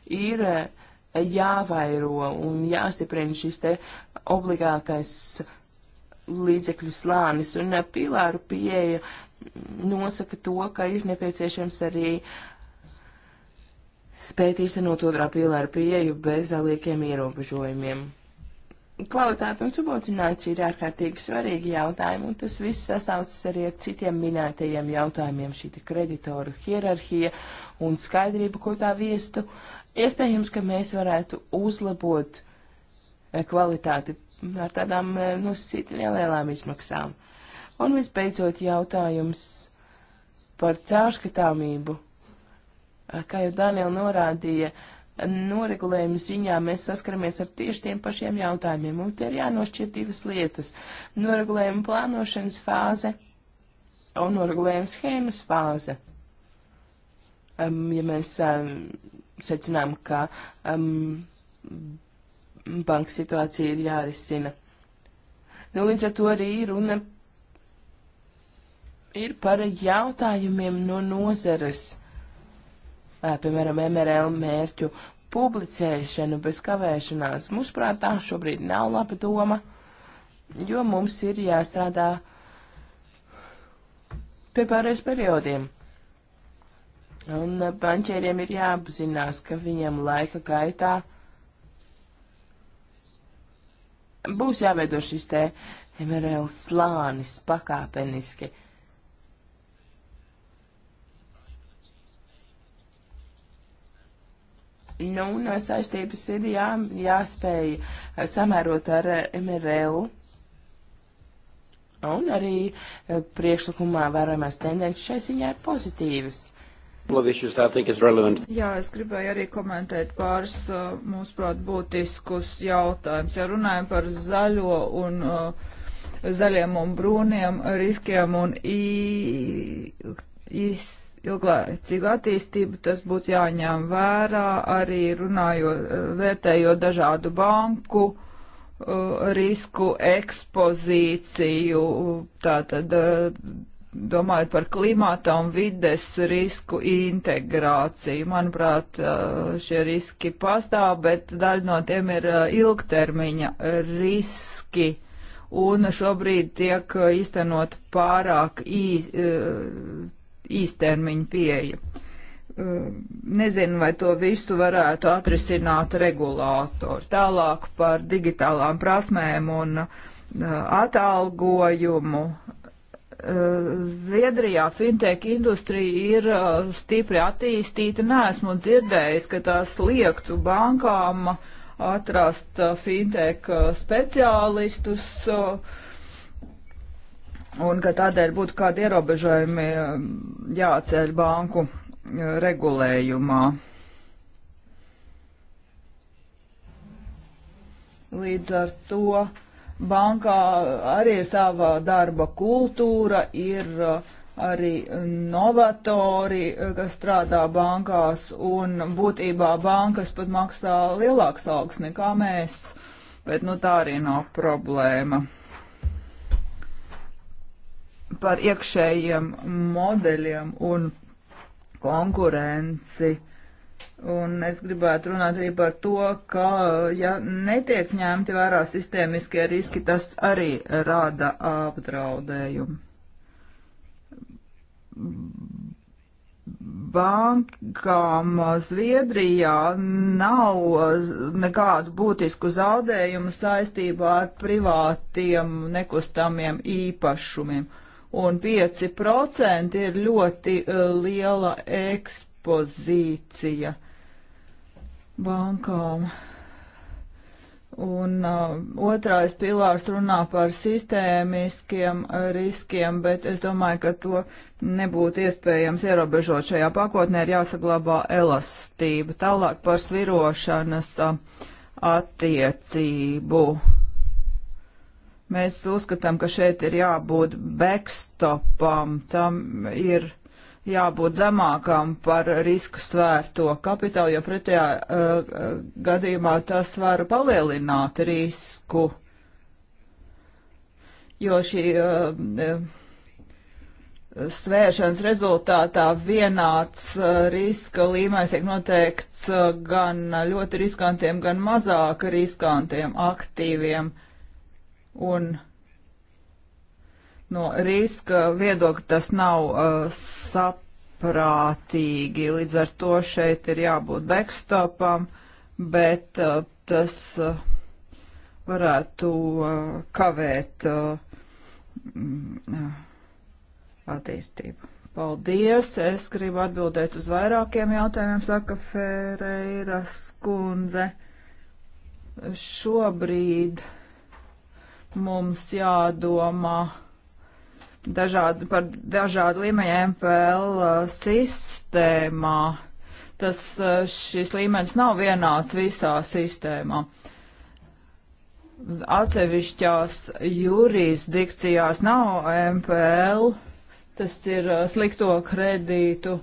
ir eh, jāvairo un jāstiprina šis te obligātais līdzekļu slānis. Un eh, pīlāru pieeja nosaka to, ka ir nepieciešams arī spēt īstenot otrā pīlāra pieeju bez liekiem ierobežojumiem. Kvalitāte un subordinācija ir ārkārtīgi svarīgi jautājumi, un tas viss sasaucas arī ar citiem minētajiem jautājumiem - šī kreditoru hierarhija un skaidrība, ko tā viestu. Iespējams, ka mēs varētu uzlabot eh, kvalitāti ar tādām, eh, nu, citi nelielām izmaksām. Un visbeidzot jautājums par caurskatāmību. Eh, kā jau Daniela norādīja, uh, noregulējuma ziņā mēs saskaramies ar tieši tiem pašiem jautājumiem. Mums ir jānošķir divas lietas - noregulējuma plānošanas fāze un noregulējuma schēmas fāze. Um, ja mēs um, secinām, ka um, banka situācija ir jārisina. Nu, līdz ar to arī runa ir par jautājumiem no nozares Eh, piemēram, MRL mērķu publicēšanu bez kavēšanās. Mūsuprāt, tā šobrīd nav laba doma, jo mums ir jāstrādā pie pārējais periodiem. Un banķēriem ir jāapzinās, ka viņiem laika gaitā būs jāveido šis te MRL slānis pakāpeniski. Nu, un saistības ir jā, jāspēj samērot ar MRL. Un arī eh, priekšlikumā vērojamās tendences šai ziņā ir pozitīvas. Jā, es gribēju arī komentēt pāris, eh, mūsuprāt, būtiskus jautājumus. Ja runājam par zaļo un eh, zaļiem un brūniem riskiem un iz ilglaicīgu attīstību, tas būtu jāņem vērā arī runājot, vērtējot dažādu banku uh, risku ekspozīciju, tātad uh, domājot par klimata un vides risku integrāciju. Manuprāt, uh, šie riski pastāv, bet daļa no tiem ir uh, ilgtermiņa riski un šobrīd tiek uh, īstenot pārāk īs uh, īstermiņa pieeja. Um, nezinu, vai to visu varētu atrisināt regulātori. Tālāk par digitālām prasmēm un uh, atalgojumu. Uh, Zviedrijā fintech industrija ir uh, stipri attīstīta. Neesmu dzirdējis, ka tās liektu bankām atrast fintech speciālistus. Uh, un ka tādēļ būtu kādi ierobežojumi um, jāceļ banku uh, regulējumā. Līdz ar to bankā arī ir sava uh, darba kultūra, ir uh, arī novatori, kas strādā bankās, un būtībā bankas pat maksā lielāks algs nekā mēs, bet nu tā arī nav problēma par iekšējiem modeļiem un konkurenci. Un es gribētu runāt arī par to, ka, ja netiek ņemti vērā sistēmiskie riski, tas arī rada apdraudējumu. Bankām Zviedrijā nav nekādu būtisku zaudējumu saistībā ar privātiem nekustamiem īpašumiem. Uh, un 5% ir ļoti eh, liela ekspozīcija bankām. Un uh, otrais pilārs runā par sistēmiskiem eh, riskiem, bet es domāju, ka to nebūtu iespējams ierobežot šajā pakotnē, ir jāsaglabā elastība. Tālāk par svirošanas uh, attiecību. Mēs uzskatām, ka šeit ir jābūt backstopam, tam ir jābūt zemākam par risku svērto kapitālu, jo pretējā uh, uh gadījumā tas var palielināt risku, jo šī uh, uh, svēršanas rezultātā vienāds uh, riska līmenis tiek noteikts uh, gan ļoti riskantiem, gan mazāk riskantiem aktīviem. Uh, un no riska viedokļa tas nav uh, saprātīgi. Līdz ar to šeit ir jābūt backstopam, bet uh, tas uh, varētu uh, kavēt uh, mm, uh attīstību. Paldies! Es gribu atbildēt uz vairākiem jautājumiem, saka Ferreiras kundze. Šobrīd uh, mums jādomā dažādu, par dažādu līmeņu MPL uh, sistēmā. Tas, uh, šis līmenis nav vienāds visā sistēmā. Atsevišķās jurisdikcijās nav MPL, tas ir uh, slikto kredītu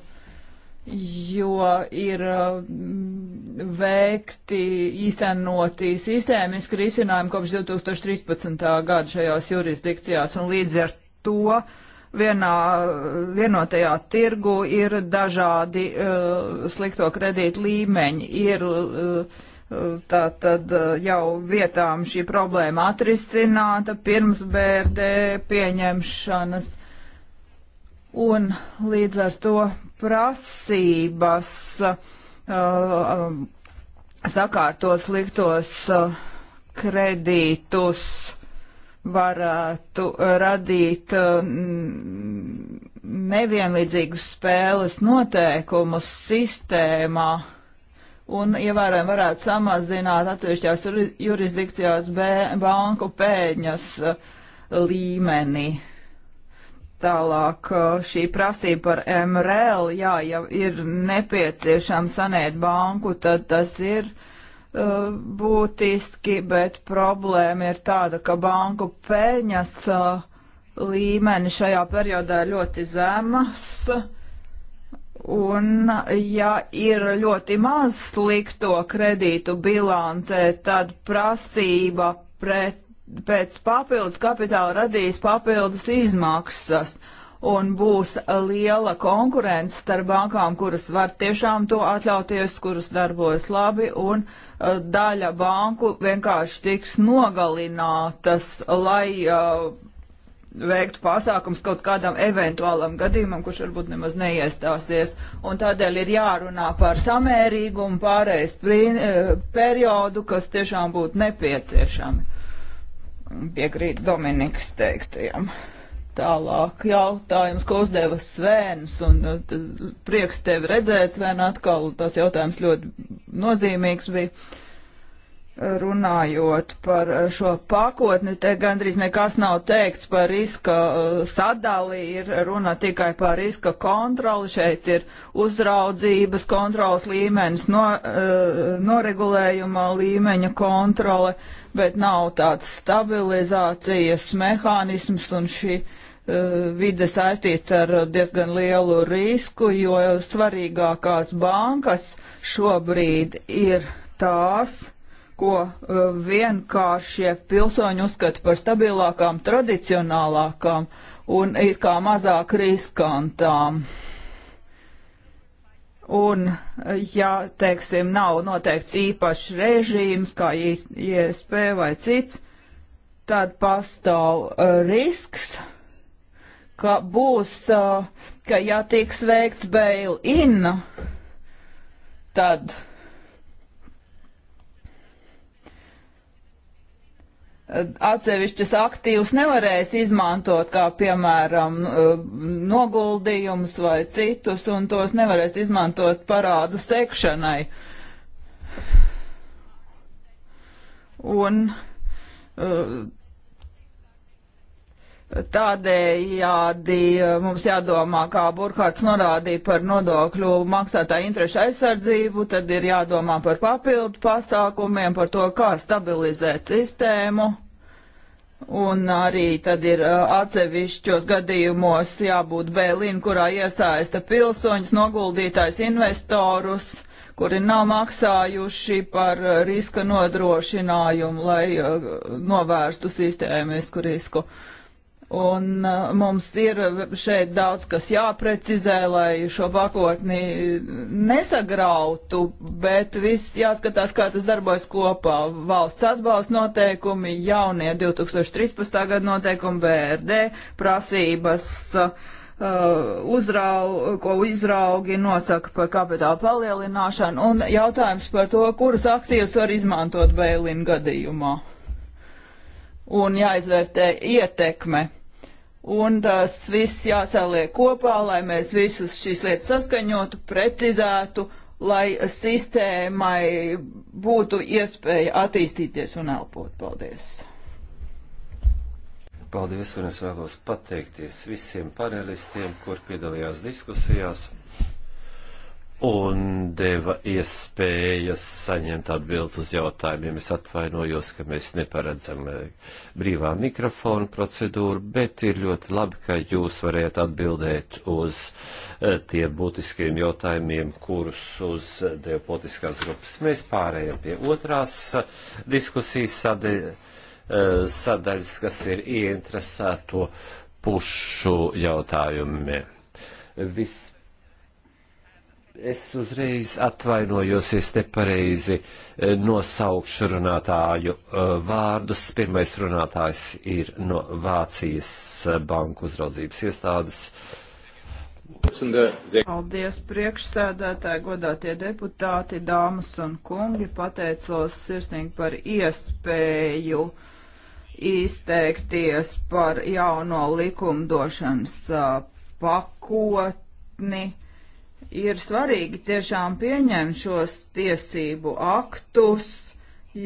jo ir mm, veikti īstenoti sistēmiski risinājumi kopš 2013. gada šajās jurisdikcijās, un līdz ar to vienā vienotajā tirgu ir dažādi uh, slikto kredītu līmeņi, ir uh, tā tad eh, jau vietām šī problēma atrisināta pirms BRD pieņemšanas un līdz ar to prasības uh, um, sakārtot sliktos uh, kredītus varētu radīt uh, nevienlīdzīgus spēles noteikumus sistēmā un ievērojami ja varētu samazināt atsevišķās jurisdikcijās banku pēļņas uh, līmeni. Tālāk uh, šī prasība par MRL, jā, ja ir nepieciešams sanēt banku, tad tas ir uh, būtiski, bet problēma ir tāda, ka banku peļņas uh, līmeni šajā periodā ir ļoti zemas. Un, ja ir ļoti maz slikto kredītu bilancē, tad prasība pret pēc papildus kapitāla radīs papildus izmaksas un būs liela konkurence starp bankām, kuras var tiešām to atļauties, kuras darbojas labi, un uh, daļa banku vienkārši tiks nogalinātas, lai uh, veiktu pasākums kaut kādam eventuālam gadījumam, kurš varbūt nemaz neiestāsies. Un tādēļ ir jārunā par samērīgumu pārējais uh, periodu, kas tiešām būtu nepieciešami piekrīt Dominikas teiktajam. Tālāk jautājums, ko uzdeva Svēns, un uh, prieks tevi redzēt, Svēn, atkal tas jautājums ļoti nozīmīgs bija runājot par eh, šo pakotni, te gandrīz nekas nav teikts par riska eh, sadali, ir runa tikai par riska kontroli, šeit ir uzraudzības kontrols līmenis, no, eh, noregulējuma līmeņa kontrole, bet nav tāds stabilizācijas mehānisms un šī vide saistīta ar diezgan lielu risku, jo svarīgākās bankas šobrīd ir tās, ko uh, vienkāršie pilsoņi uzskata par stabilākām, tradicionālākām un it kā mazāk riskantām. Un, ja, teiksim, nav noteikts īpašs režīms, kā ISP vai cits, tad pastāv uh, risks, ka būs, uh, ka ja tiks veikts bail-in, tad uh, atsevišķus aktīvus nevarēs izmantot, kā piemēram nu, noguldījumus vai citus, un tos nevarēs izmantot parādu sekšanai. Un uh, Tādējādi e, mums jādomā, kā Burkhards norādīja par nodokļu maksātāju interešu aizsardzību, tad ir jādomā par papildu pasākumiem, par to, kā stabilizēt sistēmu. Un arī tad ir e, atsevišķos gadījumos jābūt Bēlīn, kurā iesaista pilsoņus, noguldītājs, investorus, kuri nav maksājuši par e, riska nodrošinājumu, lai novērstu sistēmisku risku. risku Un uh, mums ir šeit daudz kas jāprecizē, lai šo pakotni nesagrautu, bet viss jāskatās, kā tas darbojas kopā. Valsts atbalsta noteikumi, jaunie 2013. gada noteikumi, BRD prasības. Uh, uzrau, ko izraugi nosaka par kapitāla palielināšanu, un jautājums par to, kuras aktīvas var izmantot bailīnu gadījumā. Un jāizvērtē ietekme un tas viss jāsaliek kopā, lai mēs visus šīs lietas saskaņotu, precizētu, lai sistēmai būtu iespēja attīstīties un elpot. Paldies! Paldies, un es vēlos pateikties visiem panelistiem, kur piedalījās diskusijās un deva iespējas saņemt atbildes uz jautājumiem. Es atvainojos, ka mēs neparedzam eh, brīvā mikrofona procedūru, bet ir ļoti labi, ka jūs varētu atbildēt uz eh, tiem būtiskiem jautājumiem, kurus uz deva politiskās grupas. Mēs pārējām pie otrās eh, diskusijas sadaļas, sadaļas kas ir ieinteresēto pušu jautājumi. Viss Es uzreiz atvainojos, es nepareizi e, nosaukšu runātāju e, vārdus. Pirmais runātājs ir no Vācijas e, banku uzraudzības iestādes. Paldies priekšsēdētāji, godātie deputāti, dāmas un kungi. Pateicos sirsnīgi par iespēju izteikties par jauno likumdošanas pakotni ir svarīgi tiešām pieņemt šos tiesību aktus,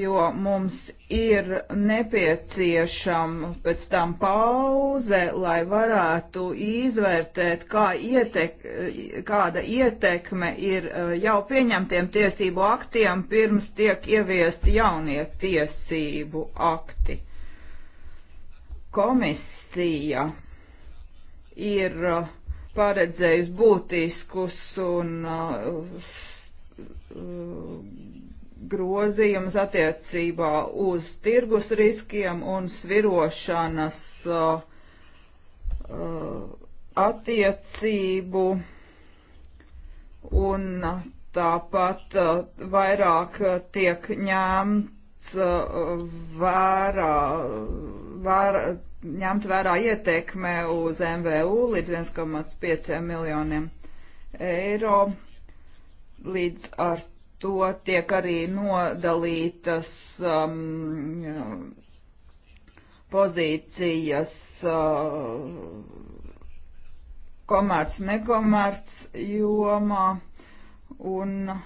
jo mums ir nepieciešama pēc tam pauze, lai varētu izvērtēt, kā ietek, kāda ietekme ir eh, jau pieņemtiem tiesību aktiem, pirms tiek ieviesti jaunie tiesību akti. Komisija ir uh, paredzējis būtiskus un uh, uh, grozījumus attiecībā uz tirgus riskiem un svirošanas uh, uh attiecību un uh, tāpat uh, vairāk tiek ņemts vērā, vērā ņemt vērā ietekme uz MVU līdz 1,5 miljoniem eiro. Līdz ar to tiek arī nodalītas um, pozīcijas uh, komerc, nekomerc jomā un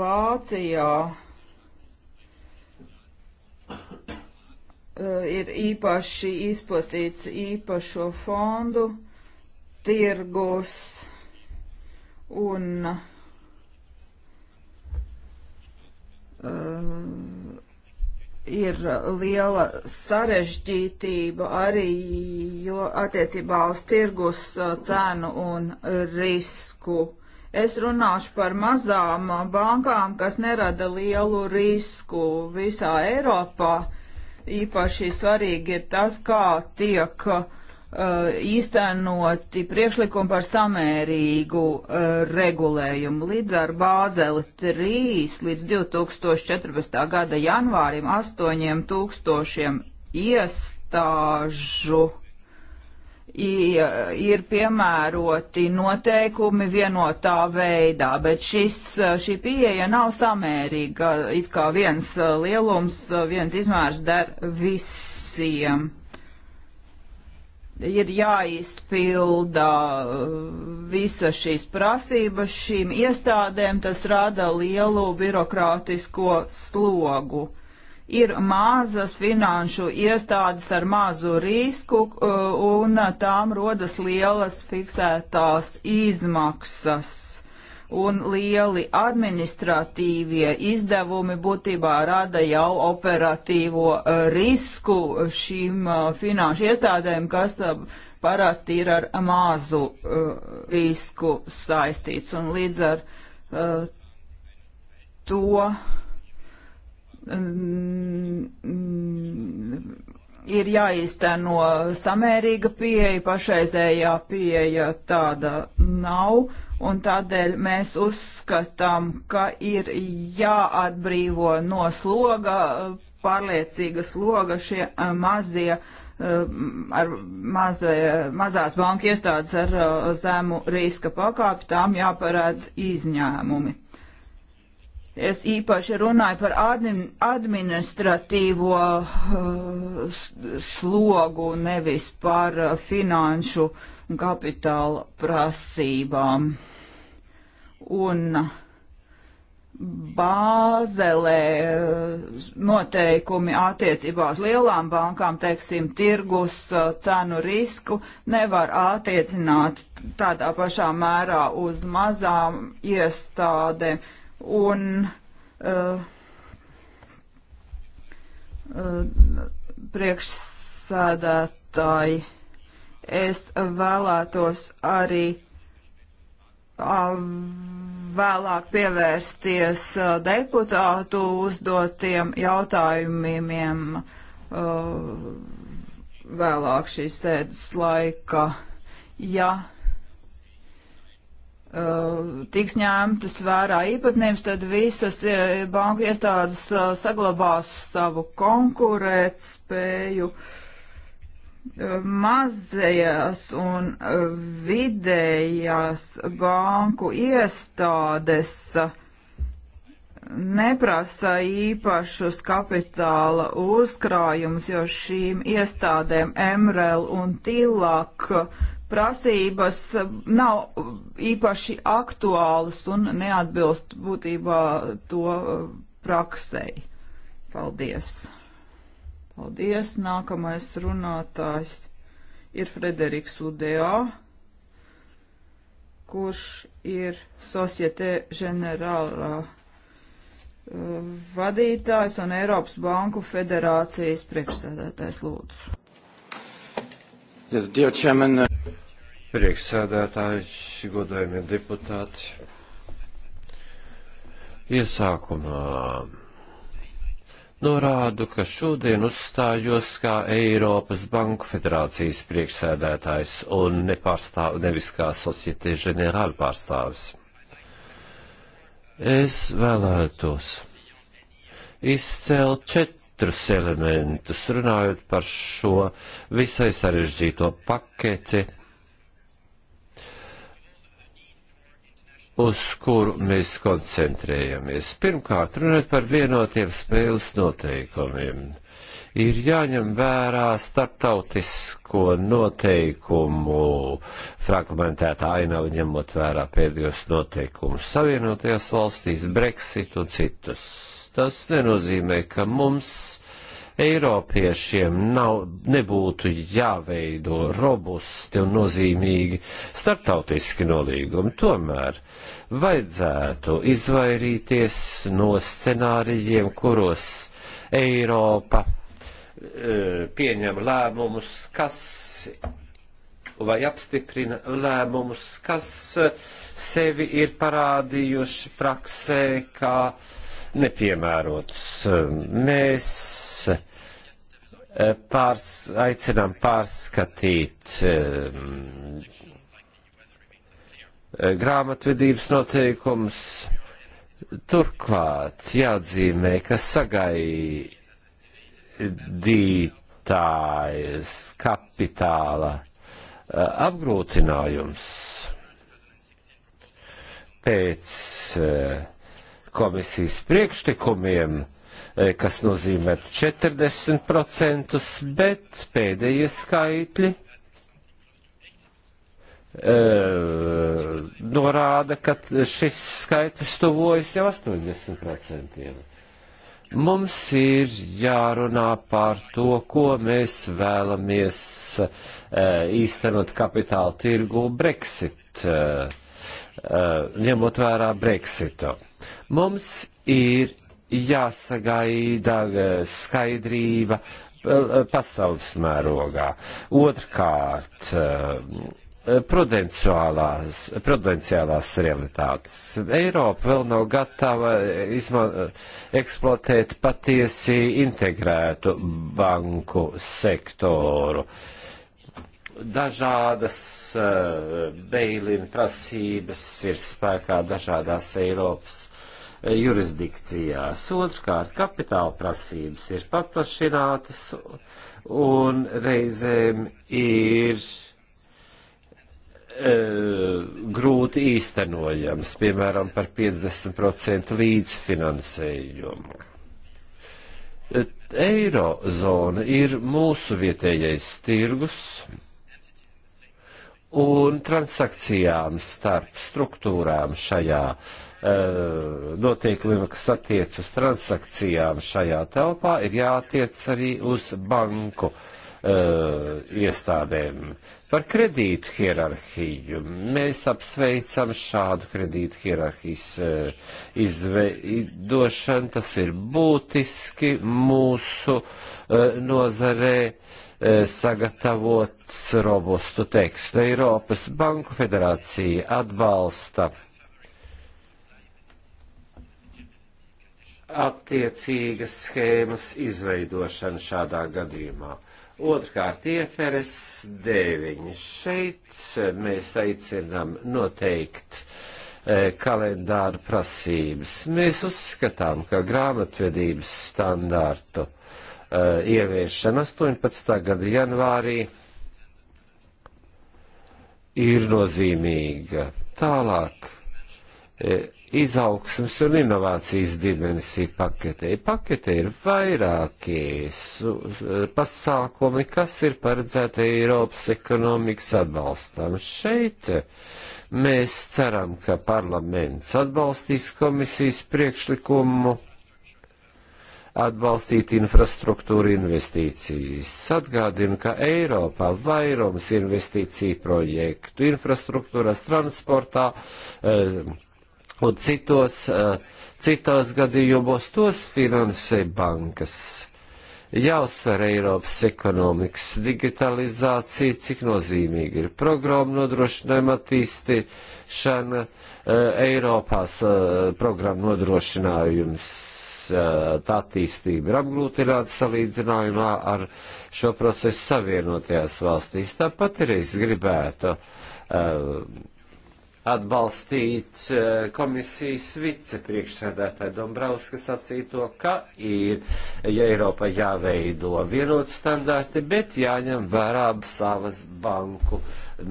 Vācijā Eh, ir īpaši izplatīts īpašo fondu tirgus un uh, ir liela sarežģītība arī jo attiecībā uz tirgus eh, cenu un risku. Es runāšu par mazām bankām, kas nerada lielu risku visā Eiropā īpaši svarīgi ir tas, kā tiek uh, īstenoti priekšlikumi par samērīgu uh, regulējumu. Līdz ar Bāzeli 3 līdz 2014. gada janvārim 8000 iestāžu ir piemēroti noteikumi vienotā veidā, bet šis, šī pieeja nav samērīga, it kā viens lielums, viens izmērs der visiem. Ir jāizpilda uh, visa šīs prasības šīm iestādēm, tas rada lielu birokrātisko slogu ir mazas finanšu iestādes ar mazu risku uh, un tām rodas lielas fiksētās izmaksas. Un lieli administratīvie izdevumi būtībā rada jau operatīvo uh, risku šīm uh, finanšu iestādēm, kas parasti ir ar mazu risku saistīts. Un līdz ar to Mm, ir jāīsteno samērīga pieeja, pašreizējā pieeja tāda nav, un tādēļ mēs uzskatām, ka ir jāatbrīvo no sloga, pārliecīga sloga šie mazie, ar mazie, mazās banka iestādes ar zemu riska pakāpi, tām jāparādz izņēmumi. Es īpaši runāju par administratīvo uh, slogu, nevis par uh, finanšu un kapitāla prasībām. Un uh, bāzelē noteikumi attiecībā uz lielām bankām, teiksim, tirgus cenu risku nevar attiecināt tādā pašā mērā uz mazām iestādēm un uh, uh, priekšsēdētāji, es vēlētos arī uh, vēlāk pievērsties uh, deputātu uzdotiem jautājumiem uh, vēlāk šīs sēdes laika. Ja Uh, tiks ņemtas vērā īpatnības, tad visas uh, banku iestādes uh, saglabās savu konkurētspēju. Mazajās un vidējās banku iestādes neprasa īpašus kapitāla uzkrājumus, jo šīm iestādēm MRL un TILAK prasības nav īpaši aktuālas un neatbilst būtībā to uh, praksei. Paldies! Paldies! Nākamais runātājs ir Frederiks Udejā, kurš ir Societe Generālā uh, vadītājs un Eiropas Banku federācijas priekšsēdētājs lūdzu. Yes, dear chairman. Uh, Priekšsēdētāji, godājumie deputāti, iesākumā norādu, ka šodien uzstājos kā Eiropas Banku federācijas priekšsēdētājs un nepārstāv, nevis kā Societe Generāla pārstāvis. Es vēlētos izcelt četri četrus elementus, runājot par šo visai sarežģīto paketi, uz kuru mēs koncentrējamies. Pirmkārt, runāt par vienotiem spēles noteikumiem. Ir jāņem vērā starptautisko noteikumu fragmentētā ainava, ņemot vērā pēdējos noteikumus savienotajās valstīs, Brexit un citus. Tas nenozīmē, ka mums Eiropiešiem nav, nebūtu jāveido robusti un nozīmīgi starptautiski nolīgumi. Tomēr vajadzētu izvairīties no scenārijiem, kuros Eiropa e, pieņem lēmumus, kas vai apstiprina lēmumus, kas sevi ir parādījuši praksē kā nepiemērots. Mēs Eh, pārs, aicinām pārskatīt um, grāmatvedības noteikums. Turklāt jāatzīmē, ka sagaidītājs kapitāla apgrūtinājums pēc komisijas priekšlikumiem uh, Eh, kas nozīmē 40%, bet pēdējie skaitļi e, norāda, ka šis skaitlis tuvojas jau 80%. Mums ir jārunā par to, ko mēs vēlamies e, īstenot kapitāla tirgu Brexit, e, ņemot vērā Brexitu. Mums ir jāsagaida e, skaidrība e, pasaules mērogā. Otrkārt, e, prudenciālās realitātes. Eiropa vēl nav gatava izma, eksploatēt patiesi integrētu banku sektoru. Dažādas uh, beilina prasības ir spēkā dažādās Eiropas jurisdikcijās. Otrkārt, kapitāla prasības ir paplašinātas un reizēm ir e, grūti īstenojams, piemēram, par 50% līdzfinansējumu. E, Eirozona ir mūsu vietējais tirgus, un transakcijām starp struktūrām šajā uh, Eh, noteikumiem, kas attiec uz transakcijām šajā telpā, ir jātiec arī uz banku uh, iestādēm. Par kredītu hierarhiju. Mēs apsveicam šādu kredītu hierarhijas uh, eh, izveidošanu. Tas ir būtiski mūsu uh, nozarē sagatavots robustu tekstu. Eiropas Banku federācija atbalsta uh, attiecīgas schēmas izveidošana šādā gadījumā. Otrkārt, ieferes 9. Šeit mēs aicinām noteikt e, kalendāra prasības. Mēs uzskatām, ka grāmatvedības standārtu e, ieviešana 18. gada janvārī ir nozīmīga. Tālāk e, izaugsmas un inovācijas dimensiju paketē. Paketē ir vairākies pasākumi, kas ir paredzēti Eiropas ekonomikas atbalstam. Šeit mēs ceram, ka parlaments atbalstīs komisijas priekšlikumu atbalstīt infrastruktūru investīcijas. Atgādinu, ka Eiropā vairums investīciju projektu infrastruktūras transportā, eh, un citos, eh, citos gadījumos tos finansē bankas. Jāuzsver Eiropas ekonomikas digitalizācija, cik nozīmīgi ir programma nodrošinājuma attīstīšana, eh, Eiropās eh, programma nodrošinājums tā attīstība ir apgrūtināta salīdzinājumā ar šo procesu savienotajās valstīs. Tāpat arī es gribētu uh, atbalstīt eh, komisijas vicepriekšsēdētāju Dombrovska sacīto, ka ir, ja Eiropa jāveido vienot standarti, bet jāņem vērā savas banku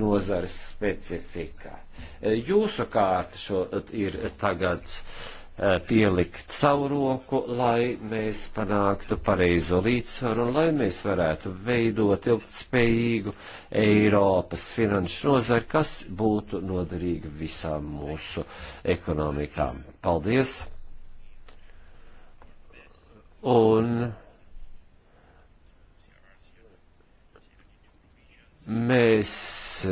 nozares specifikā. Eh, jūsu kārta šo ir tagad. Uh, Eh, pielikt savu roku, lai mēs panāktu pareizo līdzsvaru un lai mēs varētu veidot ilgtspējīgu Eiropas finanšu nozari, kas būtu noderīga visām mūsu ekonomikām. Paldies! Un Mēs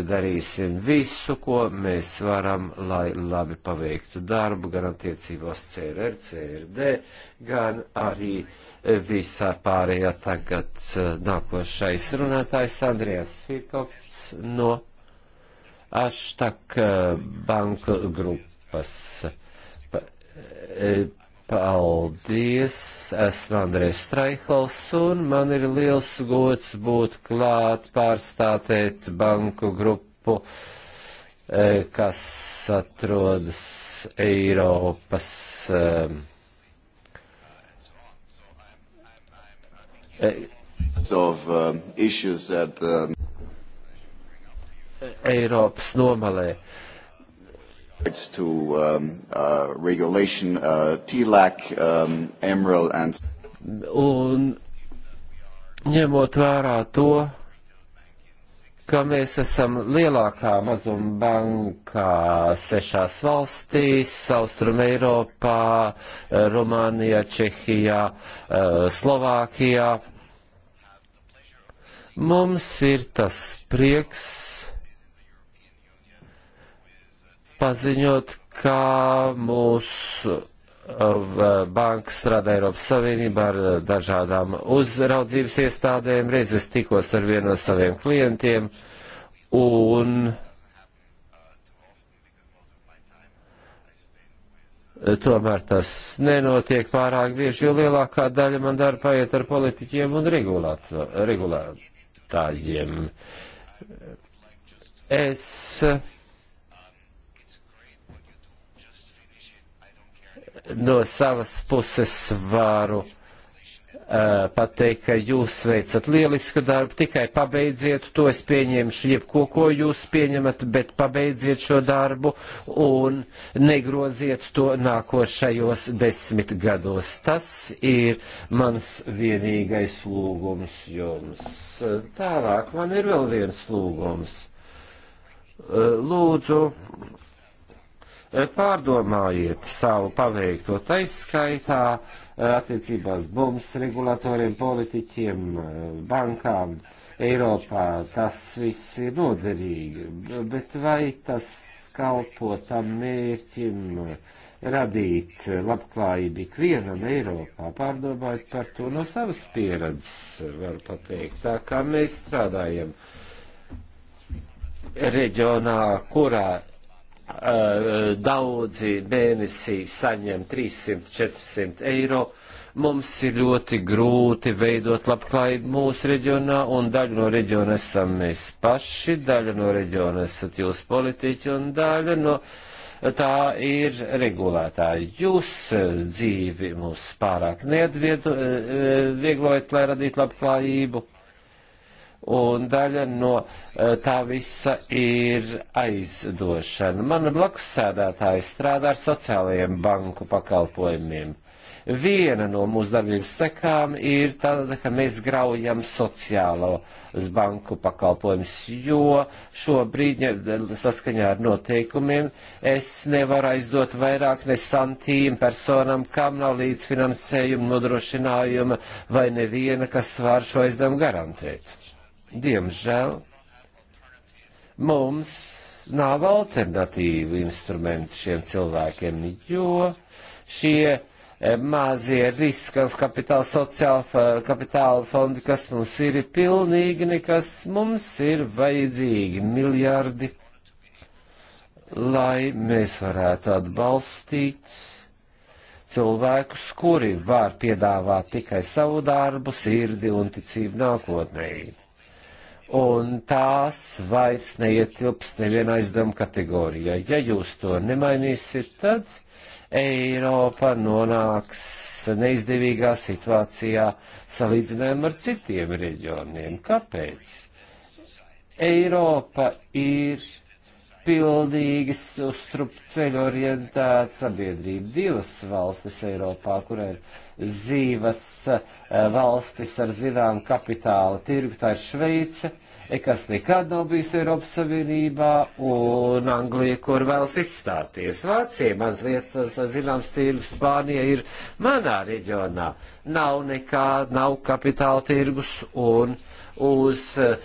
darīsim visu, ko mēs varam, lai labi paveiktu darbu, gan attiecībās CRR, CRD, gan arī visā pārējā tagad eh, nākošais runātājs Andrijas Svirkovs no Aštak eh, banka grupas. Pa, e, Paldies! Esmu Andrēs Straihals un man ir liels gods būt klāt pārstātēt banku grupu, e, kas atrodas Eiropas e, e, of, um, issues at, um... Eiropas nomalē. Uh, To, um, uh, regulation, uh, TLAC, um, Emerald and... Un ņemot vērā to, ka mēs esam lielākā mazuma bankā sešās valstīs - Austrum Eiropā, Rumānijā, Čehijā, uh, Slovākijā. Mums ir tas prieks paziņot, ka mūsu uh, banka strādā Eiropas Savienībā ar uh, dažādām uzraudzības iestādēm. Reiz es tikos ar vienu no saviem klientiem un uh, tomēr tas nenotiek pārāk bieži, jo lielākā daļa man darba paiet ar politiķiem un regulātājiem. Es no savas puses varu uh, pateikt, ka jūs veicat lielisku darbu, tikai pabeidziet to, es pieņemšu jebko, ko jūs pieņemat, bet pabeidziet šo darbu un negroziet to nākošajos desmit gados. Tas ir mans vienīgais lūgums jums. Tālāk man ir vēl viens lūgums. Lūdzu, Eh, pārdomājiet savu paveikto taiskaitā eh, attiecībās bombas regulatoriem, politiķiem, eh, bankām Eiropā. Tas viss ir noderīgi, bet vai tas kalpo tam mērķim radīt labklājību ikvienam Eiropā? Pārdomājiet par to no savas pieredzes, var pateikt, tā kā mēs strādājam reģionā, kurā Eh, daudzi mēnesī saņem 300-400 eiro. Mums ir ļoti grūti veidot labklājību mūsu reģionā, un daļu no reģiona esam mēs paši, daļa no reģiona esat jūs politiķi, un daļa no tā ir regulētāji. Jūs eh, dzīvi mūs pārāk neatvieglojat, eh, lai radītu labklājību un daļa no eh, tā visa ir aizdošana. Mana blakus sēdētāja strādā ar sociālajiem banku pakalpojumiem. Viena no mūsu darbības sekām ir tāda, ka mēs graujam sociālo banku pakalpojumus, jo šobrīd, saskaņā ar noteikumiem, es nevaru aizdot vairāk ne santīm personam, kam nav līdzfinansējuma, nodrošinājuma vai neviena, kas var šo aizdevumu garantēt diemžēl, mums nav alternatīvu instrumentu šiem cilvēkiem, jo šie eh, mazie riska kapitāla, sociāla kapitāla fondi, kas mums ir, ir pilnīgi nekas. Mums ir vajadzīgi miljardi, lai mēs varētu atbalstīt cilvēkus, kuri var piedāvāt tikai savu darbu, sirdi un ticību nākotnēji un tās vairs neietilps nevienā aizdevuma kategorijā. Ja jūs to nemainīsiet, tad Eiropa nonāks neizdevīgā situācijā salīdzinājumā ar citiem reģioniem. Kāpēc? Eiropa ir pilnīgi uz strupceļu orientēta sabiedrība. Divas valstis Eiropā, kurā ir dzīvas eh, valstis ar zinām kapitāla tirgu, tā ir Šveice, kas nekad nav bijusi Eiropas Savienībā, un Anglija, kur vēlas izstāties. Vācija mazliet eh, zināms tirgus, Spānija ir manā reģionā. Nav nekā, nav kapitāla tirgus, un uh, uz eh,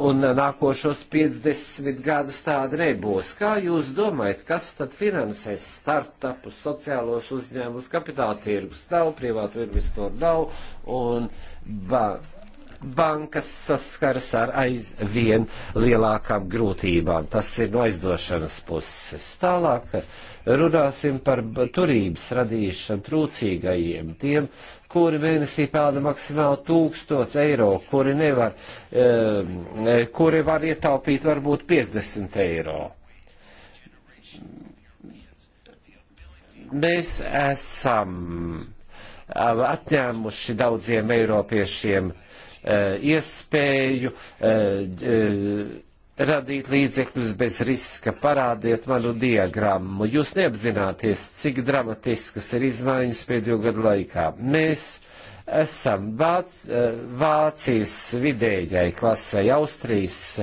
un nākošos 50 gadus tāda nebūs. Kā jūs domājat, kas tad finansēs startupus, sociālos uzņēmumus, kapitāla tirgus nav, privātu investoru nav un ba bankas saskaras ar aizvien lielākām grūtībām. Tas ir no aizdošanas puses. Tālāk runāsim par turības radīšanu trūcīgajiem, tiem, kuri mēnesī pelna maksimāli 1000 eiro, kuri, nevar, ehm, e, kuri var ietaupīt varbūt 50 eiro. Mēs esam e, atņēmuši daudziem eiropiešiem e, iespēju radīt līdzekļus bez riska. Parādiet manu diagrammu. Jūs neapzināties, cik dramatiskas ir izmaiņas pēdējo gadu laikā. Mēs esam Vāc, eh, Vācijas vidējai klasei, Austrijas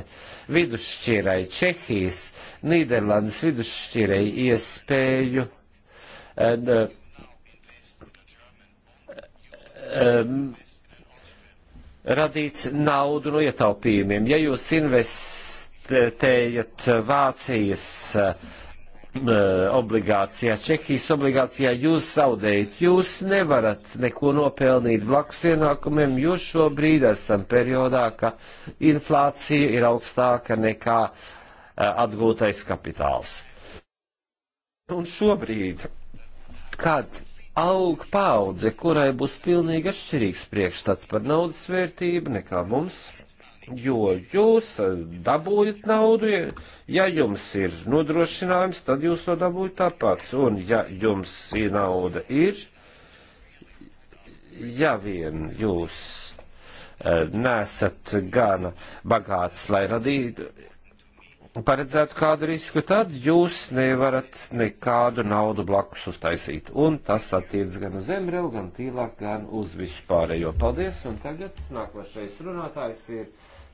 vidusšķirai, Čehijas, Nīderlandes vidusšķirai iespēju. Un, eh, um, eh, radīt naudu no ietaupījumiem. Ja jūs investējat vērtējat Vācijas eh, obligācijā, Čehijas obligācijā jūs zaudējat, jūs nevarat neko nopelnīt blakus ienākumiem, jo šobrīd esam periodā, ka inflācija ir augstāka nekā eh, atgūtais kapitāls. Un šobrīd, kad aug paudze, kurai būs pilnīgi atšķirīgs priekšstats par naudas vērtību nekā mums, jo jūs eh, dabūjat naudu, ja jums ir nodrošinājums, tad jūs to dabūjat tāpat, un ja jums šī nauda ir, ja vien jūs eh, nesat gana bagāts, lai radītu, paredzētu kādu risku, tad jūs nevarat nekādu naudu blakus uztaisīt. Un tas attiec gan uz Emrelu, gan tīlāk, gan uz visu pārējo. Paldies, un tagad nākošais runātājs ir.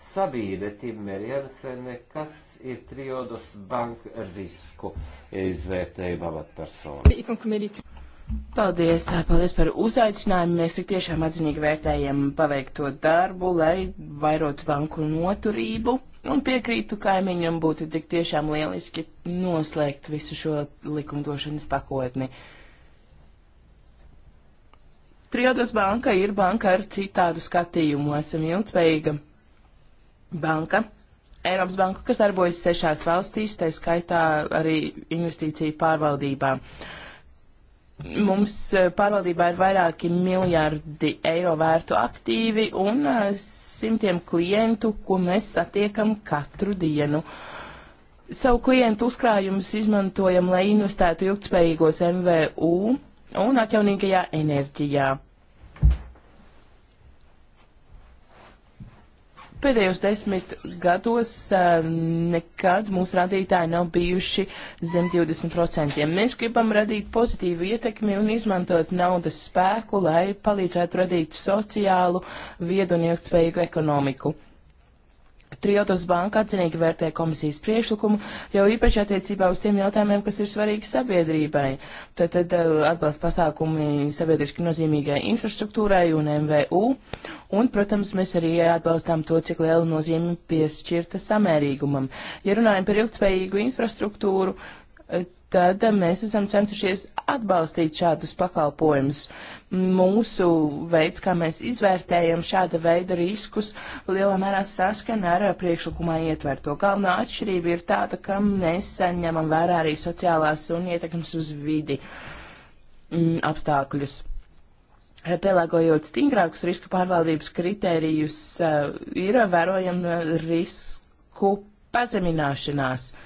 Sabīne Timmer Jansene, kas ir triodos bank risku izvērtējuma amatpersona. Paldies, paldies par uzaicinājumu. Mēs tik tiešām atzinīgi vērtējam paveikto darbu, lai vairotu banku noturību. Un piekrītu kaimiņam būtu tik tiešām lieliski noslēgt visu šo likumdošanas pakotni. Triodos banka ir banka ar citādu skatījumu, esam ilgtspējīga banka. Eiropas banku, kas darbojas sešās valstīs, tā skaitā arī investīciju pārvaldībā. Mums eh, pārvaldībā ir vairāki miljardi eiro vērtu aktīvi un eh, simtiem klientu, ko mēs satiekam katru dienu. Savu klientu uzkrājumus izmantojam, lai investētu ilgtspējīgos MVU un atjaunīgajā enerģijā. Pēdējos desmit gados nekad mūsu rādītāji nav bijuši zem 20%. Mēs gribam radīt pozitīvu ietekmi un izmantot naudas spēku, lai palīdzētu radīt sociālu, viedu un ilgtspējīgu ekonomiku. Triodos banka atzinīgi vērtē komisijas priekšlikumu, jau īpaši attiecībā uz tiem jautājumiem, kas ir svarīgi sabiedrībai. Tad, tad eh, atbalsta pasākumi sabiedriski nozīmīgai infrastruktūrai un MVU. Un, protams, mēs arī atbalstām to, cik lielu nozīmi piešķirta samērīgumam. Ja runājam par ilgtspējīgu infrastruktūru, eh, tad mēs esam centušies atbalstīt šādus pakalpojumus. Mūsu veids, kā mēs izvērtējam šāda veida riskus, lielā mērā saskana ar priekšlikumā ietverto. Galvenā atšķirība ir tāda, ka mēs ņemam vērā arī sociālās un ietekmes uz vidi m, mm, apstākļus. Pielāgojot stingrākus riska pārvaldības kritērijus, eh, ir vērojama risku pazemināšanās. Uh,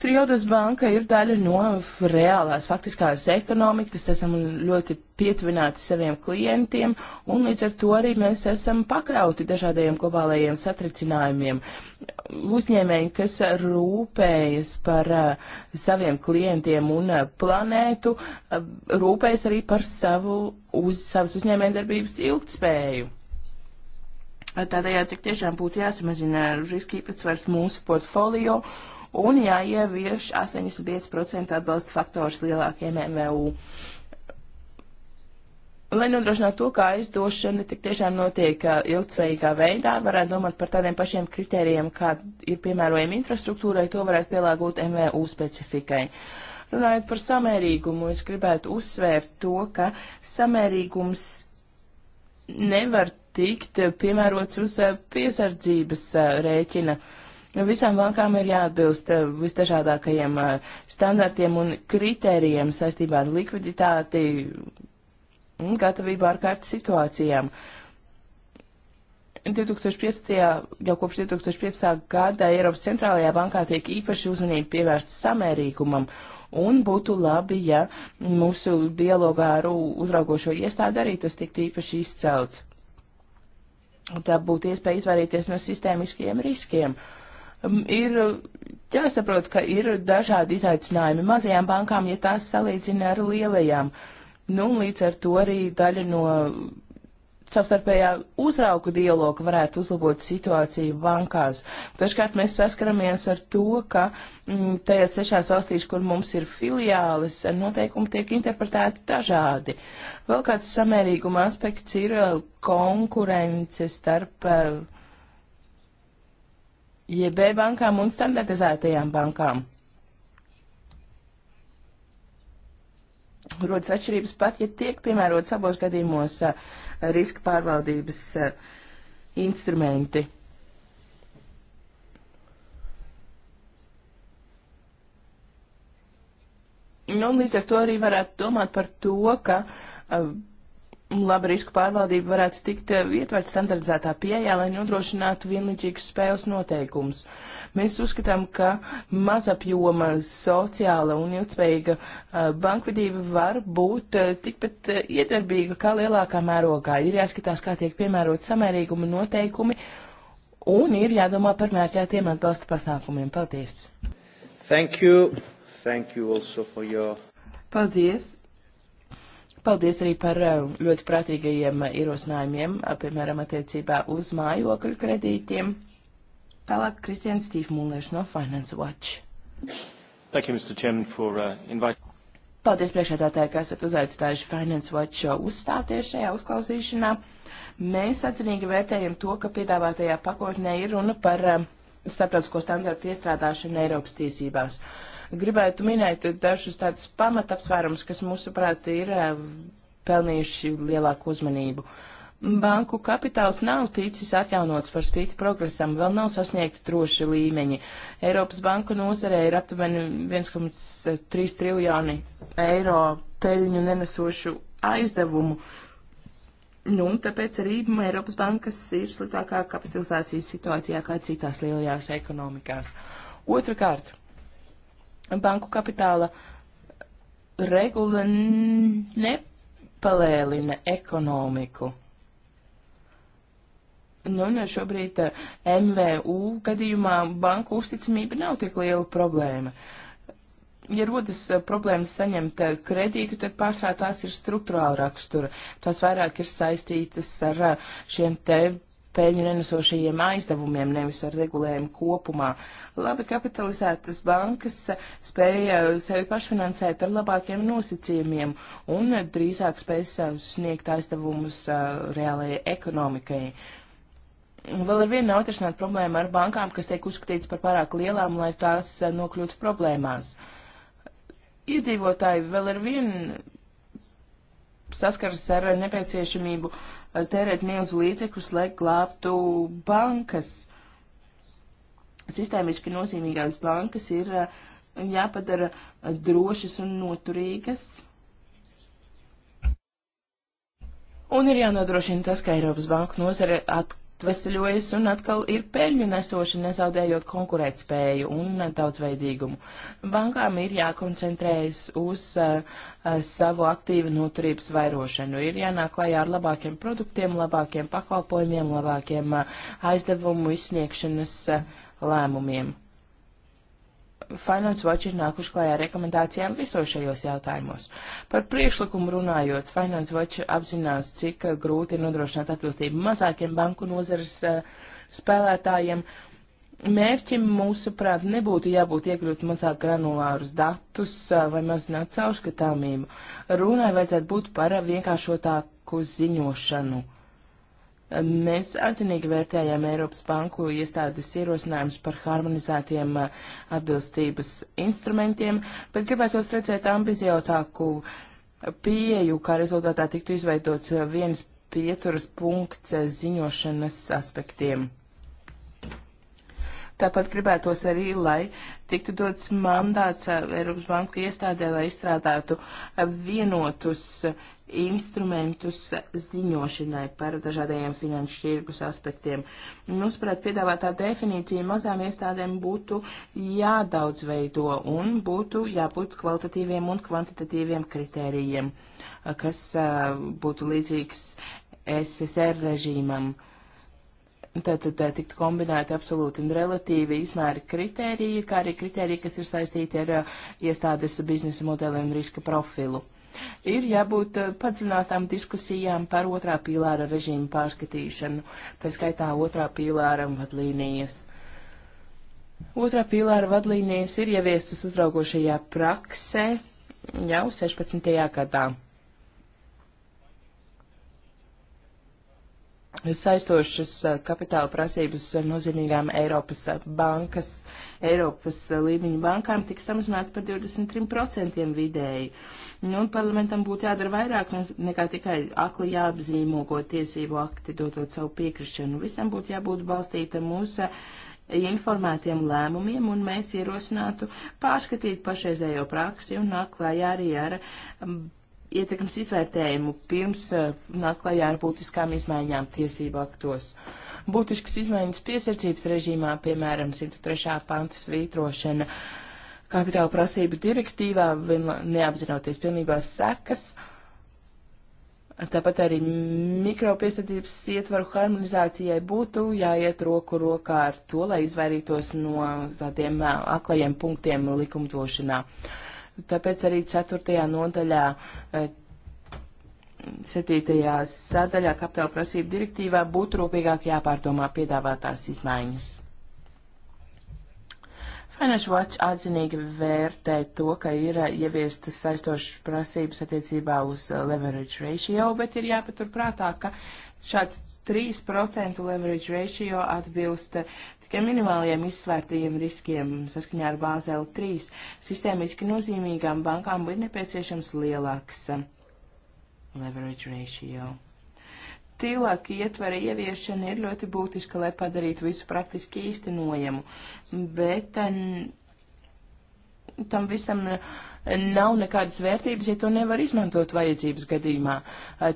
Triodos banka ir daļa no reālās faktiskās ekonomikas, esam ļoti pietuvināti saviem klientiem, un līdz ar to arī mēs esam pakrauti dažādajiem globālajiem satricinājumiem. Uzņēmēji, kas rūpējas par uh, saviem klientiem un uh, planētu, uh, rūpējas arī par savu, uz savas uzņēmējdarbības ilgtspēju. Tādējādi tik tiešām būtu jāsamazina riska īpatsvars mūsu portfolio un jāievieš 85% atbalsta faktors lielākiem MVU. Lai nodrošinātu to, kā aizdošana tik tiešām notiek uh, ilgtspējīgā veidā, varētu domāt par tādiem pašiem kritērijiem, kā ir piemērojami infrastruktūrai, to varētu pielāgot MVU specifikai. Runājot par samērīgumu, es gribētu uzsvērt to, ka samērīgums nevar tikt piemērots uz uh, piesardzības uh, rēķina. Uh, Nu, visām bankām ir jāatbilst eh, visdažādākajiem eh, standartiem un kritērijiem saistībā ar likviditāti un gatavību ārkārtas situācijām. 2015. jau kopš 2015. gada Eiropas centrālajā bankā tiek īpaši uzmanība pievērsta samērīgumam un būtu labi, ja mūsu dialogā ar uzraugošo iestādi arī tas tiktu īpaši izcelts. Tā būtu iespēja izvairīties no sistēmiskajiem riskiem. Uh, Um, ir jāsaprot, ka ir dažādi izaicinājumi mazajām bankām, ja tās salīdzina ar lielajām. Nu, līdz ar to arī daļa no savstarpējā uzrauku dialoga varētu uzlabot situāciju bankās. Dažkārt mēs saskaramies ar to, ka m, mm, tajās sešās valstīs, kur mums ir filiālis, noteikumi tiek interpretēti dažādi. Vēl kāds samērīguma aspekts ir uh, konkurence starp uh, IB bankām un standartizētajām bankām. Rodas atšķirības pat, ja tiek piemērots abos gadījumos a, riska pārvaldības a, instrumenti. Nu, līdz ar to arī varētu domāt par to, ka uh, laba risku pārvaldība varētu tikt eh, ietverta standardizētā pieejā, lai nodrošinātu vienlīdzīgus spēles noteikumus. Mēs uzskatām, ka mazapjoma sociāla un ilgspējīga eh, bankvedība var būt eh, tikpat iedarbīga kā lielākā mērogā. Ir jāskatās, kā tiek piemērot samērīguma noteikumi un ir jādomā par mērķētiem atbalsta pasākumiem. Paldies! Thank you. Thank you also for your... Paldies Paldies arī par eh, ļoti prātīgajiem ierosinājumiem, eh, piemēram, attiecībā uz mājokļu kredītiem. Tālāk Kristians Stīvmūlērs no Finance Watch. Thank you, Mr. Chairman, for uh, inviting. Paldies priekšētātāji, ka esat uzaicinājuši Finance Watch uzstāties šajā uzklausīšanā. Mēs atzinīgi vērtējam to, ka piedāvātajā pakotnē ir runa par uh, starptautisko standartu iestrādāšanu Eiropas tiesībās. Gribētu minēt dažus tādus pamatapsvērumus, kas mūsuprāt ir eh, pelnījuši lielāku uzmanību. Banku kapitāls nav ticis atjaunots par spīti progresam, vēl nav sasniegti droši līmeņi. Eiropas banku nozarē ir aptuveni 1,3 triljoni eiro peļņu nenesošu aizdevumu, Nu, un tāpēc arī Eiropas bankas ir sliktākā kapitalizācijas situācijā kā citās lielajās ekonomikās. Otrakārt, banku kapitāla regula nepalēlina ekonomiku. Nu, un šobrīd eh, MVU gadījumā banku uzticamība nav tik liela problēma. Uh, ja rodas eh, problēmas saņemt eh, kredītu, tad pārsvarā tās ir struktūrāla rakstura. Tās vairāk ir saistītas ar eh, šiem te peļņu nenesošajiem aizdevumiem, nevis ar regulējumu kopumā. Labi kapitalizētas bankas spēja sevi pašfinansēt ar labākiem nosacījumiem un drīzāk spēja sniegt aizdevumus reālajai ekonomikai. Vēl ar vienu nav atrisināta problēma ar bankām, kas tiek uzskatīts par pārāk lielām, lai tās nokļūtu problēmās. Uh, iedzīvotāji vēl ar vienu saskaras ar nepieciešamību eh, tērēt milzu līdzekļus, lai glābtu bankas. Sistēmiski nozīmīgās bankas ir eh, jāpadara drošas un noturīgas. Un ir jānodrošina tas, ka Eiropas banku nozare at atvesaļojas un atkal ir peļņu nesoši, nezaudējot konkurētspēju un daudzveidīgumu. Bankām ir jākoncentrējas uz uh, savu aktīvu noturības vairošanu. Ir jānāk klajā ar labākiem produktiem, labākiem pakalpojumiem, labākiem uh, aizdevumu izsniegšanas uh, lēmumiem. Finance Watch ir nākuši klajā rekomendācijām visos šajos jautājumos. Par priekšlikumu runājot, Finance Watch apzinās, cik uh, grūti ir nodrošināt atbilstību mazākiem banku nozares uh, spēlētājiem. Mērķim, mūsuprāt, nebūtu jābūt iegūt mazāk granulārus datus uh, vai mazināt caurskatāmību. Runai vajadzētu būt par vienkāršotāku ziņošanu. Uh, Mēs atzinīgi vērtējam Eiropas Banku iestādes ierosinājumus par harmonizētiem uh, atbilstības instrumentiem, bet gribētos redzēt ambiziotāku pieju, kā rezultātā tiktu izveidots uh, viens pieturas punkts uh, ziņošanas aspektiem. Tāpat gribētos arī, lai tiktu dots mandāts Eiropas Banku iestādē, lai izstrādātu vienotus instrumentus ziņošanai par dažādajiem finanšu tirgus aspektiem. Nusprāt, piedāvātā definīcija mazām iestādēm būtu jādaudzveido un būtu jābūt kvalitatīviem un kvantitatīviem kritērijiem, kas būtu līdzīgs SSR režīmam tātad tā, tiktu kombinēti absolūti un relatīvi izmēri kritēriji, kā arī kritēriji, kas ir saistīti ar iestādes biznesa modeliem un riska profilu. Ir jābūt eh, padziļinātām diskusijām par otrā pīlāra režīmu pārskatīšanu, tā skaitā otrā pīlāra vadlīnijas. Otrā pīlāra vadlīnijas ir ieviestas uzraugošajā praksē jau 16. gadā. saistošas eh, kapitāla prasības nozīmīgām Eiropas eh, bankas, Eiropas eh, līmeņa bankām tika samazināts par 23% vidēji. Nu, un parlamentam būtu jādara vairāk nekā tikai akli jāapzīmogo tiesību akti, dotot savu piekrišanu. Visam būtu jābūt balstītam uz informētiem lēmumiem, un mēs ierosinātu pārskatīt pašreizējo praksi un nāk klājā arī ar ietekmes izvērtējumu pirms uh, nāk klajā ar būtiskām izmaiņām tiesību aktos. Būtiskas izmaiņas piesardzības režīmā, piemēram, 103. panta svītrošana kapitāla prasību direktīvā, neapzinoties pilnībā sekas. Tāpat arī mikropiesardzības ietvaru harmonizācijai būtu jāiet roku rokā ar to, lai izvairītos no tādiem eh, aklajiem punktiem likumdošanā. Uh, Tāpēc arī 4. nodaļā, 7. Eh, sadaļā kapitāla prasību direktīvā būtu rūpīgāk jāpārdomā piedāvātās izmaiņas. Financial Watch atzinīgi vērtē to, ka ir eh, ieviestas saistošas prasības attiecībā uz eh, leverage ratio, bet ir jāpaturprātā, ka šāds 3% leverage ratio atbilst tikai minimāliem izsvērtajiem riskiem saskaņā ar Bāzeli 3. Sistēmiski nozīmīgām bankām ir nepieciešams lielāks um, leverage ratio. Tīlāk ietvera ieviešana ir ļoti būtiska, lai padarītu visu praktiski īstenojamu, bet um, tam visam nav nekādas vērtības, ja to nevar izmantot vajadzības gadījumā.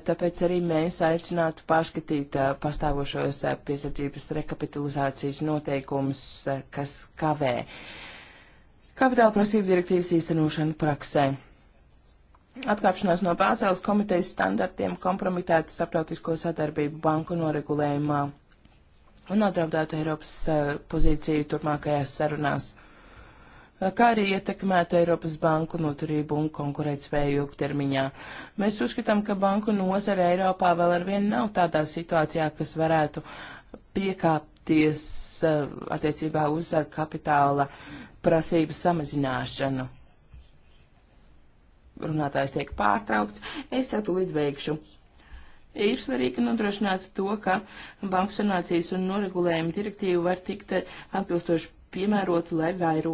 Tāpēc arī mēs aicinātu pārskatīt pastāvošos piesardzības rekapitalizācijas noteikumus, kas kavē kapitāla prasību direktīvas īstenošanu praksē. Atkāpšanās no Bāzeles komitejas standartiem kompromitētu starptautisko sadarbību banku noregulējumā un apdraudētu Eiropas uh, pozīciju turpmākajās sarunās. Eh, kā arī ietekmētu Eiropas banku noturību un konkurētspēju ilgtermiņā. Mēs uzskatām, ka banku nozara Eiropā vēl arvien nav tādā situācijā, kas varētu piekāpties eh, attiecībā uz eh, kapitāla prasību samazināšanu. Runātājs tiek pārtraukts. Es atūlīt veikšu. Ir svarīgi nodrošināt to, ka banku sanācijas un noregulējuma direktīva var tikt atbilstoši piemērotu, lai vairu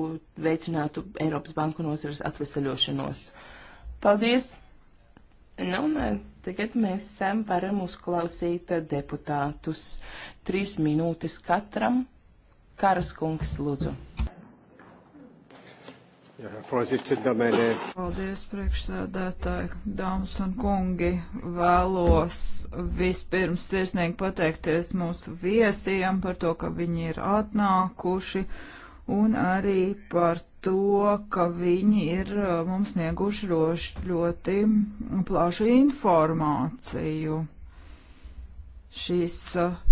veicinātu Eiropas banku nozares atvesaļošanos. Paldies! Nu, un eh, tagad mēs sem varam uzklausīt eh, deputātus. Trīs minūtes katram. Karas kungs, lūdzu. Paldies, priekšsēdētāji, dāmas un kungi. Vēlos vispirms sirsnīgi pateikties mūsu viesiem par to, ka viņi ir atnākuši un arī par to, ka viņi ir uh, mums snieguši ļoti plašu informāciju. Šīs uh,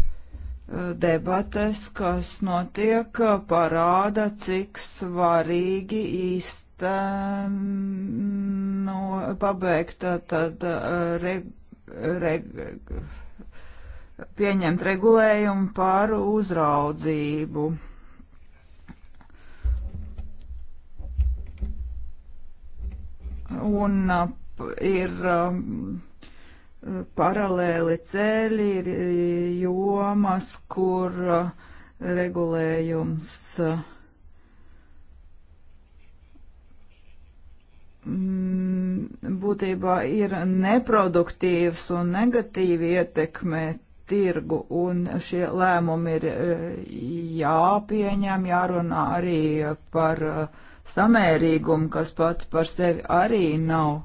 debates, kas notiek, parāda, cik svarīgi īsteno pabeigt tad reg, reg, pieņemt regulējumu par uzraudzību. Un ir um, paralēli ceļi ir eh, jomas, kur eh, regulējums mm, būtībā ir neproduktīvs un negatīvi ietekmē tirgu, un šie lēmumi ir eh, jāpieņem, jārunā arī par samērīgumu, kas pat par sevi arī nav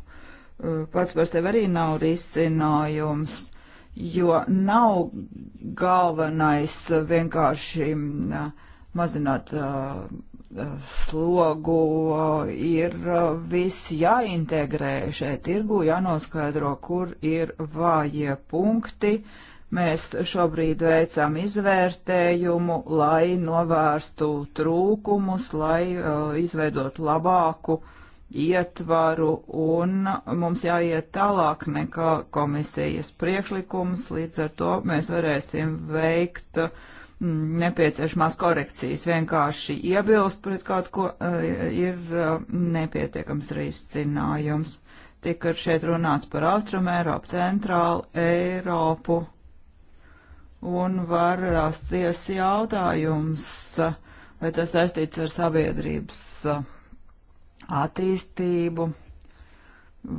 Eh, pats par sevi arī nav risinājums, jo nav galvenais vienkārši eh, mazināt eh, slogu, ir viss jāintegrē šeit tirgu, jānoskaidro, kur ir vājie punkti. Mēs šobrīd veicam izvērtējumu, lai novērstu trūkumus, lai uh, izveidot labāku uh, ietvaru un mums jāiet tālāk nekā komisijas priekšlikums, līdz ar to mēs varēsim veikt mm, nepieciešamās korekcijas. Vienkārši iebilst pret kaut ko eh, ir eh, nepietiekams risinājums. Tika šeit runāts par Austrum Eiropu, Centrālu Eiropu un var rasties jautājums, eh, vai tas saistīts ar sabiedrības attīstību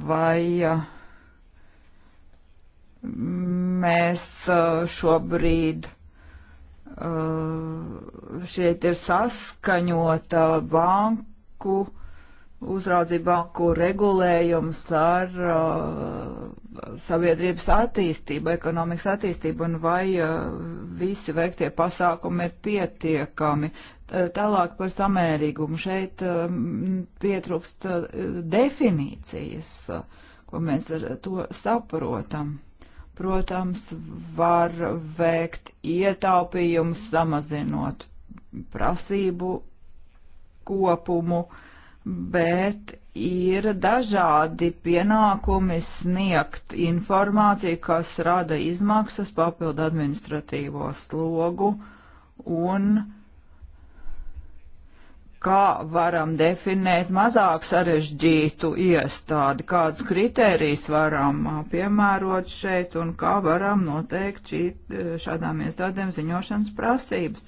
vai mēs uh, šobrīd uh, šeit ir saskaņota banku uzraudzību banku regulējums ar uh, sabiedrības attīstību, ekonomikas attīstību un vai uh, visi veiktie pasākumi ir pietiekami. Tālāk par samērīgumu. Šeit uh, pietrūkst uh, definīcijas, uh, ko mēs ar to saprotam. Protams, var veikt ietaupījumus, samazinot prasību kopumu. Uh, bet ir dažādi pienākumi sniegt informāciju, kas rada izmaksas papildu administratīvo slogu un kā varam definēt mazāk sarežģītu iestādi, kādus kritērijus varam piemērot šeit un kā varam noteikt šī, šādām iestādēm ziņošanas prasības.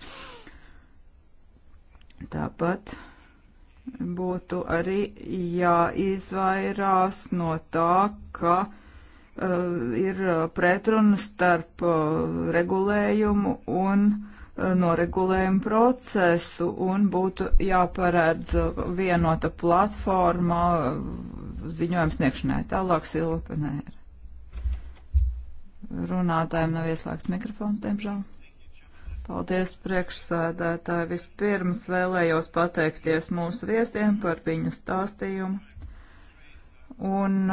Tāpat būtu arī jāizvairās no tā, ka uh, ir pretruna starp uh, regulējumu un uh, noregulējumu procesu un būtu jāparedz vienota platforma ziņojums sniegšanai. Tālāk Silva Penēra. Runātājiem nav ieslēgts mikrofons, diemžēl. Paldies, priekšsēdētāji. Vispirms vēlējos pateikties mūsu viesiem par viņu stāstījumu. Un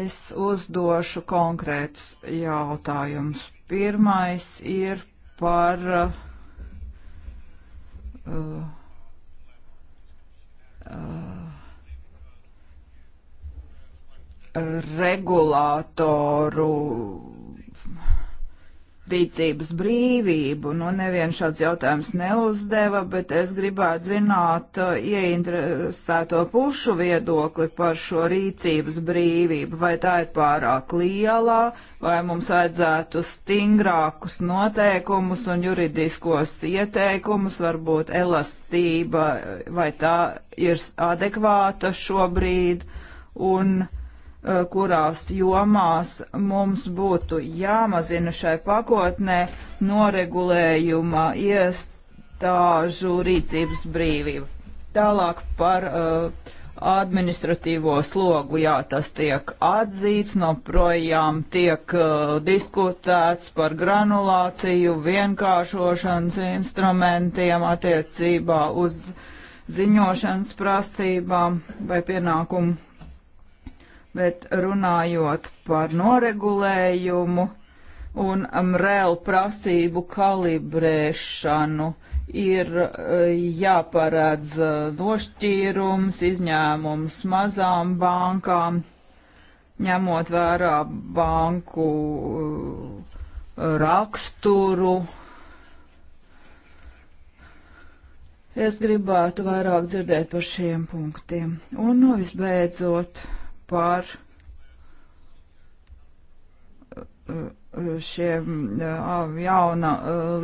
es uzdošu konkrētus jautājumus. Pirmais ir par uh, uh, regulātoru rīcības brīvību. Nu, neviens šāds jautājums neuzdeva, bet es gribētu zināt uh, ieinteresēto pušu viedokli par šo rīcības brīvību. Vai tā ir pārāk lielā, vai mums vajadzētu stingrākus noteikumus un juridiskos ieteikumus, varbūt elastība, vai tā ir adekvāta šobrīd. Un, uh, Eh, kurās jomās mums būtu jāmazina šai pakotnē noregulējuma iestāžu rīcības brīvība. Tālāk par uh, administratīvo slogu, jā, tas tiek atzīts, noprojām tiek uh, diskutēts par granulāciju, vienkāršošanas instrumentiem attiecībā uz ziņošanas prasībām vai pienākumu bet runājot par noregulējumu un MREL prasību kalibrēšanu, ir eh, jāparādz eh, nošķīrums, izņēmums mazām bankām, ņemot vērā banku eh, raksturu. Es gribētu vairāk dzirdēt par šiem punktiem. Un, nu, visbeidzot, par šiem jauna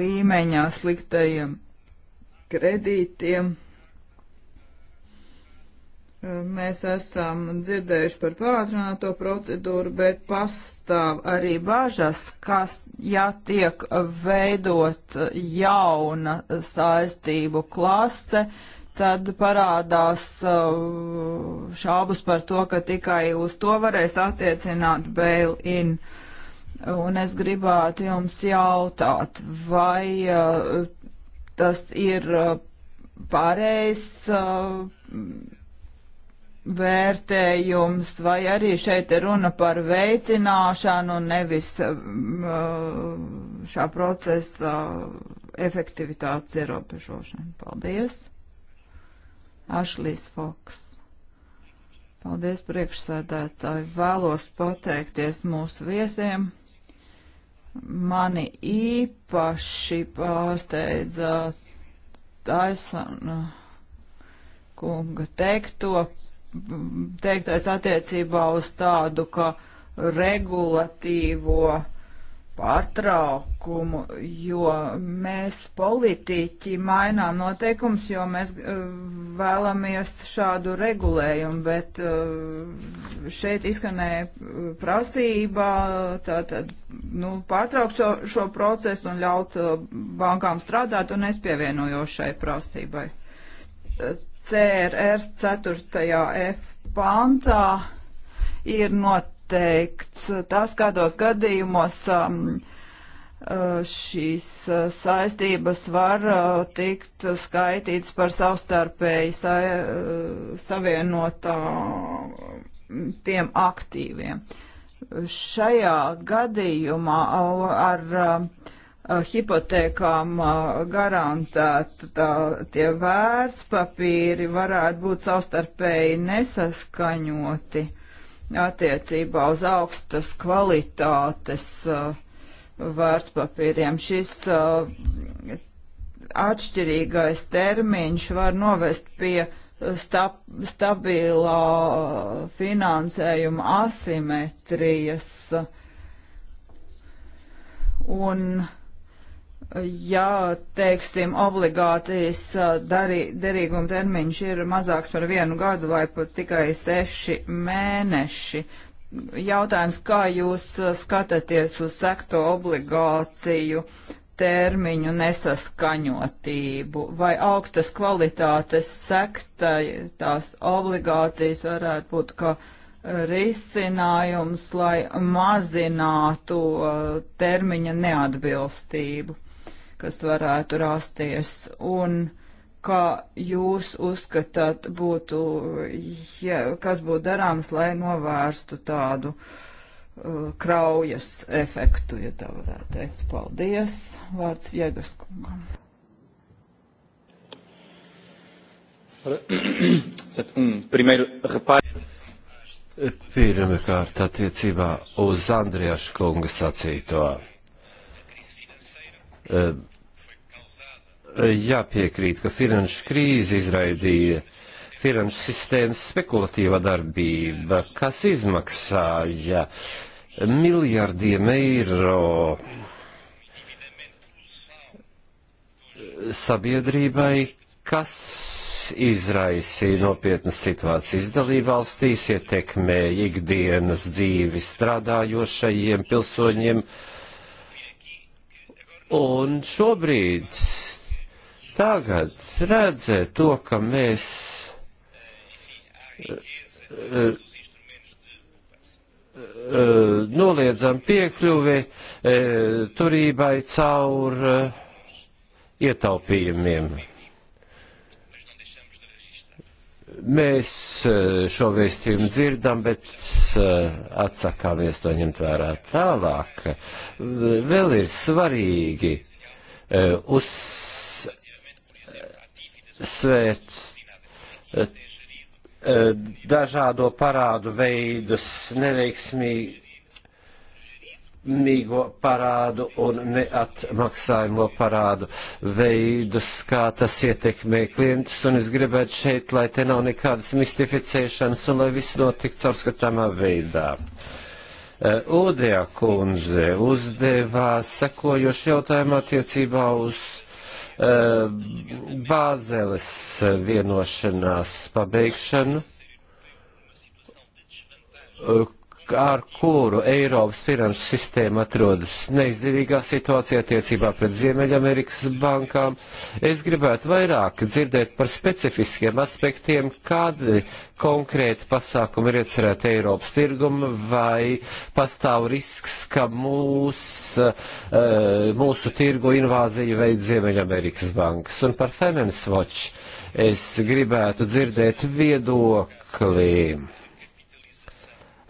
līmeņā sliktajiem kredītiem. Mēs esam dzirdējuši par pātrināto procedūru, bet pastāv arī bažas, kas, ja tiek veidot jauna saistību klase, tad parādās uh, šaubas par to, ka tikai uz to varēs attiecināt bail-in. Un es gribētu jums jautāt, vai uh, tas ir uh, pareizs vērtējums, vai arī šeit ir runa par veicināšanu un nevis šā procesa efektivitātes ierobežošanu. Paldies! Ašlīs Foks. Paldies priekšsēdētāji. Vēlos pateikties mūsu viesiem. Mani īpaši pārsteidza Taisana uh, kunga teikto, teiktais attiecībā uz tādu, ka regulatīvo pārtraukumu, jo mēs politiķi mainām noteikums, jo mēs eh, vēlamies šādu regulējumu, bet eh, šeit izskanēja eh, prasība tātad, nu, pārtraukt šo, šo procesu un ļaut bankām strādāt, un es pievienojos šai prasībai. CRR 4. F pantā ir not noteikts tas, kādos gadījumos um, uh, šīs uh, saistības var uh, tikt skaitītas par savstarpēji sa savienotiem um, aktīviem. Šajā gadījumā ar hipotekām garantēta tā, tie vērtspapīri varētu būt savstarpēji nesaskaņoti. Uh, attiecībā uz augstas kvalitātes uh, vērtspapīriem. Šis uh, atšķirīgais termiņš var novest pie stab stabilā finansējuma asimetrijas un uh, ja, teiksim, obligācijas derīguma termiņš ir mazāks par vienu gadu vai pat tikai seši mēneši. Jautājums, kā jūs skatāties uz sekto obligāciju termiņu nesaskaņotību vai augstas kvalitātes sekta tās obligācijas varētu būt kā risinājums, lai mazinātu termiņa neatbilstību? kas varētu rasties, un kā jūs uzskatāt būtu, ja, kas būtu darāms, lai novērstu tādu uh, kraujas efektu, ja tā varētu teikt. Paldies. Vārds Viegas kungam. Primeiro, repare. Pirmkārt, attiecībā uz Andriešu kunga sacīto. Uh, jāpiekrīt, ka finanšu krīze izraidīja finanšu sistēmas spekulatīva darbība, kas izmaksāja miljardiem eiro sabiedrībai, kas izraisīja nopietnas situācijas dalībvalstīs, ietekmēja ikdienas dzīvi strādājošajiem pilsoņiem. Un šobrīd tagad redzē to, ka mēs eh, eh, eh, noliedzam piekļuvi turībai caur ietaupījumiem. Mēs šo vēstījumu dzirdam, bet atsakāmies to ņemt vērā tālāk. Vēl ir svarīgi uz svērt eh, dažādo parādu veidus, neveiksmīgo parādu un neatmaksājumu parādu veidus, kā tas ietekmē klientus. Un es gribētu šeit, lai te nav nekādas mistificēšanas un lai viss notiktu caurskatāmā veidā. Udejā eh, kundze uzdevā sekojošu jautājumu attiecībā uz Ehm, Bāzeles vienošanās pabeigšanu, ar kuru Eiropas finanšu sistēma atrodas neizdevīgā situācijā attiecībā pret Ziemeļamerikas bankām. Es gribētu vairāk dzirdēt par specifiskiem aspektiem, kādi konkrēti pasākumi ir iecerēti Eiropas tirgumu, vai pastāv risks, ka mūs, eh, mūsu tirgu invāziju veid Ziemeļamerikas bankas. Un par Finance Watch es gribētu dzirdēt viedokli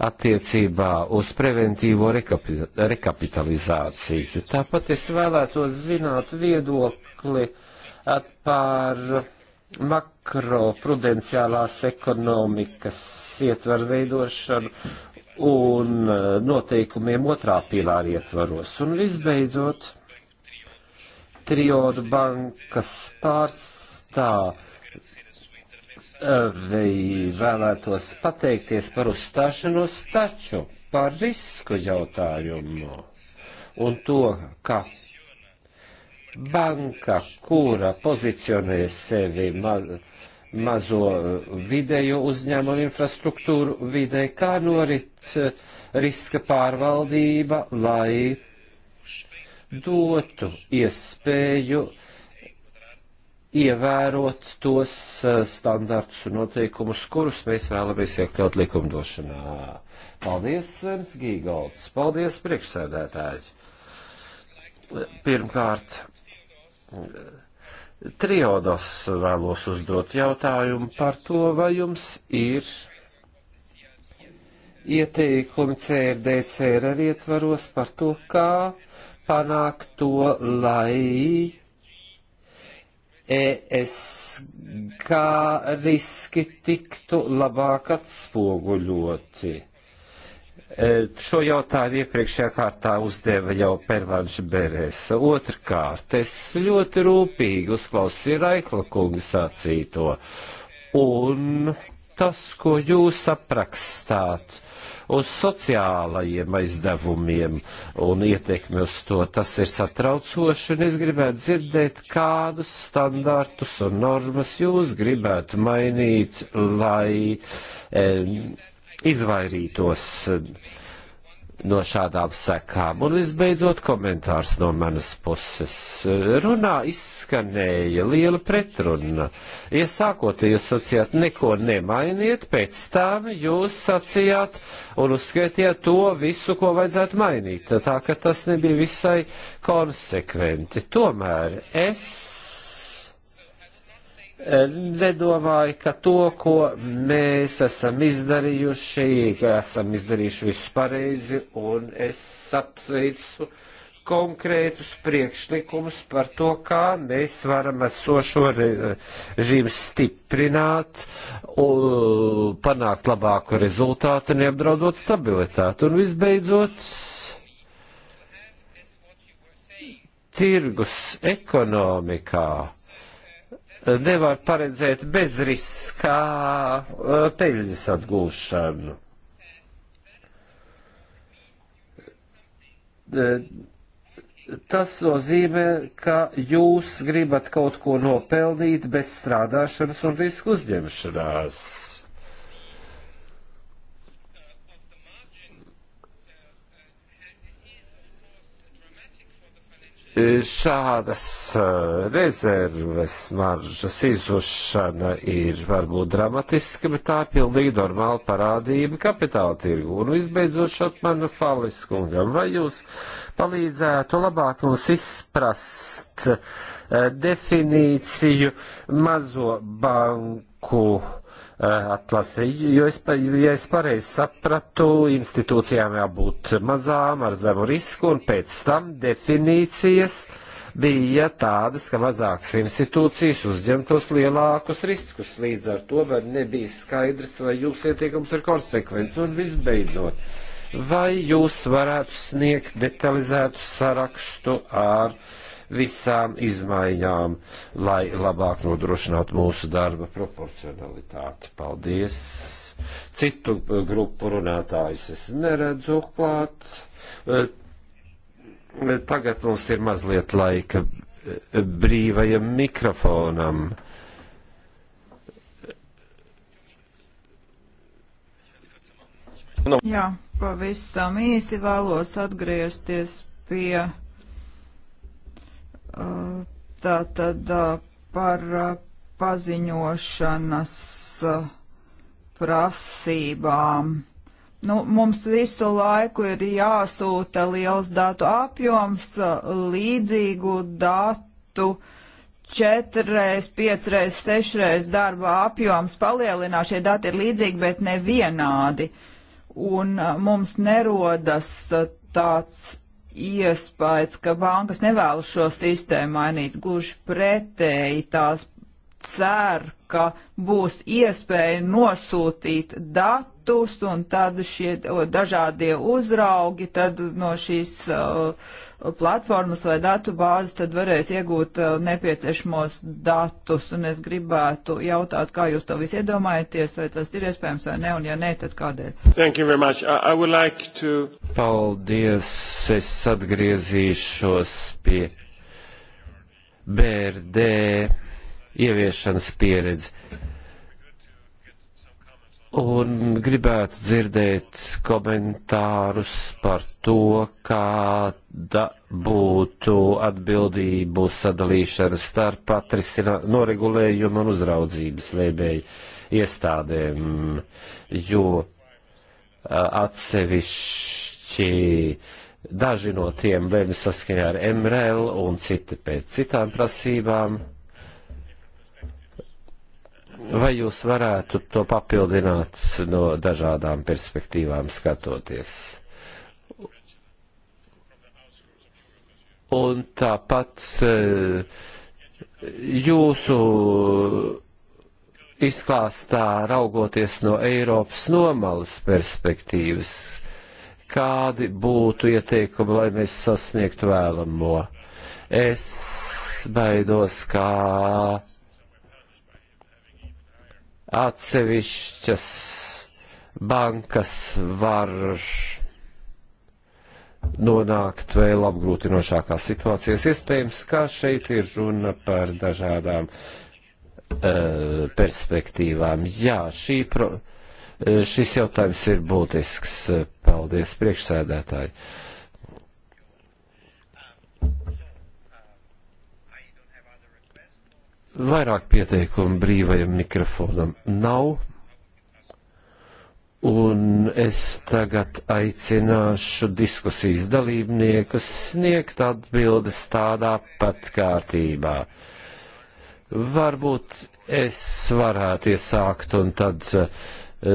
attiecībā uz preventīvo rekapitalizāciju. Tāpat es vēlētos zināt viedokli par makroprudenciālās ekonomikas ietvaru veidošanu un eh, noteikumiem otrā pilāra ietvaros. Un visbeidzot, Triodu bankas pārstāv vēlētos pateikties par uzstāšanos, taču par risku jautājumu un to, ka banka, kura pozicionē sevi ma mazo vidēju uzņēmumu infrastruktūru vidē, kā norit eh, riska pārvaldība, lai dotu iespēju uh, ievērot tos eh, standartus un noteikumus, kurus mēs vēlamies iekļaut likumdošanā. Paldies, Svens Gīgolds! Paldies, priekšsēdētāji! Pirmkārt, Triodos vēlos uzdot jautājumu par to, vai jums ir ieteikumi CRDC arī ietvaros par to, kā panākt to, lai ESK riski tiktu labāk atspoguļoti. E, šo jautājumu iepriekšējā kārtā uzdeva jau Pervanš Beres. Otrkārt, es ļoti rūpīgi uzklausīju Raikla kungu sacīto. Un tas, ko jūs aprakstāt, uh, uz sociālajiem aizdevumiem un ietekmi uz to. Tas ir satraucoši, un es gribētu dzirdēt, kādus standartus un normas jūs gribētu mainīt, lai e, izvairītos. E, no šādām sekām. Un visbeidzot komentārs no manas puses. Runā izskanēja liela pretruna. Iesākot, ja jūs sacījāt, neko nemainiet, pēc tam jūs sacījāt un uzskaitījāt to visu, ko vajadzētu mainīt. Tā ka tas nebija visai konsekventi. Tomēr es Eh, nedomāju, ka to, ko mēs esam izdarījuši, ka esam izdarījuši visu pareizi, un es apsveicu konkrētus priekšlikumus par to, kā mēs varam esošo režīmu stiprināt, panākt labāku rezultātu un apdraudot stabilitāti. Un visbeidzot, tirgus ekonomikā nevar paredzēt bez riskā peļņas atgūšanu. Tas nozīmē, ka jūs gribat kaut ko nopelnīt bez strādāšanas un risku uzņemšanās. šādas eh, rezerves maržas izušana ir varbūt dramatiska, bet tā ir pilnīgi normāla parādība kapitāla tirgu. Un visbeidzot šot manu falis kungam, vai jūs palīdzētu labāk mums izprast eh, definīciju mazo banku? Eh, atlasīju, jo es, ja es pareizi sapratu, institūcijām jābūt mazām ar zemu risku, un pēc tam definīcijas bija tādas, ka mazākas institūcijas uzņemtos lielākus riskus. Līdz ar to var nebija skaidrs, vai jūsu ieteikums ir konsekvents, un visbeidzot, vai jūs varētu sniegt detalizētu sarakstu ar uh, visām izmaiņām, lai labāk nodrošinātu mūsu darba proporcionalitāti. Paldies! Citu uh, grupu runātājus es neredzu klāt. Uh, tagad mums ir mazliet laika uh, brīvajam mikrofonam. Jā, pavisam īsi vēlos atgriezties pie tā tad par paziņošanas prasībām. Nu, mums visu laiku ir jāsūta liels datu apjoms, līdzīgu datu četreiz, piecreiz, sešreiz darba apjoms palielinā. Šie dati ir līdzīgi, bet nevienādi. Un mums nerodas tāds iespējas, ka bankas nevēlas šo sistēmu mainīt, gluži pretēji tās cer, ka būs iespēja nosūtīt datus datus, un tad šie dažādie uzraugi tad no šīs platformas vai datu bāzes tad varēs iegūt nepieciešamos datus, un es gribētu jautāt, kā jūs to visu iedomājaties, vai tas ir iespējams vai ne, un ja nē, tad kādēļ? Thank you very much. I, I would like to... Paldies, es atgriezīšos pie BRD ieviešanas pieredzi un gribētu dzirdēt komentārus par to, kāda būtu atbildību sadalīšana starp patrisinā noregulējumu un uzraudzības lēbēju iestādēm, jo atsevišķi daži no tiem lēma saskaņā ar MRL un citi pēc citām prasībām. Vai jūs varētu to papildināt no dažādām perspektīvām skatoties? Un tāpat eh, jūsu izklāstā raugoties no Eiropas nomalas perspektīvas, kādi būtu ieteikumi, lai mēs sasniegtu vēlamo? Es baidos, kā atsevišķas bankas var nonākt vēl apgrūtinošākās situācijas. Iespējams, kā šeit ir runa par dažādām uh, perspektīvām. Jā, šī pro, uh, šis jautājums ir būtisks. Paldies, priekšsēdētāji. Uh, Vairāk pieteikumu brīvajam mikrofonam nav. Un es tagad aicināšu diskusijas dalībniekus sniegt atbildes tādā pat kārtībā. Varbūt es varētu iesākt un tad uh,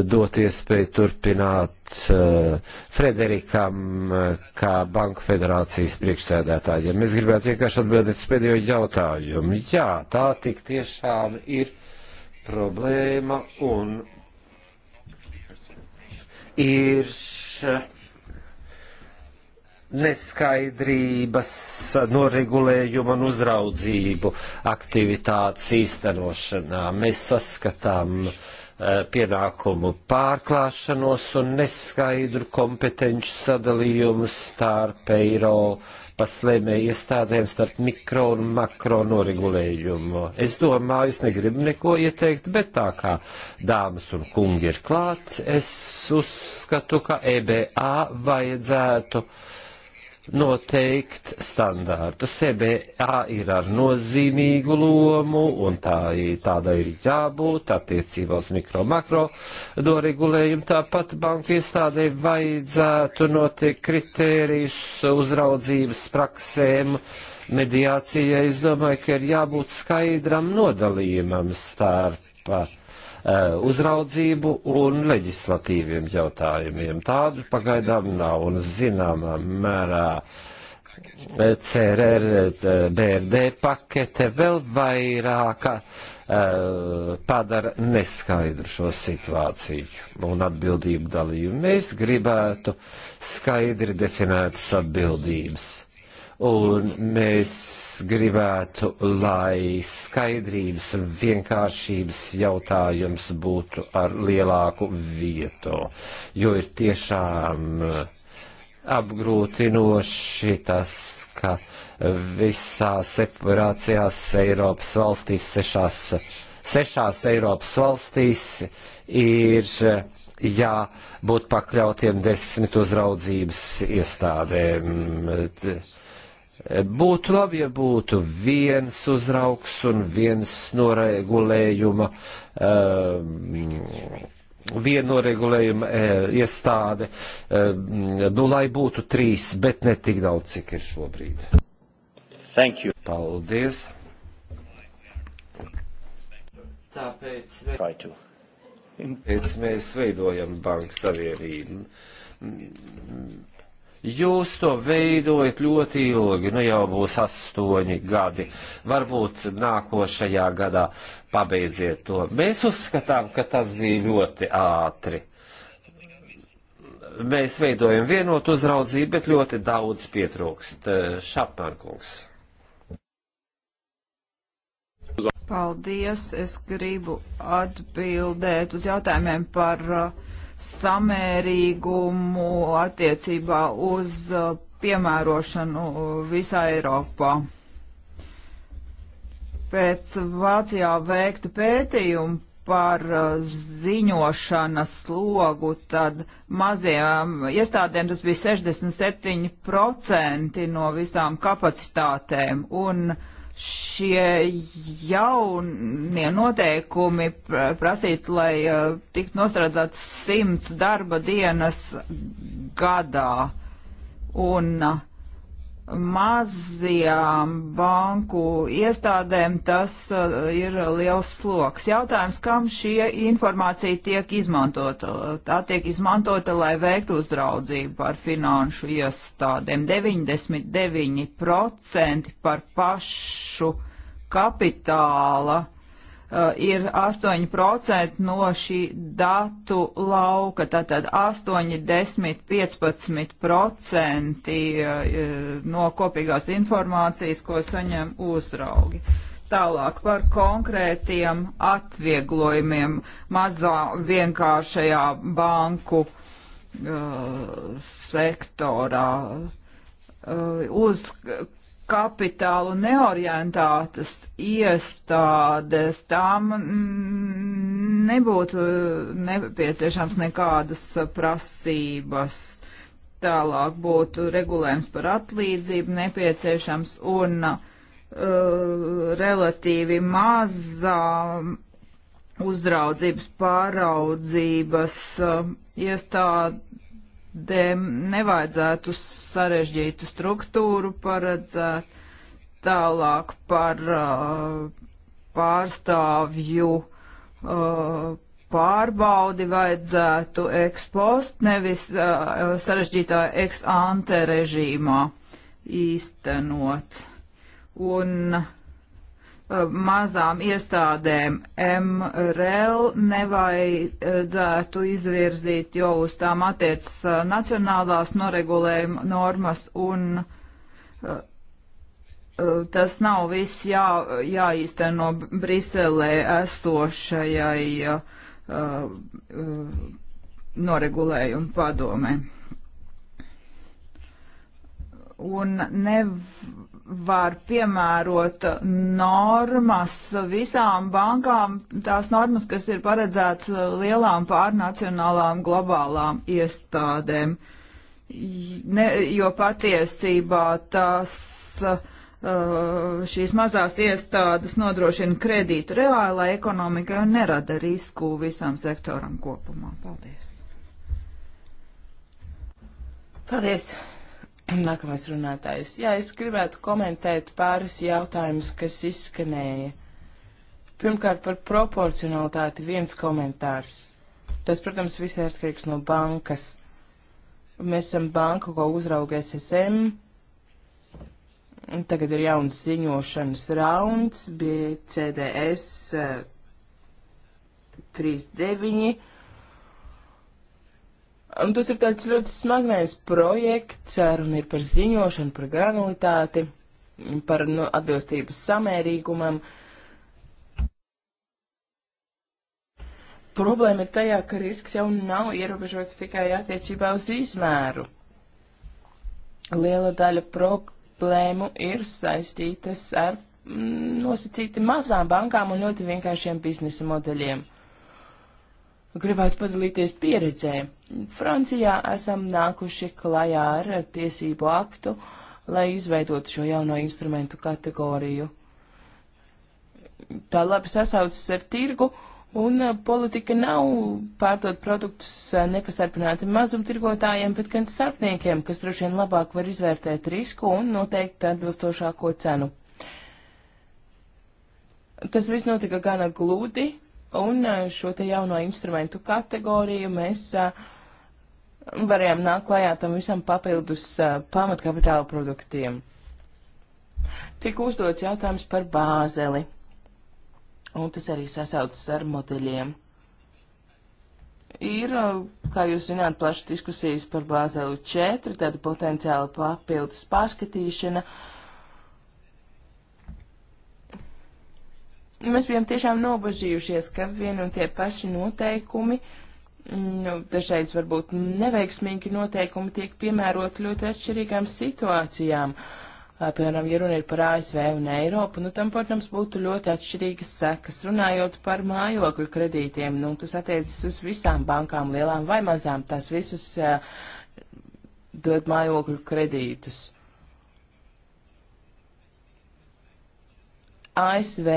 dot iespēju turpināt eh, Frederikam eh, kā Banku federācijas priekšsēdētājiem. Es gribētu vienkārši atbildēt uz pēdējo jautājumu. Jā, tā tik tiešām ir problēma un ir neskaidrības noregulējuma un uzraudzību aktivitātes īstenošanā. Mēs saskatām uh, Eh, pienākumu pārklāšanos un neskaidru kompetenci sadalījumu starp Eiropas lēmēju iestādēm, starp mikro un makro noregulējumu. Es domāju, es negribu neko ieteikt, bet tā kā dāmas un kungi ir klāt, es uzskatu, ka EBA vajadzētu uh, noteikt standārtu. CBA ir ar nozīmīgu lomu, un tā, tāda ir jābūt attiecībā uz mikro makro doregulējumu. Tāpat banku iestādē vajadzētu noteikt kritērijus uzraudzības praksēm. Mediācijai es domāju, ka ir jābūt skaidram nodalījumam starp Eh, uzraudzību un leģislatīviem jautājumiem. Tādu pagaidām nav un zināmā mērā eh, CRR, eh, BRD pakete vēl vairāk padara neskaidru šo situāciju un atbildību dalību. Mēs gribētu skaidri definētas atbildības un mēs gribētu, lai skaidrības un vienkāršības jautājums būtu ar lielāku vietu, jo ir tiešām eh, apgrūtinoši tas, ka visās separācijās Eiropas valstīs, sešās, sešās Eiropas valstīs ir eh, jābūt pakļautiem desmit uzraudzības iestādēm Būtu labi, ja būtu viens uzraugs un viens noregulējuma, um, viena noregulējuma e, iestāde, e, nu lai būtu trīs, bet ne tik daudz, cik ir šobrīd. Thank you. Paldies. Tāpēc, Tāpēc mēs veidojam banku savienību Jūs to veidojat ļoti ilgi, nu jau būs astoņi gadi. Varbūt nākošajā gadā pabeidziet to. Mēs uzskatām, ka tas bija ļoti ātri. Mēs veidojam vienotu uzraudzību, bet ļoti daudz pietrūkst. Šapmankungs. Paldies, es gribu atbildēt uz jautājumiem par uh, samērīgumu attiecībā uz uh, piemērošanu uh, visā Eiropā. Pēc Vācijā veikta pētījuma par uh, ziņošanas slogu, tad maziem iestādēm tas bija 67% no visām kapacitātēm. Un, uh, šie jaunie noteikumi prasīt, lai tiktu nostrādāts simts darba dienas gadā. Un uh, mazajām banku iestādēm tas uh, ir liels sloks. Jautājums, kam šie informācija tiek izmantota? Tā tiek izmantota, lai veiktu uzraudzību par finanšu iestādēm. 99% par pašu kapitāla uh, Eh, ir 8% no šī datu lauka, tātad 8, 10, 15% no kopīgās informācijas, ko saņem uzraugi. Tālāk par konkrētiem atvieglojumiem mazā vienkāršajā banku uh, sektorā. Uh, uz kapitālu neorientētas iestādes, tām mm, nebūtu nepieciešams nekādas prasības. Tālāk būtu regulējums par atlīdzību nepieciešams un uh, relatīvi mazā uzraudzības pāraudzības uh, iestāde iestādēm nevajadzētu sarežģītu struktūru paredzēt tālāk par uh, pārstāvju uh, pārbaudi vajadzētu ekspost, nevis uh, sarežģītā ex ante režīmā īstenot. Un uh, mazām iestādēm MRL nevajadzētu izvirzīt, jo uz tām attiecas uh, nacionālās noregulējuma normas un uh, uh, tas nav viss jā, jāīsteno Briselē esošajai noregulējuma padomē. Un nev var piemērot normas visām bankām, tās normas, kas ir paredzētas lielām pārnacionālām globālām iestādēm. Ne, jo patiesībā tas, uh, šīs mazās iestādes nodrošina kredītu reālai ekonomikai un nerada risku visam sektoram kopumā. Paldies! Paldies! Nākamais runātājs. Jā, es gribētu komentēt pāris jautājumus, kas izskanēja. Pirmkārt, par proporcionalitāti viens komentārs. Tas, protams, viss ir atkarīgs no bankas. Mēs esam banka, ko uzrauga SSM. Tagad ir jauns ziņošanas rauns, bija CDS 39 Un tas ir tāds ļoti smagnējs projekts, runa ir par ziņošanu, par granulitāti, par nu, atbilstību samērīgumam. Problēma ir tajā, ka risks jau nav ierobežots tikai attiecībā uz izmēru. Liela daļa problēmu ir saistītas ar mm, nosacīti mazām bankām un ļoti vienkāršiem biznesa modeļiem. Gribētu padalīties pieredzēm Francijā esam nākuši klajā ar tiesību aktu, lai izveidotu šo jauno instrumentu kategoriju. Tā labi sasaucas ar tirgu, un uh, politika nav pārdot produktus uh, nepastarpināti mazumtirgotājiem, bet gan starpniekiem, kas droši vien labāk var izvērtēt risku un noteikt atbilstošāko cenu. Tas viss notika gana glūdi, un uh, šo te jauno instrumentu kategoriju mēs uh, varējām nākt klajā tam visam papildus uh, pamatkapitāla produktiem. Tik uzdots jautājums par bāzeli, un tas arī sasaucas ar modeļiem. Ir, kā jūs zināt, plašas diskusijas par bāzeli 4, tāda potenciāla papildus pārskatīšana. Mēs bijām tiešām nobažījušies, ka vien un tie paši noteikumi uh, Nu, dažreiz varbūt neveiksmīgi noteikumi tiek piemēroti ļoti atšķirīgām situācijām. Piemēram, ja runa ir par ASV un Eiropu, nu tam, protams, būtu ļoti atšķirīgas sekas. Runājot par mājokļu kredītiem, nu tas attiecas uz visām bankām, lielām vai mazām, tās visas uh, dod mājokļu kredītus. ASV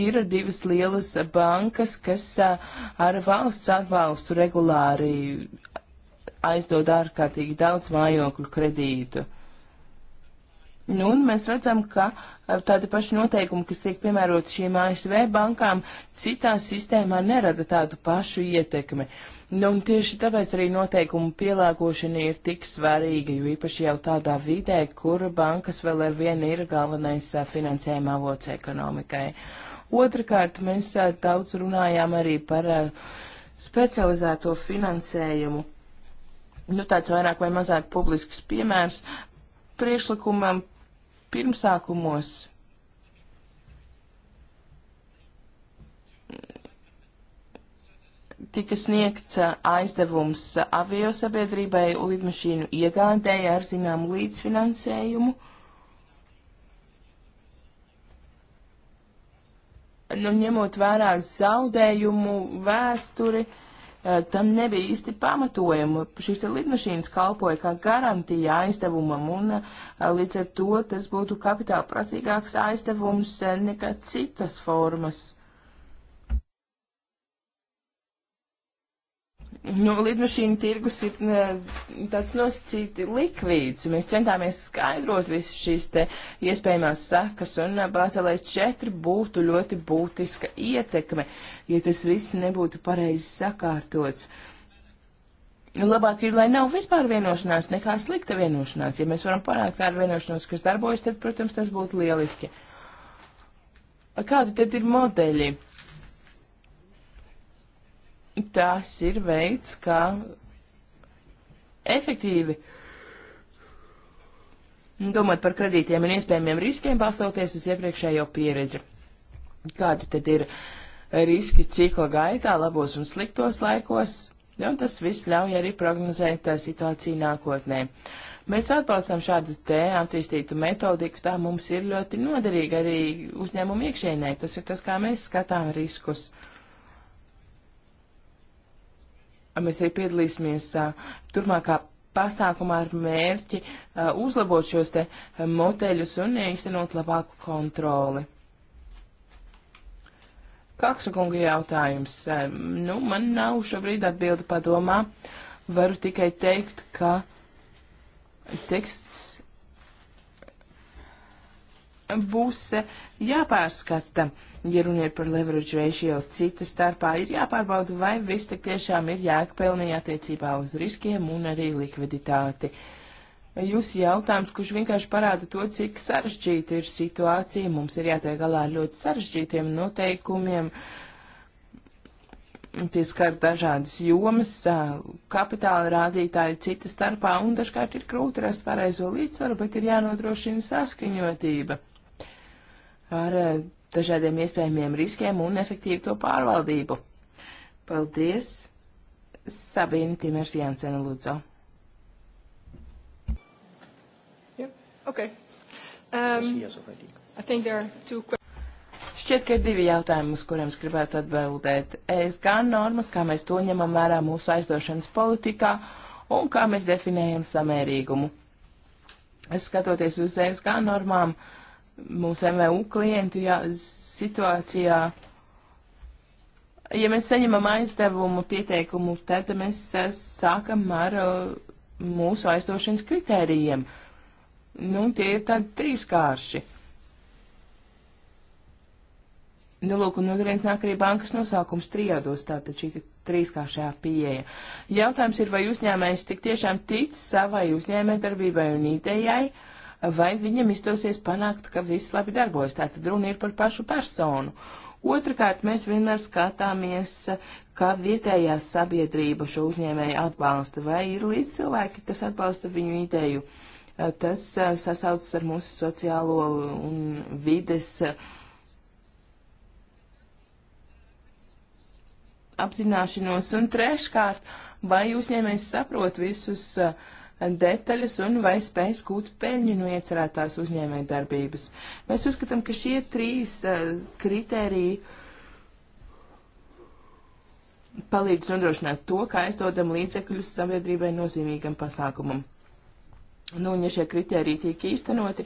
ir divas lielas bankas, kas ar valsts atbalstu regulāri aizdod ārkārtīgi daudz mājokļu kredītu. Nu, un mēs redzam, ka tādi paši noteikumi, kas tiek piemēroti šīm ASV bankām, citā sistēmā nerada tādu pašu ietekmi. Uh, Nu, un tieši tāpēc arī noteikumu pielāgošana ir tik svarīga, jo īpaši jau tādā vidē, kur bankas vēl ar vienu ir galvenais finansējuma avots ekonomikai. Otrakārt, mēs daudz runājām arī par specializēto finansējumu. Nu, tāds vairāk vai mazāk publisks piemērs priekšlikumam pirmsākumos tika sniegts aizdevums aviosabiedrībai lidmašīnu iegādēja ar zināmu līdzfinansējumu. Nu, ņemot vērā zaudējumu vēsturi, tam nebija īsti pamatojuma. Šīs lidmašīnas kalpoja kā garantija aizdevumam, un līdz ar to tas būtu kapitāla prasīgāks aizdevums nekā citas formas. Nu, lidmašīnu tirgus ir ne, tāds nosacīti likvīds. Mēs centāmies skaidrot visas šīs te iespējamās sekas un Bācelē 4 būtu ļoti būtiska ietekme, ja tas viss nebūtu pareizi sakārtots. Labāk ir, lai nav vispār vienošanās, nekā slikta vienošanās. Ja mēs varam panākt tādu vienošanos, kas darbojas, tad, protams, tas būtu lieliski. Kādi tad ir modeļi? tas ir veids, kā efektīvi domāt par kredītiem un iespējamiem riskiem, balstoties uz iepriekšējo pieredzi. Kādi tad ir riski cikla gaitā, labos un sliktos laikos, un tas viss ļauj arī prognozēt uh, situāciju nākotnē. Mēs atbalstam šādu te attīstītu metodiku, tā mums ir ļoti noderīga arī uzņēmumu iekšēnē. Tas ir tas, kā mēs skatām riskus. Uh, Mēs arī piedalīsimies turmākā pasākumā ar mērķi uzlabot šos te moteļus un īstenot labāku kontroli. Kaksa kunga jautājums. Nu, man nav šobrīd atbildi padomā. Varu tikai teikt, ka teksts būs jāpārskata. Uh, ja runiet par leverage ratio citu starpā, ir jāpārbauda, vai viss tik tiešām ir jēgpelnīgi attiecībā uz riskiem un arī likviditāti. Jūsu jautājums, kurš vienkārši parāda to, cik sarežģīta ir situācija, mums ir jātiek galā ar ļoti sarežģītiem noteikumiem, pieskart dažādas jomas, kapitāla rādītāji citu starpā, un dažkārt ir grūti rast pareizo līdzsvaru, bet ir jānodrošina saskaņotība ar dažādiem iespējamiem riskiem un efektīvu to pārvaldību. Paldies! Sabīna Timers Jansena lūdzu. Yeah. Okay. Um, I think there are two questions. Šķiet, ka ir divi jautājumi, uz kuriem es gribētu atbildēt. Es gan normas, kā mēs to ņemam vērā mūsu aizdošanas politikā un kā mēs definējam samērīgumu. Es skatoties uz ESG normām, uh, mūsu MVU klientu jā, situācijā. Ja mēs saņemam aizdevumu pieteikumu, tad mēs eh, sākam ar eh, mūsu aizdošanas kritērijiem. Nu, tie ir tādi trīskārši. Nu, lūk, un no turienes nāk arī bankas nosaukums trijādos, tātad šī trīskāršā pieeja. Jautājums ir, vai uzņēmējs tik tiešām tic savai uzņēmējdarbībai un idejai, uh, vai viņam izdosies panākt, ka viss labi darbojas. Tātad runa ir par pašu personu. Otrakārt, mēs vienmēr skatāmies, kā vietējā sabiedrība šo uzņēmēju atbalsta, vai ir līdz cilvēki, kas atbalsta viņu ideju. Eh, tas eh, sasaucas ar mūsu sociālo un vides eh, apzināšanos. Un treškārt, vai uzņēmējs saprot visus uh, detaļas un vai spēs gūt peļņu no iecerētās uzņēmē darbības. Mēs uzskatām, ka šie trīs uh, kritēriji palīdz nodrošināt to, kā aizdodam līdzekļus sabiedrībai nozīmīgam pasākumam. Nu, un ja šie kriteriji tiek īstenoti,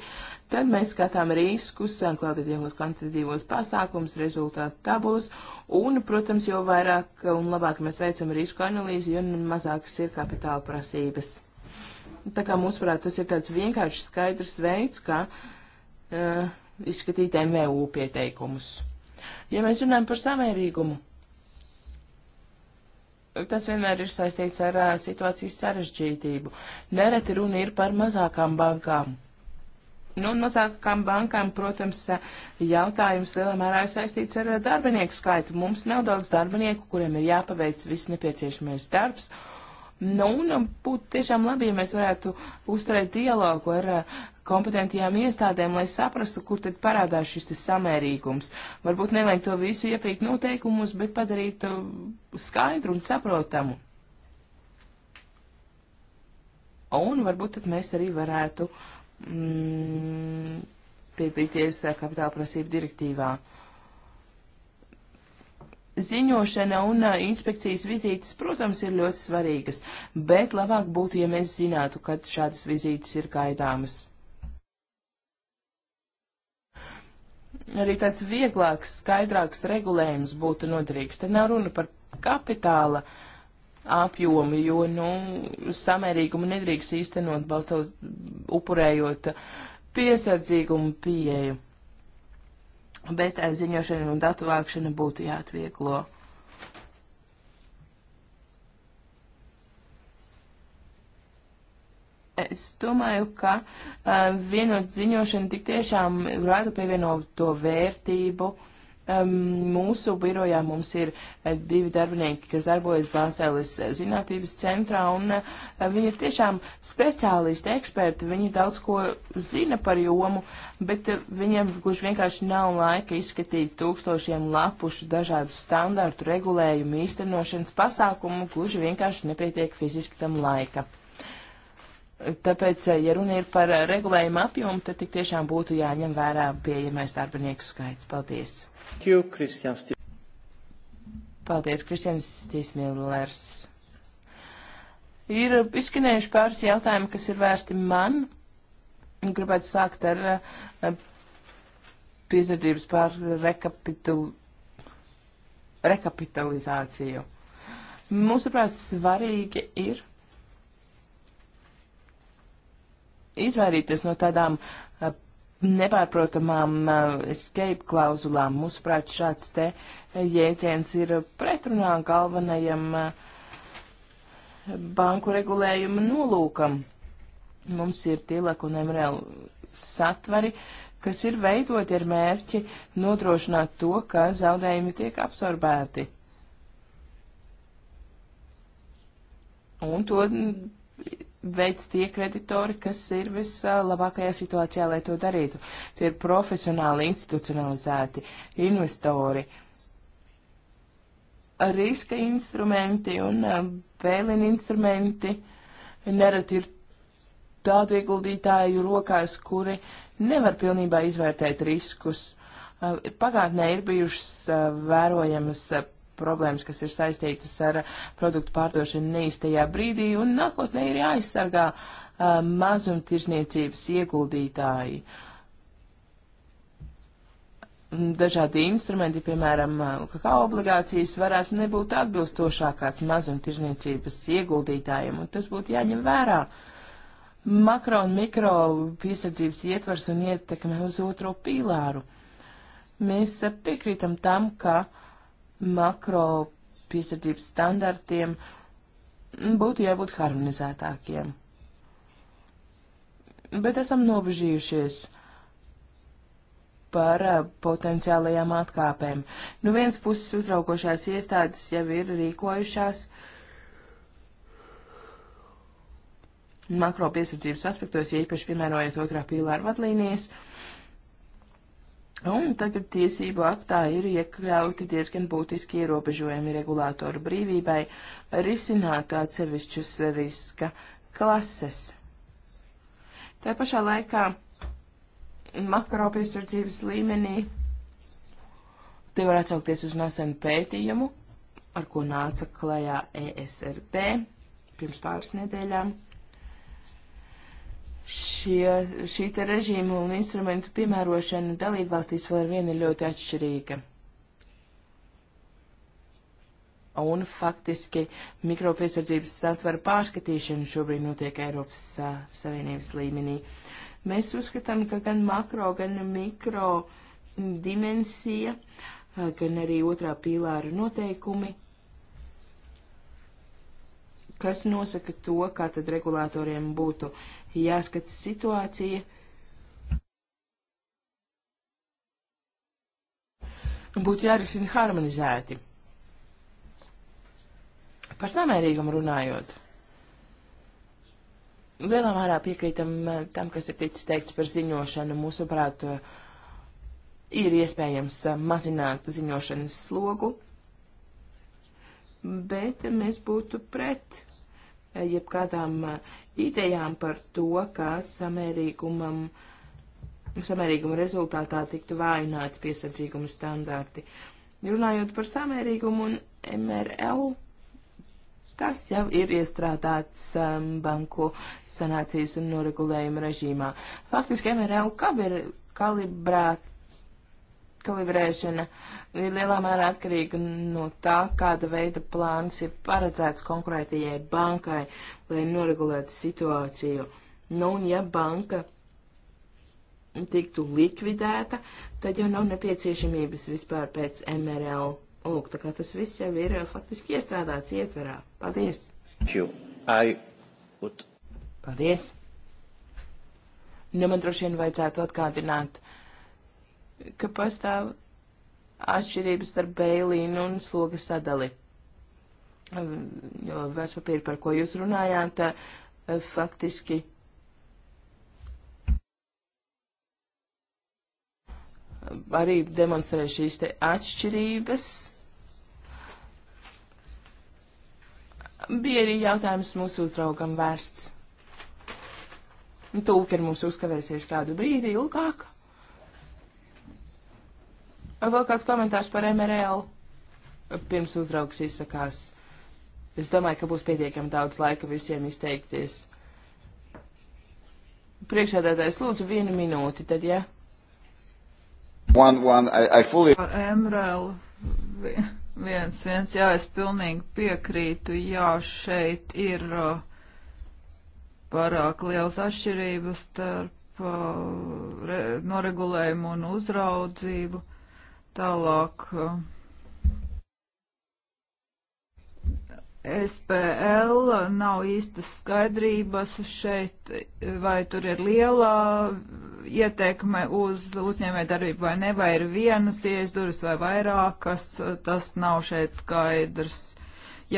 tad mēs skatām riskus, kvalitatīvos, kvantitatīvos pasākums, rezultātu tabulas, un, protams, jo vairāk un labāk mēs veicam risku analīzi, jo mazākas ir kapitāla prasības. Tā kā mums varētu tas ir tāds vienkāršs, skaidrs veids, kā uh, izskatīt MVU pieteikumus. Ja mēs runājam par samērīgumu, tas vienmēr ir saistīts ar uh, situācijas sarežģītību. Nereti runa ir par mazākām bankām. Nu, un mazākām bankām, protams, eh, jautājums lielā mērā ir saistīts ar darbinieku skaitu. Mums nav daudz darbinieku, kuriem ir jāpaveic viss nepieciešamais darbs, Nu, un um, būtu tiešām labi, ja mēs varētu uzturēt dialogu ar uh, kompetentajām iestādēm, lai saprastu, kur tad parādās šis samērīgums. Varbūt nevajag to visu iepīt noteikumus, bet padarīt uh, skaidru un saprotamu. Un varbūt tad mēs arī varētu mm, piedalīties uh, kapitāla prasību direktīvā. Ziņošana un inspekcijas vizītes, protams, ir ļoti svarīgas, bet labāk būtu, ja mēs zinātu, kad šādas vizītes ir gaidāmas. Arī tāds vieglāks, skaidrāks regulējums būtu noderīgs. Te nav runa par kapitāla apjomu, jo, nu, samērīgumu nedrīkst īstenot, balstot, upurējot piesardzīgumu pieeju bet eh, ziņošana un datu vākšana būtu jāatvieglo. Es domāju, ka uh, vienot ziņošana tik tiešām rada pievienoto vērtību uh, Mūsu birojā mums ir eh, divi darbinieki, kas darbojas Bāzeles zinātības centrā, un eh, viņi ir tiešām speciālisti, eksperti, viņi daudz ko zina par jomu, bet eh, viņiem gluži vienkārši nav laika izskatīt tūkstošiem lapušu dažādu standartu regulējumu īstenošanas pasākumu, gluži vienkārši nepietiek fiziski tam laika. Tāpēc, eh, ja runa ir par eh, regulējumu apjomu, tad tik tiešām būtu jāņem vērā pieejamais darbinieku skaits. Paldies! You, Christian Paldies, Kristians Stīfmillers! Ir izskanējuši pāris jautājumi, kas ir vērsti man. Gribētu sākt ar eh, piesardzības pār rekapitul... rekapitalizāciju. Mūsuprāt, svarīgi ir izvairīties no tādām nepārprotamām escape klauzulām. Mūsuprāt, šāds te jēdziens ir pretrunā galvenajam banku regulējuma nolūkam. Mums ir tilak un MRL satvari, kas ir veidoti ar mērķi nodrošināt to, ka zaudējumi tiek absorbēti. Un to veids tie kreditori, kas ir vislabākajā situācijā, lai to darītu. Tie ir profesionāli, institucionalizēti investori, riska instrumenti un vēlina instrumenti. Nereti ir tādu ieguldītāju rokās, kuri nevar pilnībā izvērtēt riskus. Pagātnē ir bijušas vērojamas problēmas, kas ir saistītas ar uh, produktu pārdošanu neīstajā brīdī, un nākotnē ir jāaizsargā uh, mazumtirzniecības ieguldītāji. Mm, dažādi instrumenti, piemēram, uh, kakao obligācijas, varētu nebūt atbilstošākās mazumtirzniecības ieguldītājiem, un tas būtu jāņem vērā. Makro un mikro piesardzības ietvars un ietekme uz otro pīlāru. Mēs uh, piekrītam tam, ka uh, makro piesardzības standartiem būtu jābūt harmonizētākiem. Bet esam nobežījušies par uh, potenciālajām atkāpēm. Nu, viens puses uzraukošās iestādes jau ir rīkojušās makro piesardzības aspektos, ja īpaši piemērojot otrā pīlāra vadlīnijas. Uh, Un tagad tiesību aktā ir iekļauti diezgan būtiski ierobežojumi regulātoru brīvībai risināt atsevišķas riska klases. Tā pašā laikā makropiesardzības līmenī te var atsaukties uz nesenu pētījumu, ar ko nāca klajā ESRB pirms pāris nedēļām šie, šī te režīma un instrumentu piemērošana dalībvalstīs vēl ar vienu ir ļoti atšķirīga. Un faktiski mikropiesardzības satvara pārskatīšana šobrīd notiek Eiropas a, Savienības līmenī. Mēs uzskatām, ka gan makro, gan mikro dimensija, a, gan arī otrā pīlāra noteikumi kas nosaka to, kā tad regulātoriem būtu jāskata situācija. Būtu jārisina harmonizēti. Par samērīgumu runājot. Lielā mērā piekrītam eh, tam, kas ir ticis teikts par ziņošanu. Mūsuprāt, eh, ir iespējams eh, mazināt ziņošanas slogu, bet mēs būtu pret jebkādām idejām par to, ka samērīgumam, samērīguma rezultātā tiktu vājināti piesardzīguma standarti. Runājot par samērīgumu un MRL, tas jau ir iestrādāts um, banku sanācijas un noregulējuma režīmā. Faktiski MRL kab ir kalibrēt kalibrēšana ir lielā mērā atkarīga no tā, kāda veida plāns ir paredzēts konkrētajai bankai, lai noregulētu situāciju. Nu, un ja banka tiktu likvidēta, tad jau nav nepieciešamības vispār pēc MRL. Lūk, tā kā tas viss jau ir eh, faktiski iestrādāts ietverā. Paldies! Would... Paldies! Nu, man droši vien vajadzētu atgādināt ka pastāv atšķirības starp bēlīnu un slogas sadali. Ehm, jo vērtspapīri, par ko jūs runājāt, eh, faktiski eh, arī demonstrē šīs te atšķirības. Bija arī jautājums mūsu uzraugam vērsts. Tūk ir mūs uzkavēsies kādu brīdi ilgāk. Vai vēl kāds komentārs par MRL? Pirms uzraugs izsakās. Es domāju, ka būs pietiekami daudz laika visiem izteikties. Priekšādātājs lūdzu vienu minūti, tad, ja? One, one, I, I fully... Par MRL viens, viens, jā, es pilnīgi piekrītu, jā, šeit ir uh, pārāk liels atšķirības starp uh, re, noregulējumu un uzraudzību. Tālāk. Eh, SPL nav īstas skaidrības šeit, vai tur ir liela ietekme uz uzņēmē darbību vai ne, vai ir vienas ieejas durvis vai vairākas, tas nav šeit skaidrs.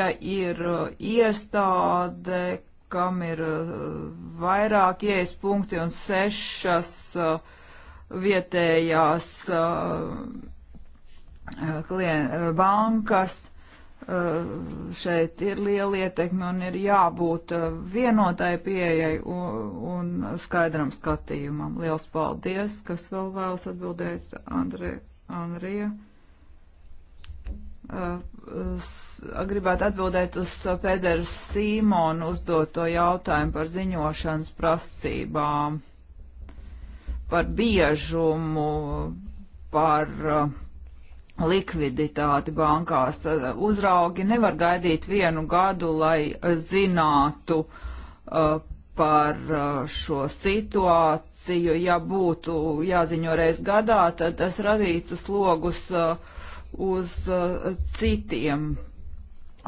Ja ir eh, iestāde, kam ir eh, vairāk ieejas punkti un sešas vietējās Eh, klien, eh, bankas. Eh, šeit ir liela ietekme un ir jābūt vienotai pieejai un, un skaidram skatījumam. Liels paldies, kas vēl vēlas atbildēt Andre, Andrija. Gribētu atbildēt uz Pēteru Sīmonu uzdoto jautājumu par ziņošanas prasībām, par biežumu, par uh, likviditāti bankās. Uzraugi nevar gaidīt vienu gadu, lai zinātu uh, par uh, šo situāciju. Ja būtu jāziņo reiz gadā, tad tas radītu slogus uh, uz uh, citiem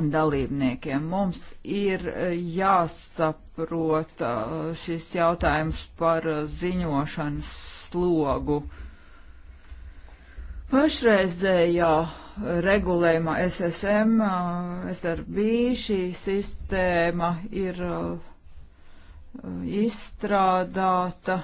dalībniekiem. Mums ir uh, jāsaprot uh, šis jautājums par ziņošanas slogu. Uh, Pašreizējā regulējuma SSM, eh, SRB šī sistēma ir eh, izstrādāta,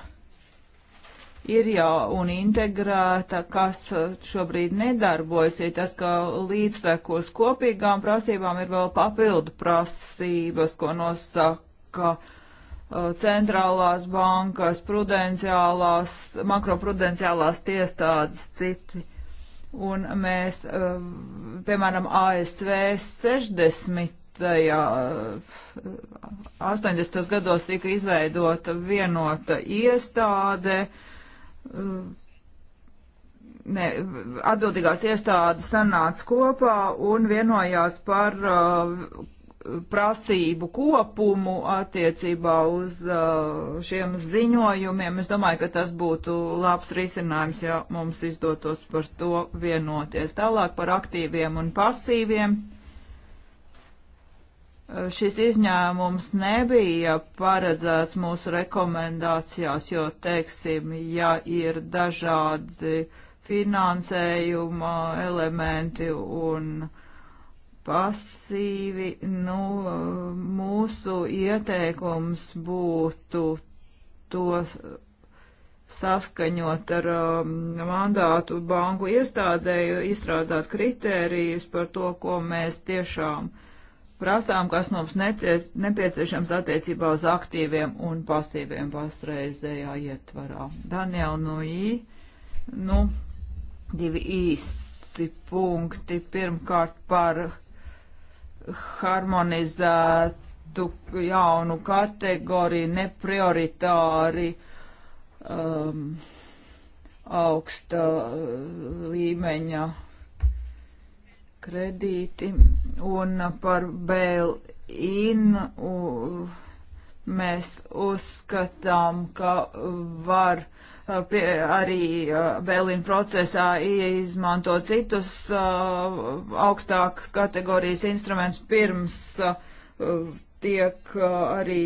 ir jau un integrēta, kas šobrīd nedarbojas, ir tas, ka līdztekus kopīgām prasībām ir vēl papildu prasības, ko nosaka eh, centrālās bankas, prudenciālās, makroprudenciālās tiestādes, citi Un mēs, eh, piemēram, ASV 60. 80. gados tika izveidota vienota iestāde, eh, ne, atbildīgās iestādes sanāca kopā un vienojās par uh, prasību kopumu attiecībā uz uh, šiem ziņojumiem. Es domāju, ka tas būtu labs risinājums, ja mums izdotos par to vienoties. Tālāk par aktīviem un pasīviem. Uh, šis izņēmums nebija paredzēts mūsu rekomendācijās, jo, teiksim, ja ir dažādi finansējuma elementi un uh, pasīvi, nu, mūsu ieteikums būtu tos saskaņot ar um, mandātu banku iestādēju, izstrādāt kritērijus par to, ko mēs tiešām prasām, kas mums necies, nepieciešams attiecībā uz aktīviem un pasīviem pasreizējā ietvarā. Daniel Nui, nu, divi īsti punkti. Pirmkārt par harmonizētu jaunu kategoriju, neprioritāri um, augsta uh, līmeņa kredīti un par bail-in mēs uzskatām, ka var Eh, pie, arī eh, Bēlīna procesā izmanto citus eh, augstākas kategorijas instrumentus pirms tiek arī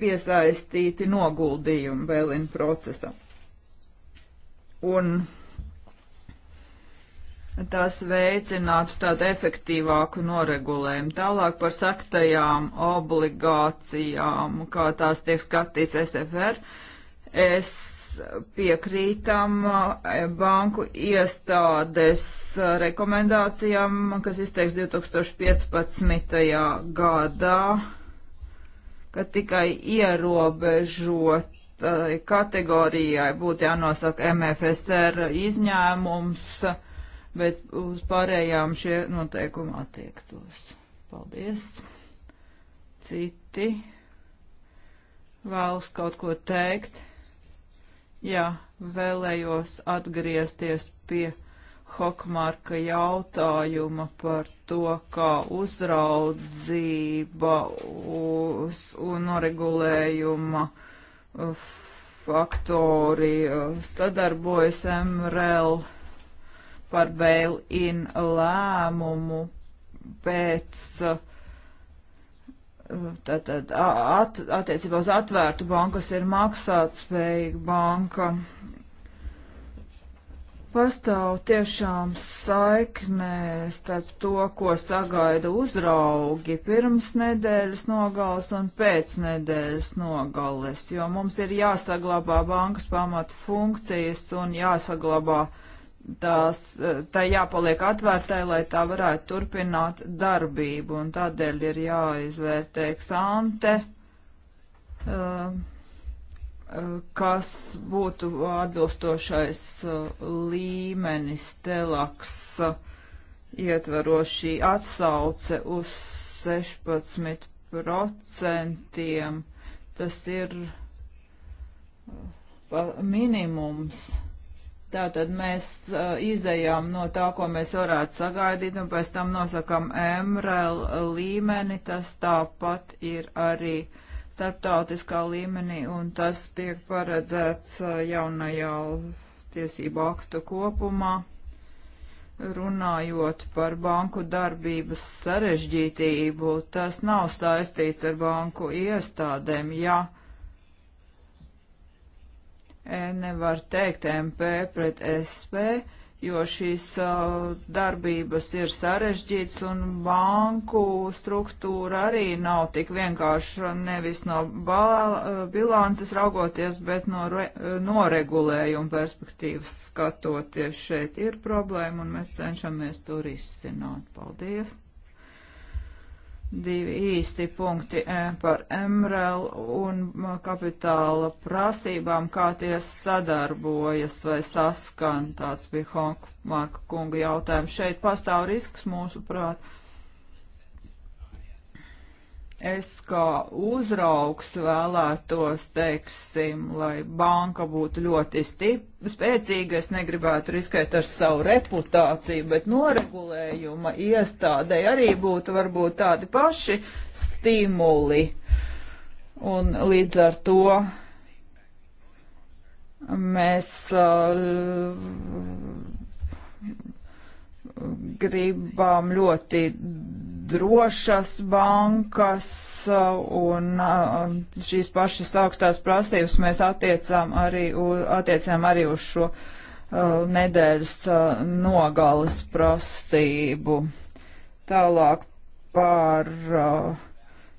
piesaistīti noguldījumi Bēlīna procesā. Un tas veicinātu tādu efektīvāku noregulējumu. Tālāk par saktajām obligācijām, kā tās tiek skatīts SFR. Es piekrītam eh, banku iestādes eh, rekomendācijām, kas izteiks 2015. gadā, ka tikai ierobežot kategorijai būtu jānosaka MFSR izņēmums, bet uz pārējām šie noteikumi attiektos. Paldies. Citi vēlas kaut ko teikt. Jā, vēlējos atgriezties pie Hokmārka jautājuma par to, kā uzraudzība uz, un noregulējuma uh, faktori uh, sadarbojas MRL par bail-in lēmumu pēc uh, Tātad at, attiecībā uz atvērtu bankas ir maksātspējīga banka. Pastāv tiešām saiknē starp to, ko sagaida uzraugi pirms nedēļas nogales un pēc nedēļas nogales, jo mums ir jāsaglabā bankas pamata funkcijas un jāsaglabā uh, tās, eh, tā jāpaliek atvērtai, lai tā varētu turpināt darbību, un tādēļ ir jāizvērtē eksante, eh, eh, kas būtu atbilstošais līmenis telaks ietvaros šī atsauce uz 16%. Tas ir minimums. Tātad mēs uh, izējām no tā, ko mēs varētu sagaidīt, un pēc tam nosakam MRL līmeni, tas tāpat ir arī starptautiskā līmenī, un tas tiek paredzēts uh, jaunajā tiesību aktu kopumā. Runājot par banku darbības sarežģītību, tas nav saistīts ar banku iestādēm. Ja, nevar teikt MP pret SP, jo šīs uh, darbības ir sarežģītas un banku struktūra arī nav tik vienkārša nevis no uh, bilances raugoties, bet no uh, noregulējuma perspektīvas skatoties. Šeit ir problēma un mēs cenšamies to risināt. Paldies! divi īsti punkti eh, par MRL un kapitāla prasībām, kā tie sadarbojas vai saskan. Tāds bija Honkmārka kunga jautājums. Šeit pastāv risks mūsu prāt Es kā uzraugs vēlētos, teiksim, lai banka būtu ļoti spēcīga. Es negribētu riskēt ar savu reputāciju, bet noregulējuma iestādē arī būtu varbūt tādi paši stimuli. Un līdz ar to mēs uh, gribam ļoti drošas bankas uh, uh, un šīs pašas augstās prasības mēs attiecām arī, attiecinām arī uz šo uh, nedēļas nogales prasību. Tālāk par uh,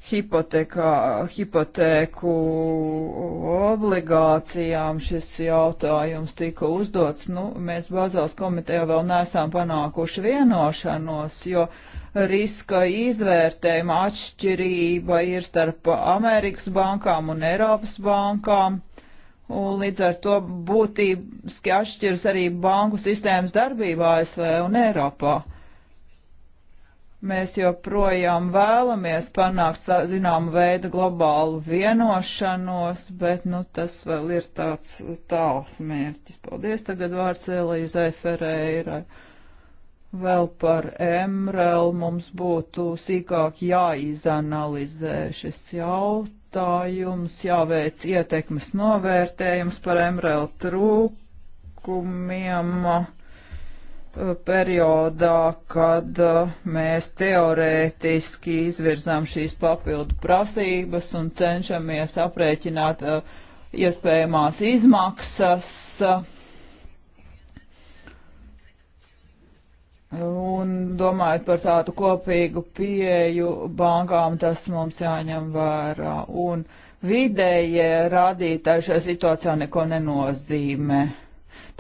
hipotekā, hipotēku obligācijām šis jautājums tika uzdots. Nu, mēs Bāzels komitejā vēl neesam panākuši vienošanos, jo riska izvērtējuma atšķirība ir starp Amerikas bankām un Eiropas bankām. Un līdz ar to būtiski atšķiras arī banku sistēmas darbībā ASV un Eiropā. Mēs joprojām vēlamies panākt zināmu veidu globālu vienošanos, bet nu, tas vēl ir tāds tāls mērķis. Paldies, tagad vārds Elīzai Ferērai. Vēl par MRL mums būtu sīkāk jāizanalizē šis jautājums, jāveic ietekmes novērtējums par MRL trūkumiem uh, periodā, kad uh, mēs teorētiski izvirzām šīs papildu prasības un cenšamies aprēķināt uh, iespējamās izmaksas Un domājot par tādu kopīgu pieeju bankām, tas mums jāņem vērā. Un vidējie rādītāji šajā situācijā neko nenozīmē.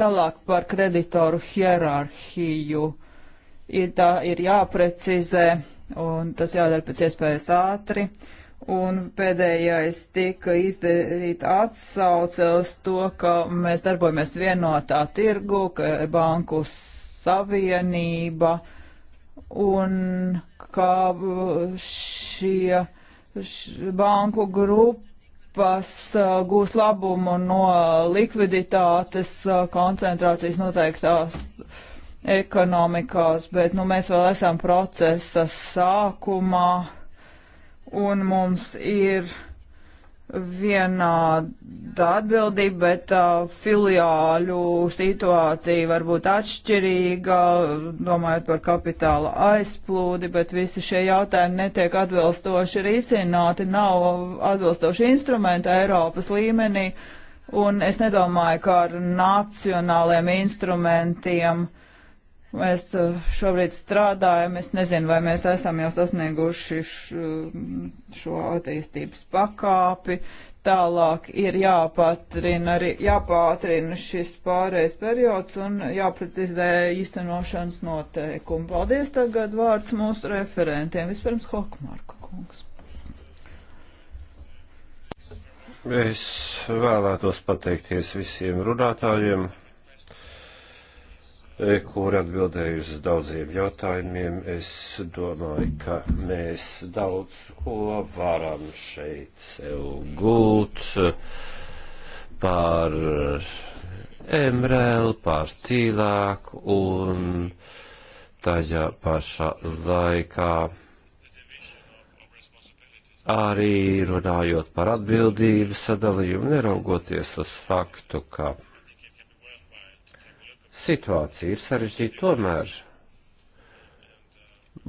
Tālāk par kreditoru hierarhiju. Ir tā ir jāprecizē, un tas jādara pēc iespējas ātri. Un pēdējais tika izdarīta atsauce uz to, ka mēs darbojamies vienotā tirgu, ka bankus Savienība un ka šie š, banku grupas gūs labumu no likviditātes koncentrācijas noteiktās ekonomikās, bet nu, mēs vēl esam procesa sākumā un mums ir vienāda atbildība, bet uh, filiāļu situācija var būt atšķirīga, domājot par kapitāla aizplūdi, bet visi šie jautājumi netiek atbilstoši risināti, nav atbilstoši instrumenti Eiropas līmenī, un es nedomāju, ka ar nacionāliem instrumentiem uh, Mēs eh, šobrīd strādājam, es nezinu, vai mēs esam jau sasnieguši eh, šo attīstības pakāpi. Tālāk ir jāpātrina, arī, jāpātrina šis pārējais periods un jāprecizē īstenošanas noteikumi. Paldies tagad vārds mūsu referentiem. Vispirms Hokmarka kungs. Es vēlētos pateikties visiem runātājiem. E, kur atbildēju uz daudziem jautājumiem. Es domāju, ka mēs daudz ko varam šeit sev gūt par Emrēlu, par Tīlāku un tajā pašā laikā arī runājot par atbildības sadalījumu, neraugoties uz faktu, ka situācija ir sarežģīta, tomēr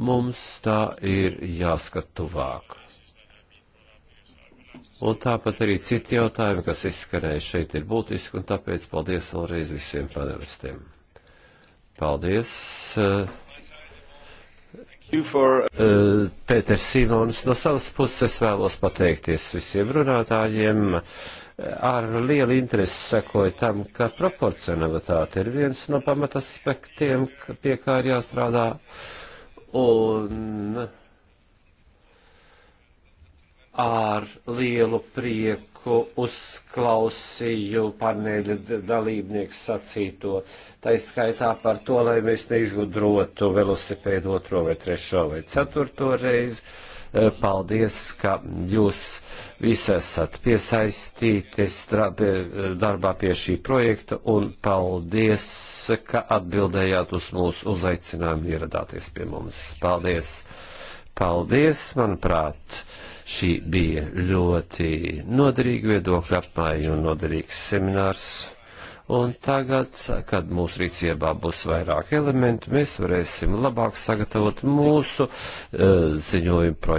mums tā ir jāskat tuvāk. Un tāpat arī citi jautājumi, kas izskanēja šeit, ir būtiski, un tāpēc paldies vēlreiz visiem panelistiem. Paldies! For... Uh, eh, Pēters Simons no savas puses vēlos pateikties visiem runātājiem ar lielu interesi sekoju tam, ka proporcionalitāte ir viens no pamataspektiem, pie kā ir jāstrādā. Un ar lielu prieku uzklausīju paneļa dalībnieku sacīto, tā izskaitā par to, lai mēs neizgudrotu velosipēdu otro vai trešo vai ceturto reizi Eh, paldies, ka jūs visi esat piesaistīti eh, darbā pie šī projekta un paldies, ka atbildējāt uz mūsu uzaicinājumu ieradāties pie mums. Paldies! Paldies, manuprāt! šī bija ļoti noderīga viedokļa apmaiņa un noderīgs seminārs. Un tagad, kad mūsu rīcībā būs vairāk elementu, mēs varēsim labāk sagatavot mūsu uh, ziņojumu projektu.